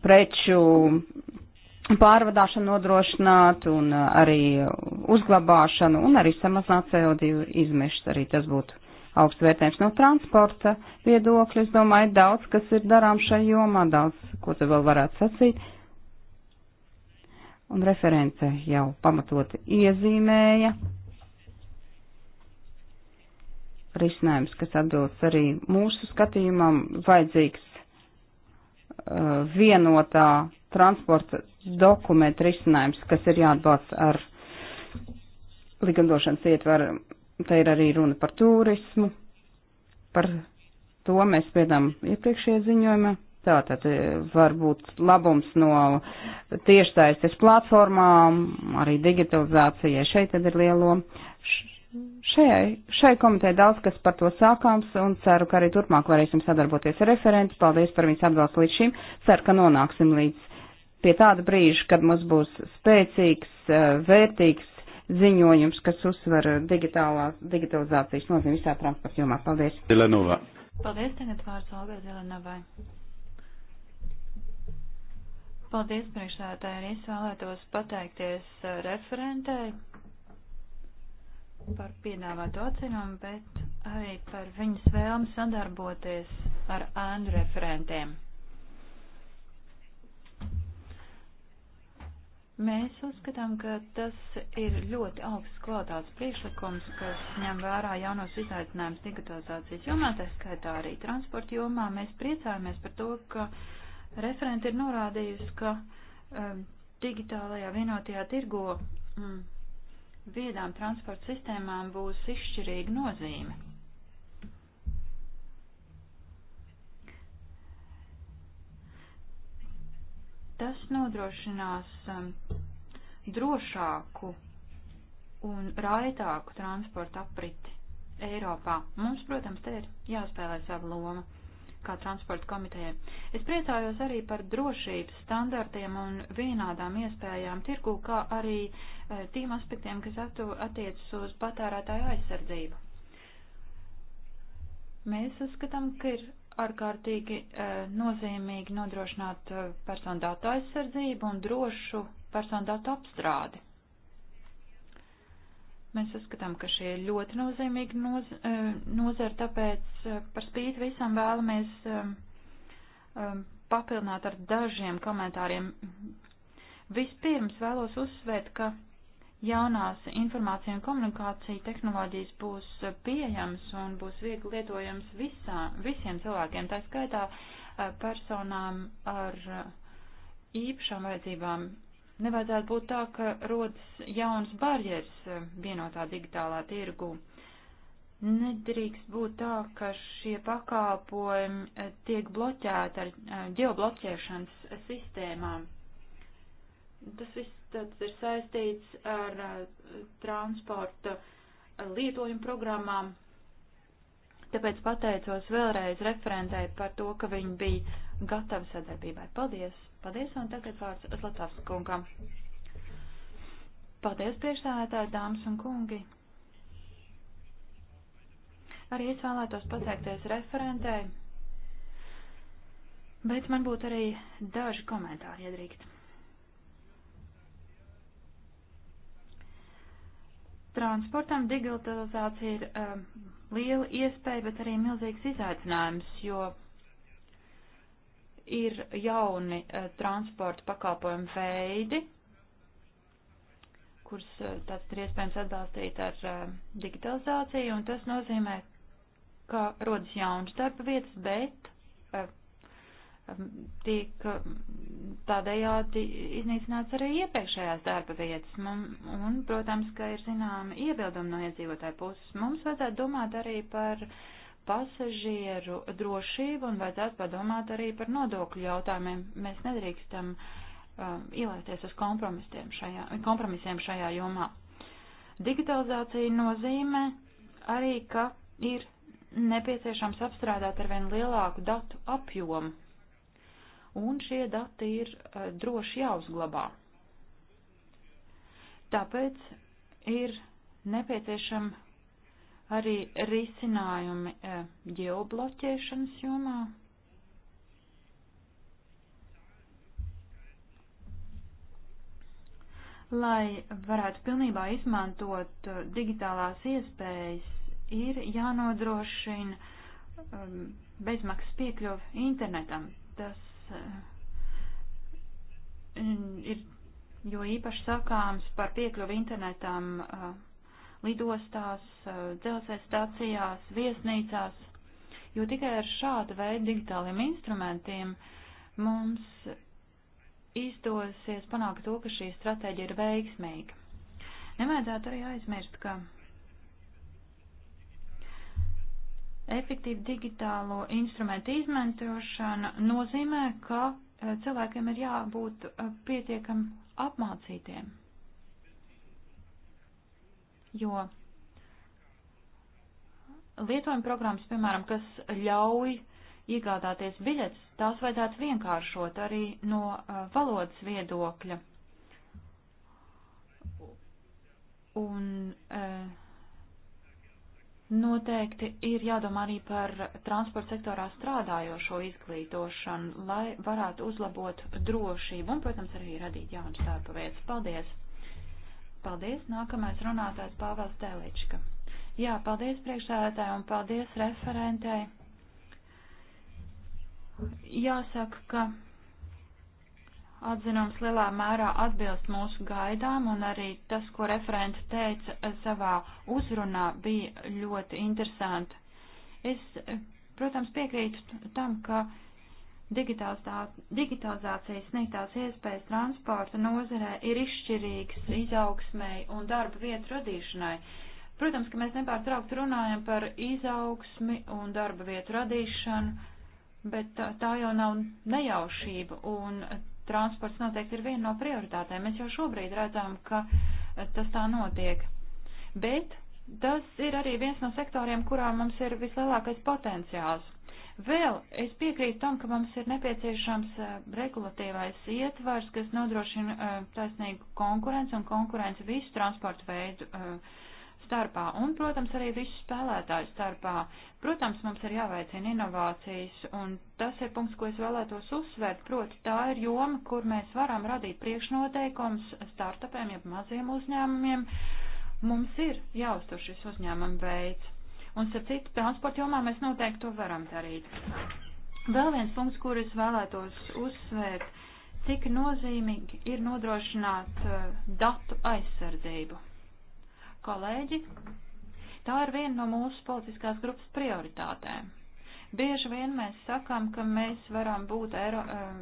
preču pārvadāšanu nodrošināt un uh, arī uzglabāšanu un arī samazināt CO2 izmešas. Arī tas būtu augsts vērtējums no transporta viedokļa. Es domāju, daudz, kas ir darām šai jomā, daudz, ko te vēl varētu sacīt. Un reference jau pamatoti iezīmēja risinājums, kas atbilst arī mūsu skatījumam, vajadzīgs Uh, vienotā transporta dokumentu risinājums, kas ir jāatbalsta ar likumdošanas ietvaru. Te ir arī runa par turismu, par to mēs spiedām iepriekšējā ziņojumā. Tātad eh, var būt labums no tiešsaistes platformām, arī digitalizācijai šeit tad ir lielo Šajai, šai komitē daudz kas par to sākāms un ceru, ka arī turpmāk varēsim sadarboties ar referentu. Paldies par viņas atbalstu līdz šim. Ceru, ka nonāksim līdz pie tāda brīža, kad mums būs spēcīgs, eh, vērtīgs ziņojums, kas uzsver digitalizācijas nozīmi visā transporta jomā. Paldies! Zelenova. Paldies, tagad vārds Olga Zelenovai. Paldies, priekšsētāji, arī es vēlētos pateikties eh, referentei par piedāvātu atzinumu, bet arī par viņas vēlmi sadarboties ar ēnu referentiem. Mēs uzskatām, ka tas ir ļoti augsts kvalitātes priekšlikums, kas ņem vērā jaunos izaicinājumus digitalizācijas jomā, tā skaitā arī transporta jomā. Mēs priecājamies par to, ka referenti ir norādījusi, ka um, digitālajā vienotajā tirgo um, mm, viedām transporta sistēmām būs izšķirīga nozīme. Tas nodrošinās um, drošāku un raitāku transporta apriti Eiropā. Mums, protams, te ir jāspēlē sava loma kā transporta komitejai. Es priecājos arī par drošības standartiem un vienādām iespējām tirgū, kā arī uh, Eh, tiem aspektiem, kas attiecas uz patērētāju aizsardzību. Mēs uzskatām, ka ir ārkārtīgi eh, nozīmīgi nodrošināt eh, personu datu aizsardzību un drošu personu datu apstrādi. Mēs uzskatām, ka šie ir ļoti nozīmīgi noz, nozari, tāpēc par spīti visam vēlamies papildināt ar dažiem komentāriem. Vispirms vēlos uzsvērt, ka jaunās informācija un komunikācija tehnoloģijas būs pieejams un būs viegli lietojams visā, visiem cilvēkiem, tā skaitā personām ar īpašām vajadzībām. Nevajadzētu būt tā, ka rodas jauns barjeras vienotā digitālā tirgu. Nedrīkst būt tā, ka šie pakāpojumi tiek bloķēti ar ģeobloķēšanas sistēmām Tas viss tāds ir saistīts ar eh, transporta eh, lietojumu programmām. Tāpēc pateicos vēlreiz referentei par to, ka viņi bija gatavi sadarbībai. Paldies! Paldies, un tagad vārds Slacavs kungam. Paldies, priekšstādātāji, dāmas un kungi! Arī es vēlētos pateikties referentei, bet man būtu arī daži komentāri iedrīkti. Ja transportam digitalizācija ir um, liela iespēja, bet arī milzīgs izaicinājums, jo ir jauni uh, transporta pakalpojumu veidi, kurus uh, tāds ir iespējams atbalstīt ar uh, digitalizāciju, un tas nozīmē, ka rodas jaunas darba vietas, bet uh, tiek tādējādi iznīcināts arī iepriekšējās darba vietas. Un, un, protams, ka ir zināma iebildumi no iedzīvotāju puses. Mums vajadzētu domāt arī par pasažieru drošību un vajadzētu padomāt arī par nodokļu jautājumiem. Mēs nedrīkstam um, ielēties uz kompromisiem šajā, kompromisiem šajā jomā. Digitalizācija nozīmē arī, ka ir nepieciešams apstrādāt ar vien lielāku datu apjomu un šie dati ir e, droši jāuzglabā. Tāpēc ir nepieciešama arī risinājumi e, ģeobloķēšanas jomā. Lai varētu pilnībā izmantot e, digitālās iespējas, ir jānodrošina bezmaksas piekļuvi internetam. Tas Eh, ir jo īpaši sakāms par piekļuvi internetam eh, lidostās, eh, dzelzceļa stācijās, viesnīcās, jo tikai ar šādu veidu digitāliem instrumentiem mums izdosies panākt to, ka šī stratēģija ir veiksmīga. Nevajadzētu arī aizmirst, ka Efektīva digitālo instrumentu izmantošana nozīmē, ka eh, cilvēkiem ir jābūt eh, pietiekami apmācītiem. Jo lietojuma programmas, piemēram, kas ļauj iegādāties biļetes, tās vajadzētu vienkāršot arī no eh, valodas viedokļa. Un, uh, Noteikti ir jādomā arī par transporta sektorā strādājošo izglītošanu, lai varētu uzlabot drošību un, protams, arī radīt jaunas darba vietas. Paldies! Paldies! Nākamais runātājs Pāvels Telička. Jā, paldies priekšsēdētāji un paldies referentei. Jāsaka, ka atzinums lielā mērā atbilst mūsu gaidām, un arī tas, ko referents teica savā uzrunā, bija ļoti interesanti. Es, protams, piekrītu tam, ka digitalizācijas sniegtās iespējas transporta nozarē ir izšķirīgs izaugsmēji un darba vietu radīšanai. Protams, ka mēs nepārtraukt runājam par izaugsmi un darba vietu radīšanu, bet tā jau nav nejaušība, un transports noteikti ir viena no prioritātēm. Mēs jau šobrīd redzam, ka eh, tas tā notiek. Bet tas ir arī viens no sektoriem, kurā mums ir vislielākais potenciāls. Vēl es piekrītu tam, ka mums ir nepieciešams eh, regulatīvais ietvars, kas nodrošina eh, taisnīgu konkurenci un konkurenci visu transportu veidu. Uh, starpā un, protams, arī visu spēlētāju starpā. Protams, mums ir jāveicina inovācijas, un tas ir punkts, ko es vēlētos uzsvērt, proti tā ir joma, kur mēs varam radīt priekšnoteikums startupiem, jeb maziem uzņēmumiem. Mums ir jāuztur šis uzņēmuma veids, un, starp citu, transporta jomā mēs noteikti to varam darīt. Vēl viens punkts, kur es vēlētos uzsvērt, cik nozīmīgi ir nodrošināt uh, datu aizsardzību kolēģi, tā ir viena no mūsu politiskās grupas prioritātēm. Bieži vien mēs sakām, ka mēs varam būt Eiro, um,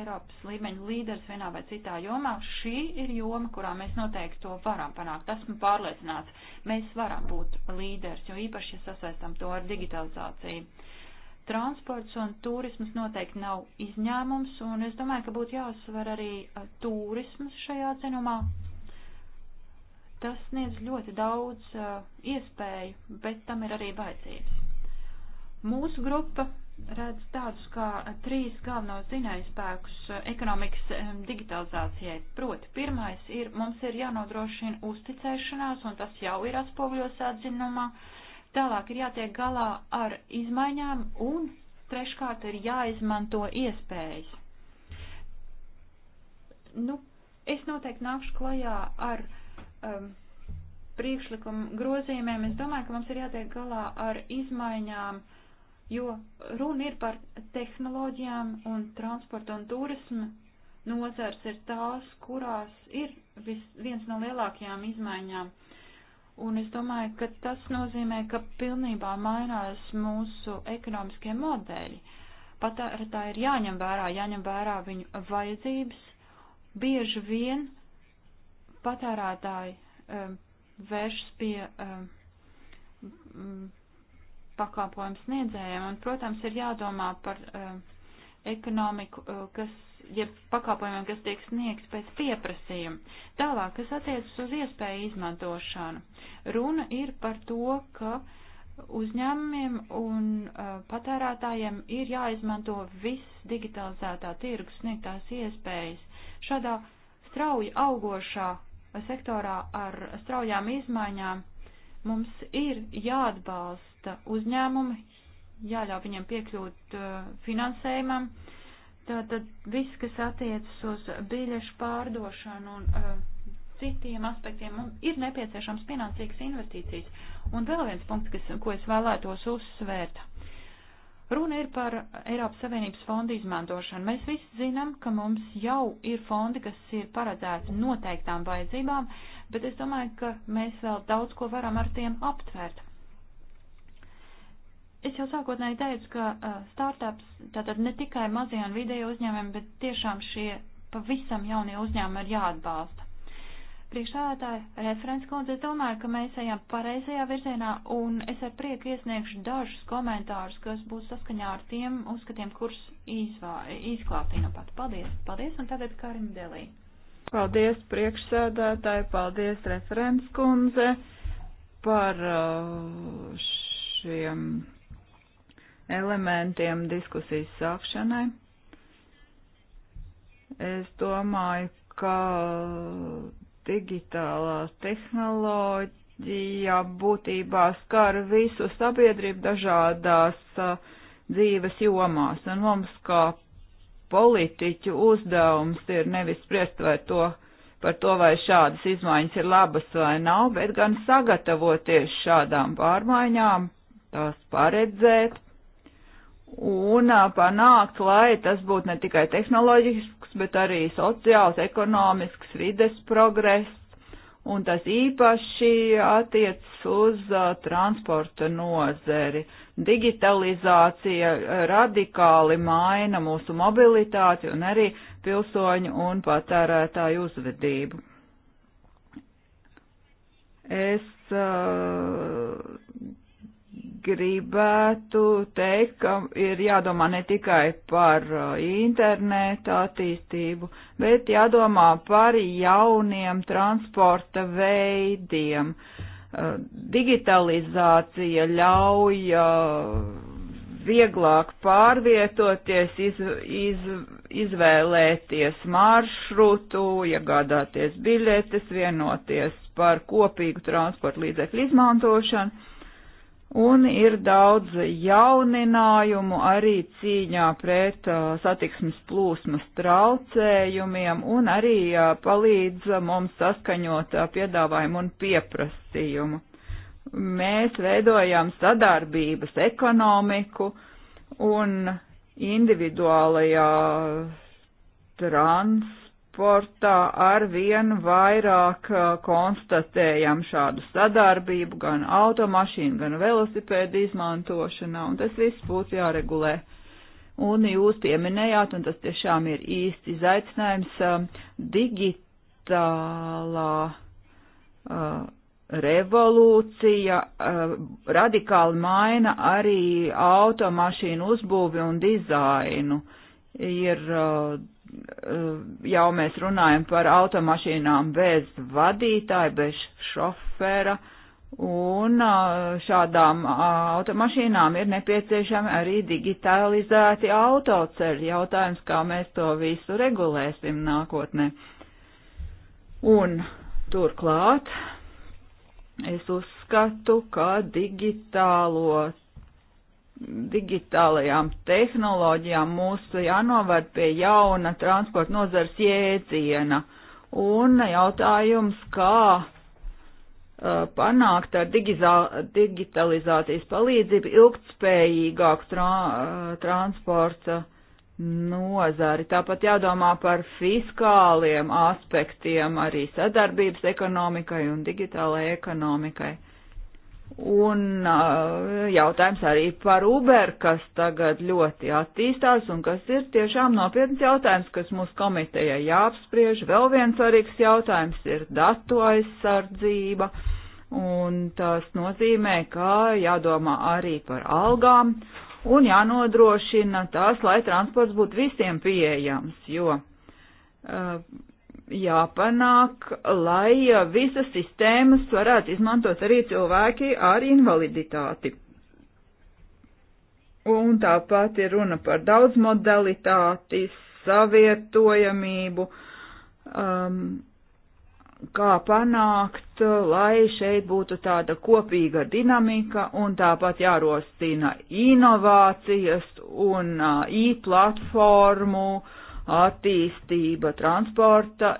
Eiropas līmeņa līderis vienā vai citā jomā. Šī ir joma, kurā mēs noteikti to varam panākt. Esmu pārliecināts, mēs varam būt līderis, jo īpaši, ja sasaistam to ar digitalizāciju. Transports un turisms noteikti nav izņēmums, un es domāju, ka būtu jāuzsver arī uh, turisms šajā cenumā, Tas sniedz ļoti daudz uh, iespēju, bet tam ir arī vajadzības. Mūsu grupa redz tādus kā trīs galvenos zinājspēkus eh, ekonomikas eh, digitalizācijai. Proti, pirmais ir, mums ir jānodrošina uzticēšanās, un tas jau ir atspogļos atzinumā. Tālāk ir jātiek galā ar izmaiņām, un treškārt ir jāizmanto iespējas. Nu, es noteikti nākšu klajā ar um, priekšlikumu grozījumiem, es domāju, ka mums ir jātiek galā ar izmaiņām, jo runa ir par tehnoloģijām un transportu un turismu nozars ir tās, kurās ir vis, viens no lielākajām izmaiņām. Un es domāju, ka tas nozīmē, ka pilnībā mainās mūsu ekonomiskie modeļi. Patērētāji ir jāņem vērā, jāņem vērā viņu vajadzības. Bieži vien patērētāji um, vēršas pie um, pakāpojumu sniedzējiem, un, protams, ir jādomā par um, ekonomiku, uh, kas, jeb pakāpojumiem, kas tiek sniegts pēc pieprasījuma. Tālāk, kas attiecas uz iespēju izmantošanu. Runa ir par to, ka uzņēmumiem un uh, patērētājiem ir jāizmanto viss digitalizētā tirgus sniegtās iespējas. Šādā strauji augošā sektorā ar straujām izmaiņām mums ir jāatbalsta uzņēmumi, jāļauj viņiem piekļūt uh, finansējumam. Tātad viss, kas attiecas uz biļešu pārdošanu un uh, citiem aspektiem, mums ir nepieciešams pienācīgas investīcijas. Un vēl viens punkts, kas, ko es vēlētos uzsvērt. Runa ir par Eiropas Savienības fondu izmantošanu. Mēs visi zinām, ka mums jau ir fondi, kas ir paredzēti noteiktām vajadzībām, bet es domāju, ka mēs vēl daudz ko varam ar tiem aptvert. Es jau sākotnēji teicu, ka uh, startups, tātad ne tikai mazie un vidēji uzņēmumi, bet tiešām šie pavisam jaunie uzņēmumi ir jāatbalsta. Priekšstādātāji, referents kundze, es domāju, ka mēs ejam pareizajā virzienā, un es ar prieku iesniegšu dažus komentārus, kas būs saskaņā ar tiem uzskatiem, kurus izklāstīju nu no pat. Paldies, paldies, un tagad Karim Delī. Paldies, priekšsēdētāji, paldies, referents kundze, par uh, šiem elementiem diskusijas sākšanai. Es domāju, ka digitālā tehnoloģija būtībā skar visu sabiedrību dažādās dzīves jomās, un mums kā politiķu uzdevums ir nevis spriest vai to, par to, vai šādas izmaiņas ir labas vai nav, bet gan sagatavoties šādām pārmaiņām, tās paredzēt un panākt, lai tas būtu ne tikai tehnoloģiski, politisks, bet arī sociāls, ekonomisks, vides progress, un tas īpaši attiec uz uh, transporta nozeri. Digitalizācija radikāli maina mūsu mobilitāti un arī pilsoņu un patērētāju uzvedību. Es uh, gribētu teikt, ka ir jādomā ne tikai par uh, internetu attīstību, bet jādomā par jauniem transporta veidiem. Uh, digitalizācija ļauj uh, vieglāk pārvietoties, iz, iz, izvēlēties maršrutu, iegādāties biļetes, vienoties par kopīgu transporta līdzekļu izmantošanu un ir daudz jauninājumu arī cīņā pret uh, satiksmes plūsmas traucējumiem un arī uh, palīdz mums saskaņot uh, piedāvājumu un pieprasījumu. Mēs veidojam sadarbības ekonomiku un individuālajā trans transportā ar vien vairāk uh, konstatējam šādu sadarbību gan automašīnu, gan velosipēdu izmantošanā, un tas viss būtu jāregulē. Un jūs pieminējāt, un tas tiešām ir īsts izaicinājums, um, digitālā uh, revolūcija uh, radikāli maina arī automašīnu uzbūvi un dizainu. Ir uh, jau mēs runājam par automašīnām bez vadītāja, bez šofēra, un šādām automašīnām ir nepieciešami arī digitalizēti autoceļi. Jautājums, kā mēs to visu regulēsim nākotnē. Un turklāt es uzskatu, ka digitālo digitālajām tehnoloģijām mūs jānovērt pie jauna transporta nozars jēdziena. Un jautājums, kā uh, panākt ar digizā, digitalizācijas palīdzību ilgtspējīgāku tra, uh, transporta nozari. Tāpat jādomā par fiskāliem aspektiem arī sadarbības ekonomikai un digitālajai ekonomikai. Un uh, jautājums arī par Uber, kas tagad ļoti attīstās un kas ir tiešām nopietns jautājums, kas mūsu komitejai jāapspriež. Vēl viens svarīgs jautājums ir datu aizsardzība, un tas nozīmē, ka jādomā arī par algām un jānodrošina tās, lai transports būtu visiem pieejams, jo uh, jāpanāk, lai visas sistēmas varētu izmantot arī cilvēki ar invaliditāti. Un tāpat ir runa par daudzmodalitāti, savietojamību, um, kā panākt, lai šeit būtu tāda kopīga dinamika un tāpat jārostina inovācijas un uh, e-platformu uh, attīstība transporta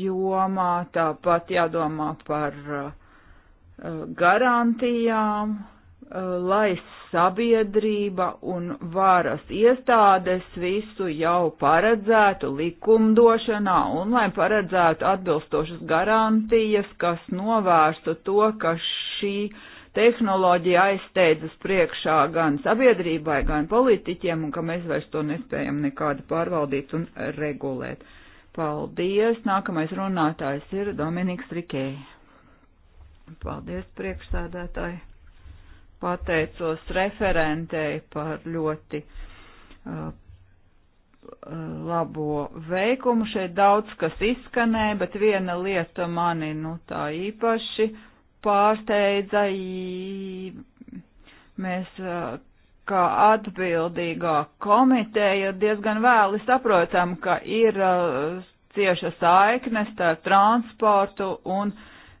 jomā, tāpat jādomā par uh, garantijām, uh, lai sabiedrība un varas iestādes visu jau paredzētu likumdošanā un lai paredzētu atbilstošas garantijas, kas novērstu to, ka šī tehnoloģija aizsteidzas priekšā gan sabiedrībai, gan politiķiem, un ka mēs vairs to nespējam nekādi pārvaldīt un regulēt. Paldies! Nākamais runātājs ir Dominiks Rikē. Paldies, priekšsādātāji! Pateicos referentei par ļoti uh, labo veikumu. Šeit daudz kas izskanēja, bet viena lieta mani, nu, tā īpaši pārsteidza, mēs kā atbildīgā komiteja diezgan vēli saprotam, ka ir cieša saikne starp transportu un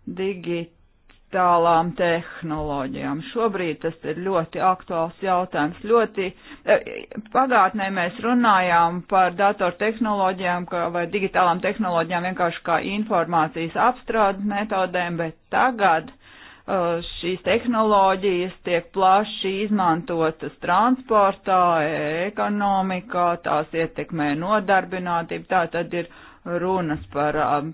digitālu digitālām tehnoloģijām. Šobrīd tas ir ļoti aktuāls jautājums. Ļoti e, pagātnē mēs runājām par datortehnoloģijām vai digitālām tehnoloģijām vienkārši kā informācijas apstrādes metodēm, bet tagad e, šīs tehnoloģijas tiek plaši izmantotas transportā, ekonomikā, tās ietekmē nodarbinātību, tā tad ir runas par uh,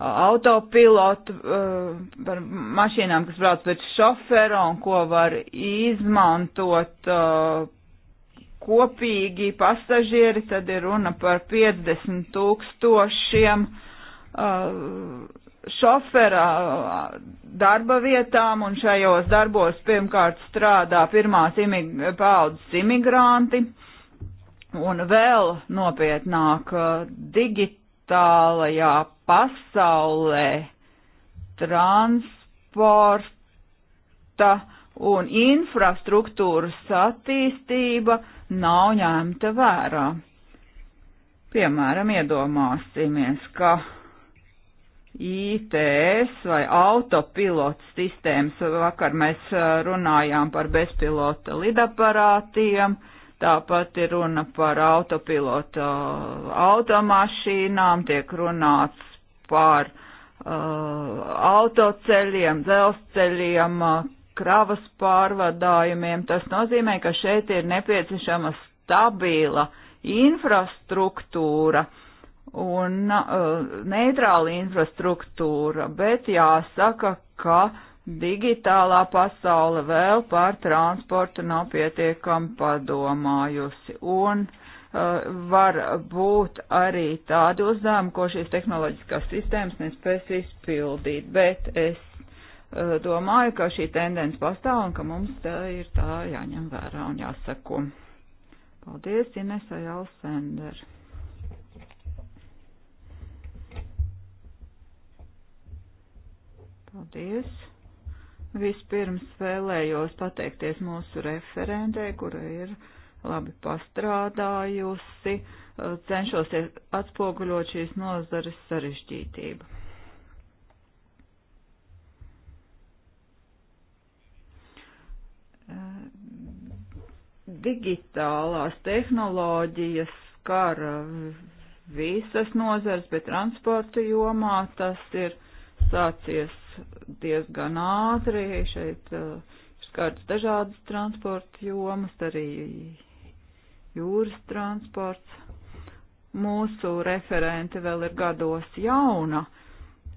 autopilotu, eh, par mašīnām, kas brauc pēc šofera un ko var izmantot eh, kopīgi pasažieri, tad ir runa par 50 tūkstošiem eh, šofera darba vietām, un šajos darbos pirmkārt strādā pirmās imig paudzes imigranti, un vēl nopietnāk digitālajā pasaulē transporta un infrastruktūras attīstība nav ņemta vērā. Piemēram, iedomāsimies, ka ITS vai autopilots sistēmas, vakar mēs runājām par bezpilota lidaparātiem, tāpat ir runa par autopilota automašīnām, tiek runāts pār uh, autoceļiem, dzelzceļiem, uh, kravas pārvadājumiem. Tas nozīmē, ka šeit ir nepieciešama stabila infrastruktūra un uh, neitrāla infrastruktūra, bet jāsaka, ka digitālā pasaule vēl par transportu nav pietiekami padomājusi. Un uh, Eh, var būt arī tādi uzdevumi, ko šīs tehnoloģiskās sistēmas nespēs izpildīt, bet es eh, domāju, ka šī tendence pastāv un ka mums tā ir tā jāņem vērā un jāsako. Paldies, Inesa Jālsender. Paldies. Vispirms vēlējos pateikties mūsu referentē, kura ir uh, labi pastrādājusi, e, cenšos atspoguļot šīs nozares sarežģītību. E, digitālās tehnoloģijas skar visas nozars, bet transporta jomā tas ir sācies diezgan ātri. Šeit uh, e, skārts dažādas transporta jomas, arī jūras transports. Mūsu referente vēl ir gados jauna,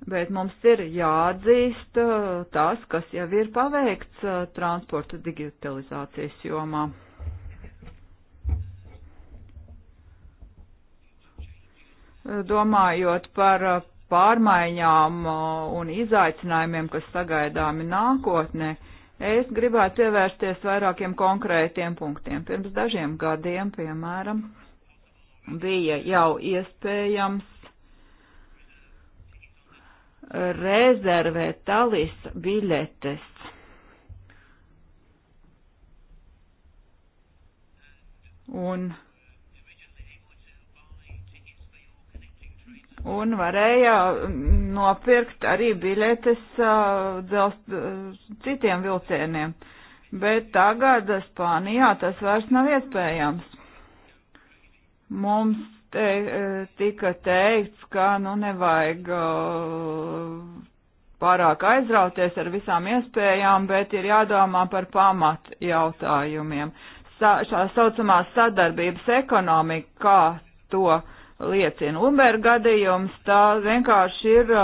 bet mums ir jāatzīst uh, tas, kas jau ir paveikts uh, transporta digitalizācijas jomā. Domājot par uh, pārmaiņām un izaicinājumiem, kas sagaidāmi nākotnē, Es gribētu pievērsties vairākiem konkrētiem punktiem. Pirms dažiem gadiem, piemēram, bija jau iespējams rezervēt talis biļetes. Un un varēja mm, nopirkt arī biļetes dzelst citiem vilcieniem. Bet tagad Spānijā tas vairs nav iespējams. Mums te, tika teikts, ka nu nevajag pārāk aizrauties ar visām iespējām, bet ir jādomā par pamat jautājumiem. Sa, šā saucamā sadarbības ekonomika, kā to liecina Umber gadījums, tā vienkārši ir uh,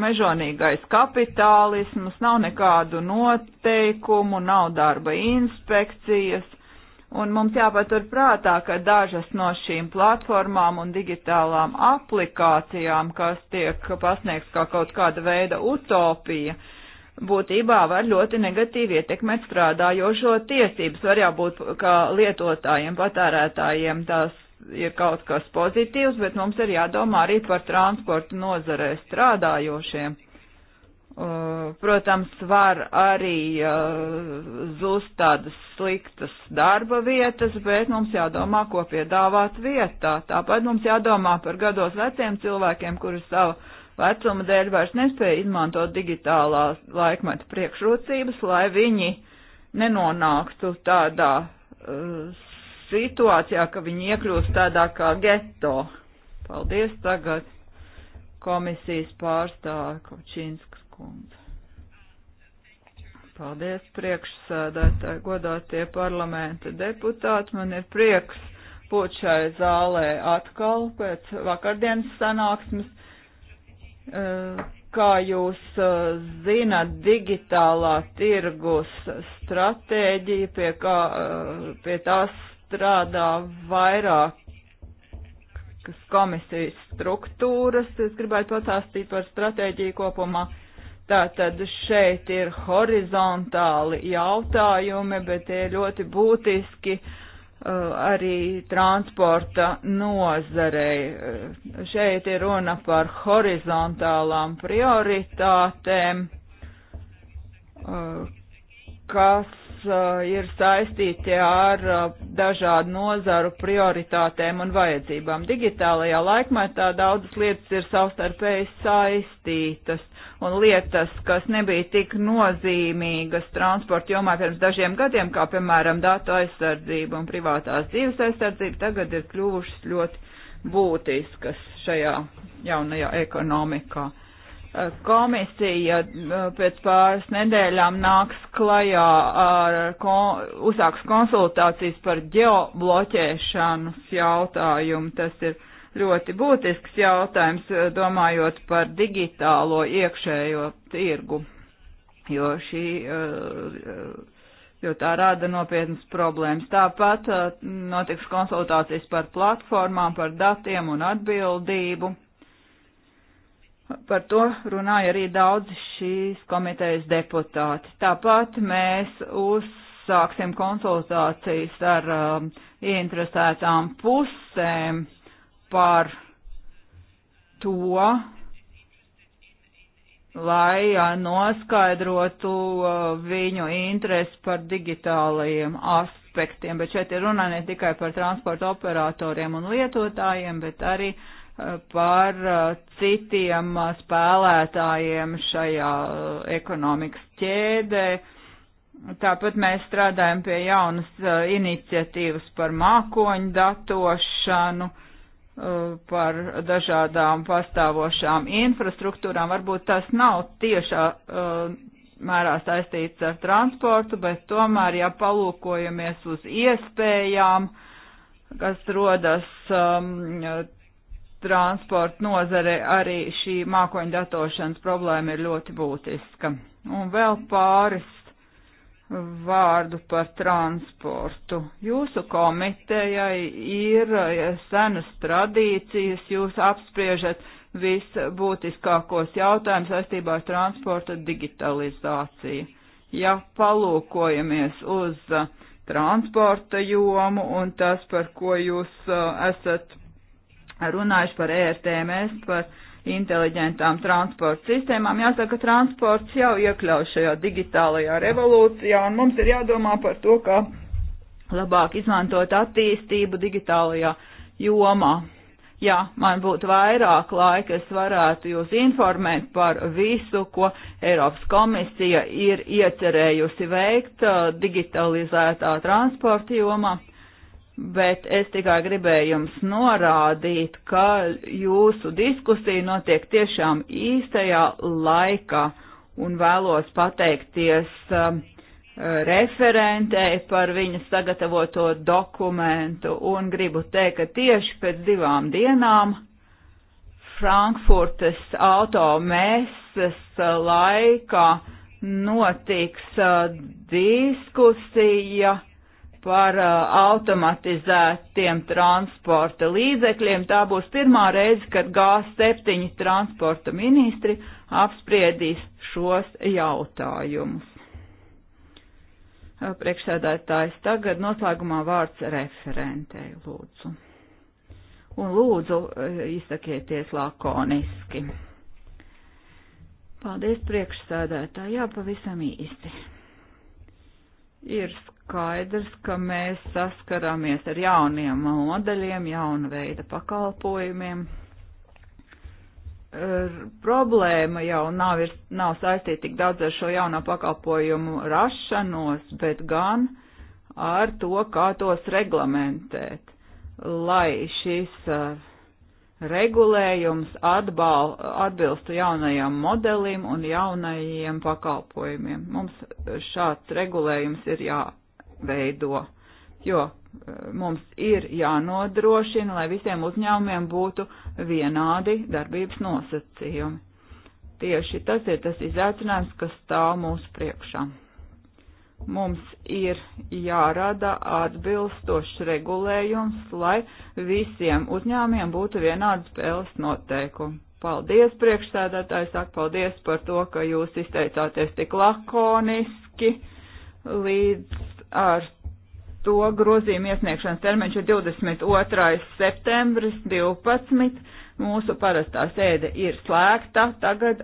mežonīgais kapitālisms, nav nekādu noteikumu, nav darba inspekcijas, un mums jāpatur prātā, ka dažas no šīm platformām un digitālām aplikācijām, kas tiek pasniegts kā kaut kāda veida utopija, būtībā var ļoti negatīvi ietekmēt strādājošo tiesības. Var jābūt, ka lietotājiem, patērētājiem tās ir kaut kas pozitīvs, bet mums ir jādomā arī par transportu nozarē strādājošiem. Uh, protams, var arī uh, zust tādas sliktas darba vietas, bet mums jādomā, ko piedāvāt vietā. Tāpat mums jādomā par gados veciem cilvēkiem, kuri savu vecuma dēļ vairs nespēja izmantot digitālās laikmeta priekšrocības, lai viņi nenonāktu tādā uh, situācijā, ka viņi iekļūst tādā kā geto. Paldies tagad komisijas pārstāvi Kočinskas kundze. Paldies priekšsēdētāji, godātie parlamenta deputāti. Man ir prieks būt šai zālē atkal pēc vakardienas sanāksmes. Eh, kā jūs eh, zinat, digitālā tirgus stratēģija, pie, kā, eh, pie tās strādā vairāk kas komisijas struktūras, es gribētu pastāstīt par stratēģiju kopumā. Tātad šeit ir horizontāli jautājumi, bet tie ļoti būtiski uh, arī transporta nozarei. Uh, šeit ir runa par horizontālām prioritātēm, uh, kas Uh, ir saistīti ar uh, dažādu nozaru prioritātēm un vajadzībām. Digitālajā laikmetā daudzas lietas ir savstarpēji saistītas, un lietas, kas nebija tik nozīmīgas transporta jomā pirms dažiem gadiem, kā piemēram datu aizsardzība un privātās dzīves aizsardzība, tagad ir kļuvušas ļoti būtiskas šajā jaunajā ekonomikā komisija eh, pēc pāris nedēļām nāks klajā ar, kon, uzsāks konsultācijas par ģeobloķēšanas jautājumu. Tas ir ļoti būtisks jautājums, eh, domājot par digitālo iekšējo tirgu, jo šī, eh, jo tā rada nopietnas problēmas. Tāpat notiks konsultācijas par platformām, par datiem un atbildību Par to runāja arī daudzi šīs komitejas deputāti. Tāpat mēs uzsāksim konsultācijas ar um, ieinteresētām pusēm par to, lai uh, noskaidrotu uh, viņu interesi par digitālajiem aspektiem. Bet šeit ir runa ne tikai par transporta operatoriem un lietotājiem, bet arī uh, par uh, citiem uh, spēlētājiem šajā uh, ekonomikas ķēdē. Tāpat mēs strādājam pie jaunas iniciatīvas par mākoņu datošanu, par dažādām pastāvošām infrastruktūrām. Varbūt tas nav tiešā mērā saistīts ar transportu, bet tomēr, ja palūkojamies uz iespējām, kas rodas um, transporta nozare arī šī mākoņu datošanas problēma ir ļoti būtiska. Un vēl pāris vārdu par transportu. Jūsu komitejai ir senas tradīcijas, jūs apspriežat visbūtiskākos jautājumus saistībā ar transporta digitalizāciju. Ja palūkojamies uz transporta jomu un tas, par ko jūs uh, esat runājuši par ERTMS, par inteliģentām transporta sistēmām. Jāsaka, transports jau iekļauj šajā digitālajā revolūcijā, un mums ir jādomā par to, kā labāk izmantot attīstību digitālajā jomā. Ja man būtu vairāk laika, es varētu jūs informēt par visu, ko Eiropas komisija ir iecerējusi veikt uh, digitalizētā transporta jomā bet es tikai gribēju jums norādīt, ka jūsu diskusija notiek tiešām īstajā laikā un vēlos pateikties uh, referentei par viņas sagatavoto dokumentu un gribu teikt, ka tieši pēc divām dienām Frankfurtes automēsas laikā notiks uh, diskusija par uh, automatizētiem transporta līdzekļiem. Tā būs pirmā reize, kad G7 transporta ministri apspriedīs šos jautājumus. Uh, priekšsēdētājs tagad noslēgumā vārds referentei lūdzu. Un lūdzu, uh, izsakieties lakoniski. Paldies priekšsēdētāji, jā, pavisam īsti ir skaidrs, ka mēs saskarāmies ar jauniem modeļiem, jaunu veidu pakalpojumiem. Er, problēma jau nav, ir, nav saistīta tik daudz ar šo jauno pakalpojumu rašanos, bet gan ar to, kā tos reglamentēt, lai šis uh, regulējums atbal, atbilstu jaunajam modelim un jaunajiem pakalpojumiem. Mums šāds regulējums ir jā, jāveido, jo eh, mums ir jānodrošina, lai visiem uzņēmumiem būtu vienādi darbības nosacījumi. Tieši tas ir tas izaicinājums, kas stāv mūsu priekšā. Mums ir jārada atbilstošs regulējums, lai visiem uzņēmumiem būtu vienādas spēles noteikumi. Paldies, priekšsēdētāji, saka paldies par to, ka jūs izteicāties tik lakoniski līdz ar to grozījumu iesniegšanas termiņš ir 22. septembris 12. Mūsu parastā sēde ir slēgta. Tagad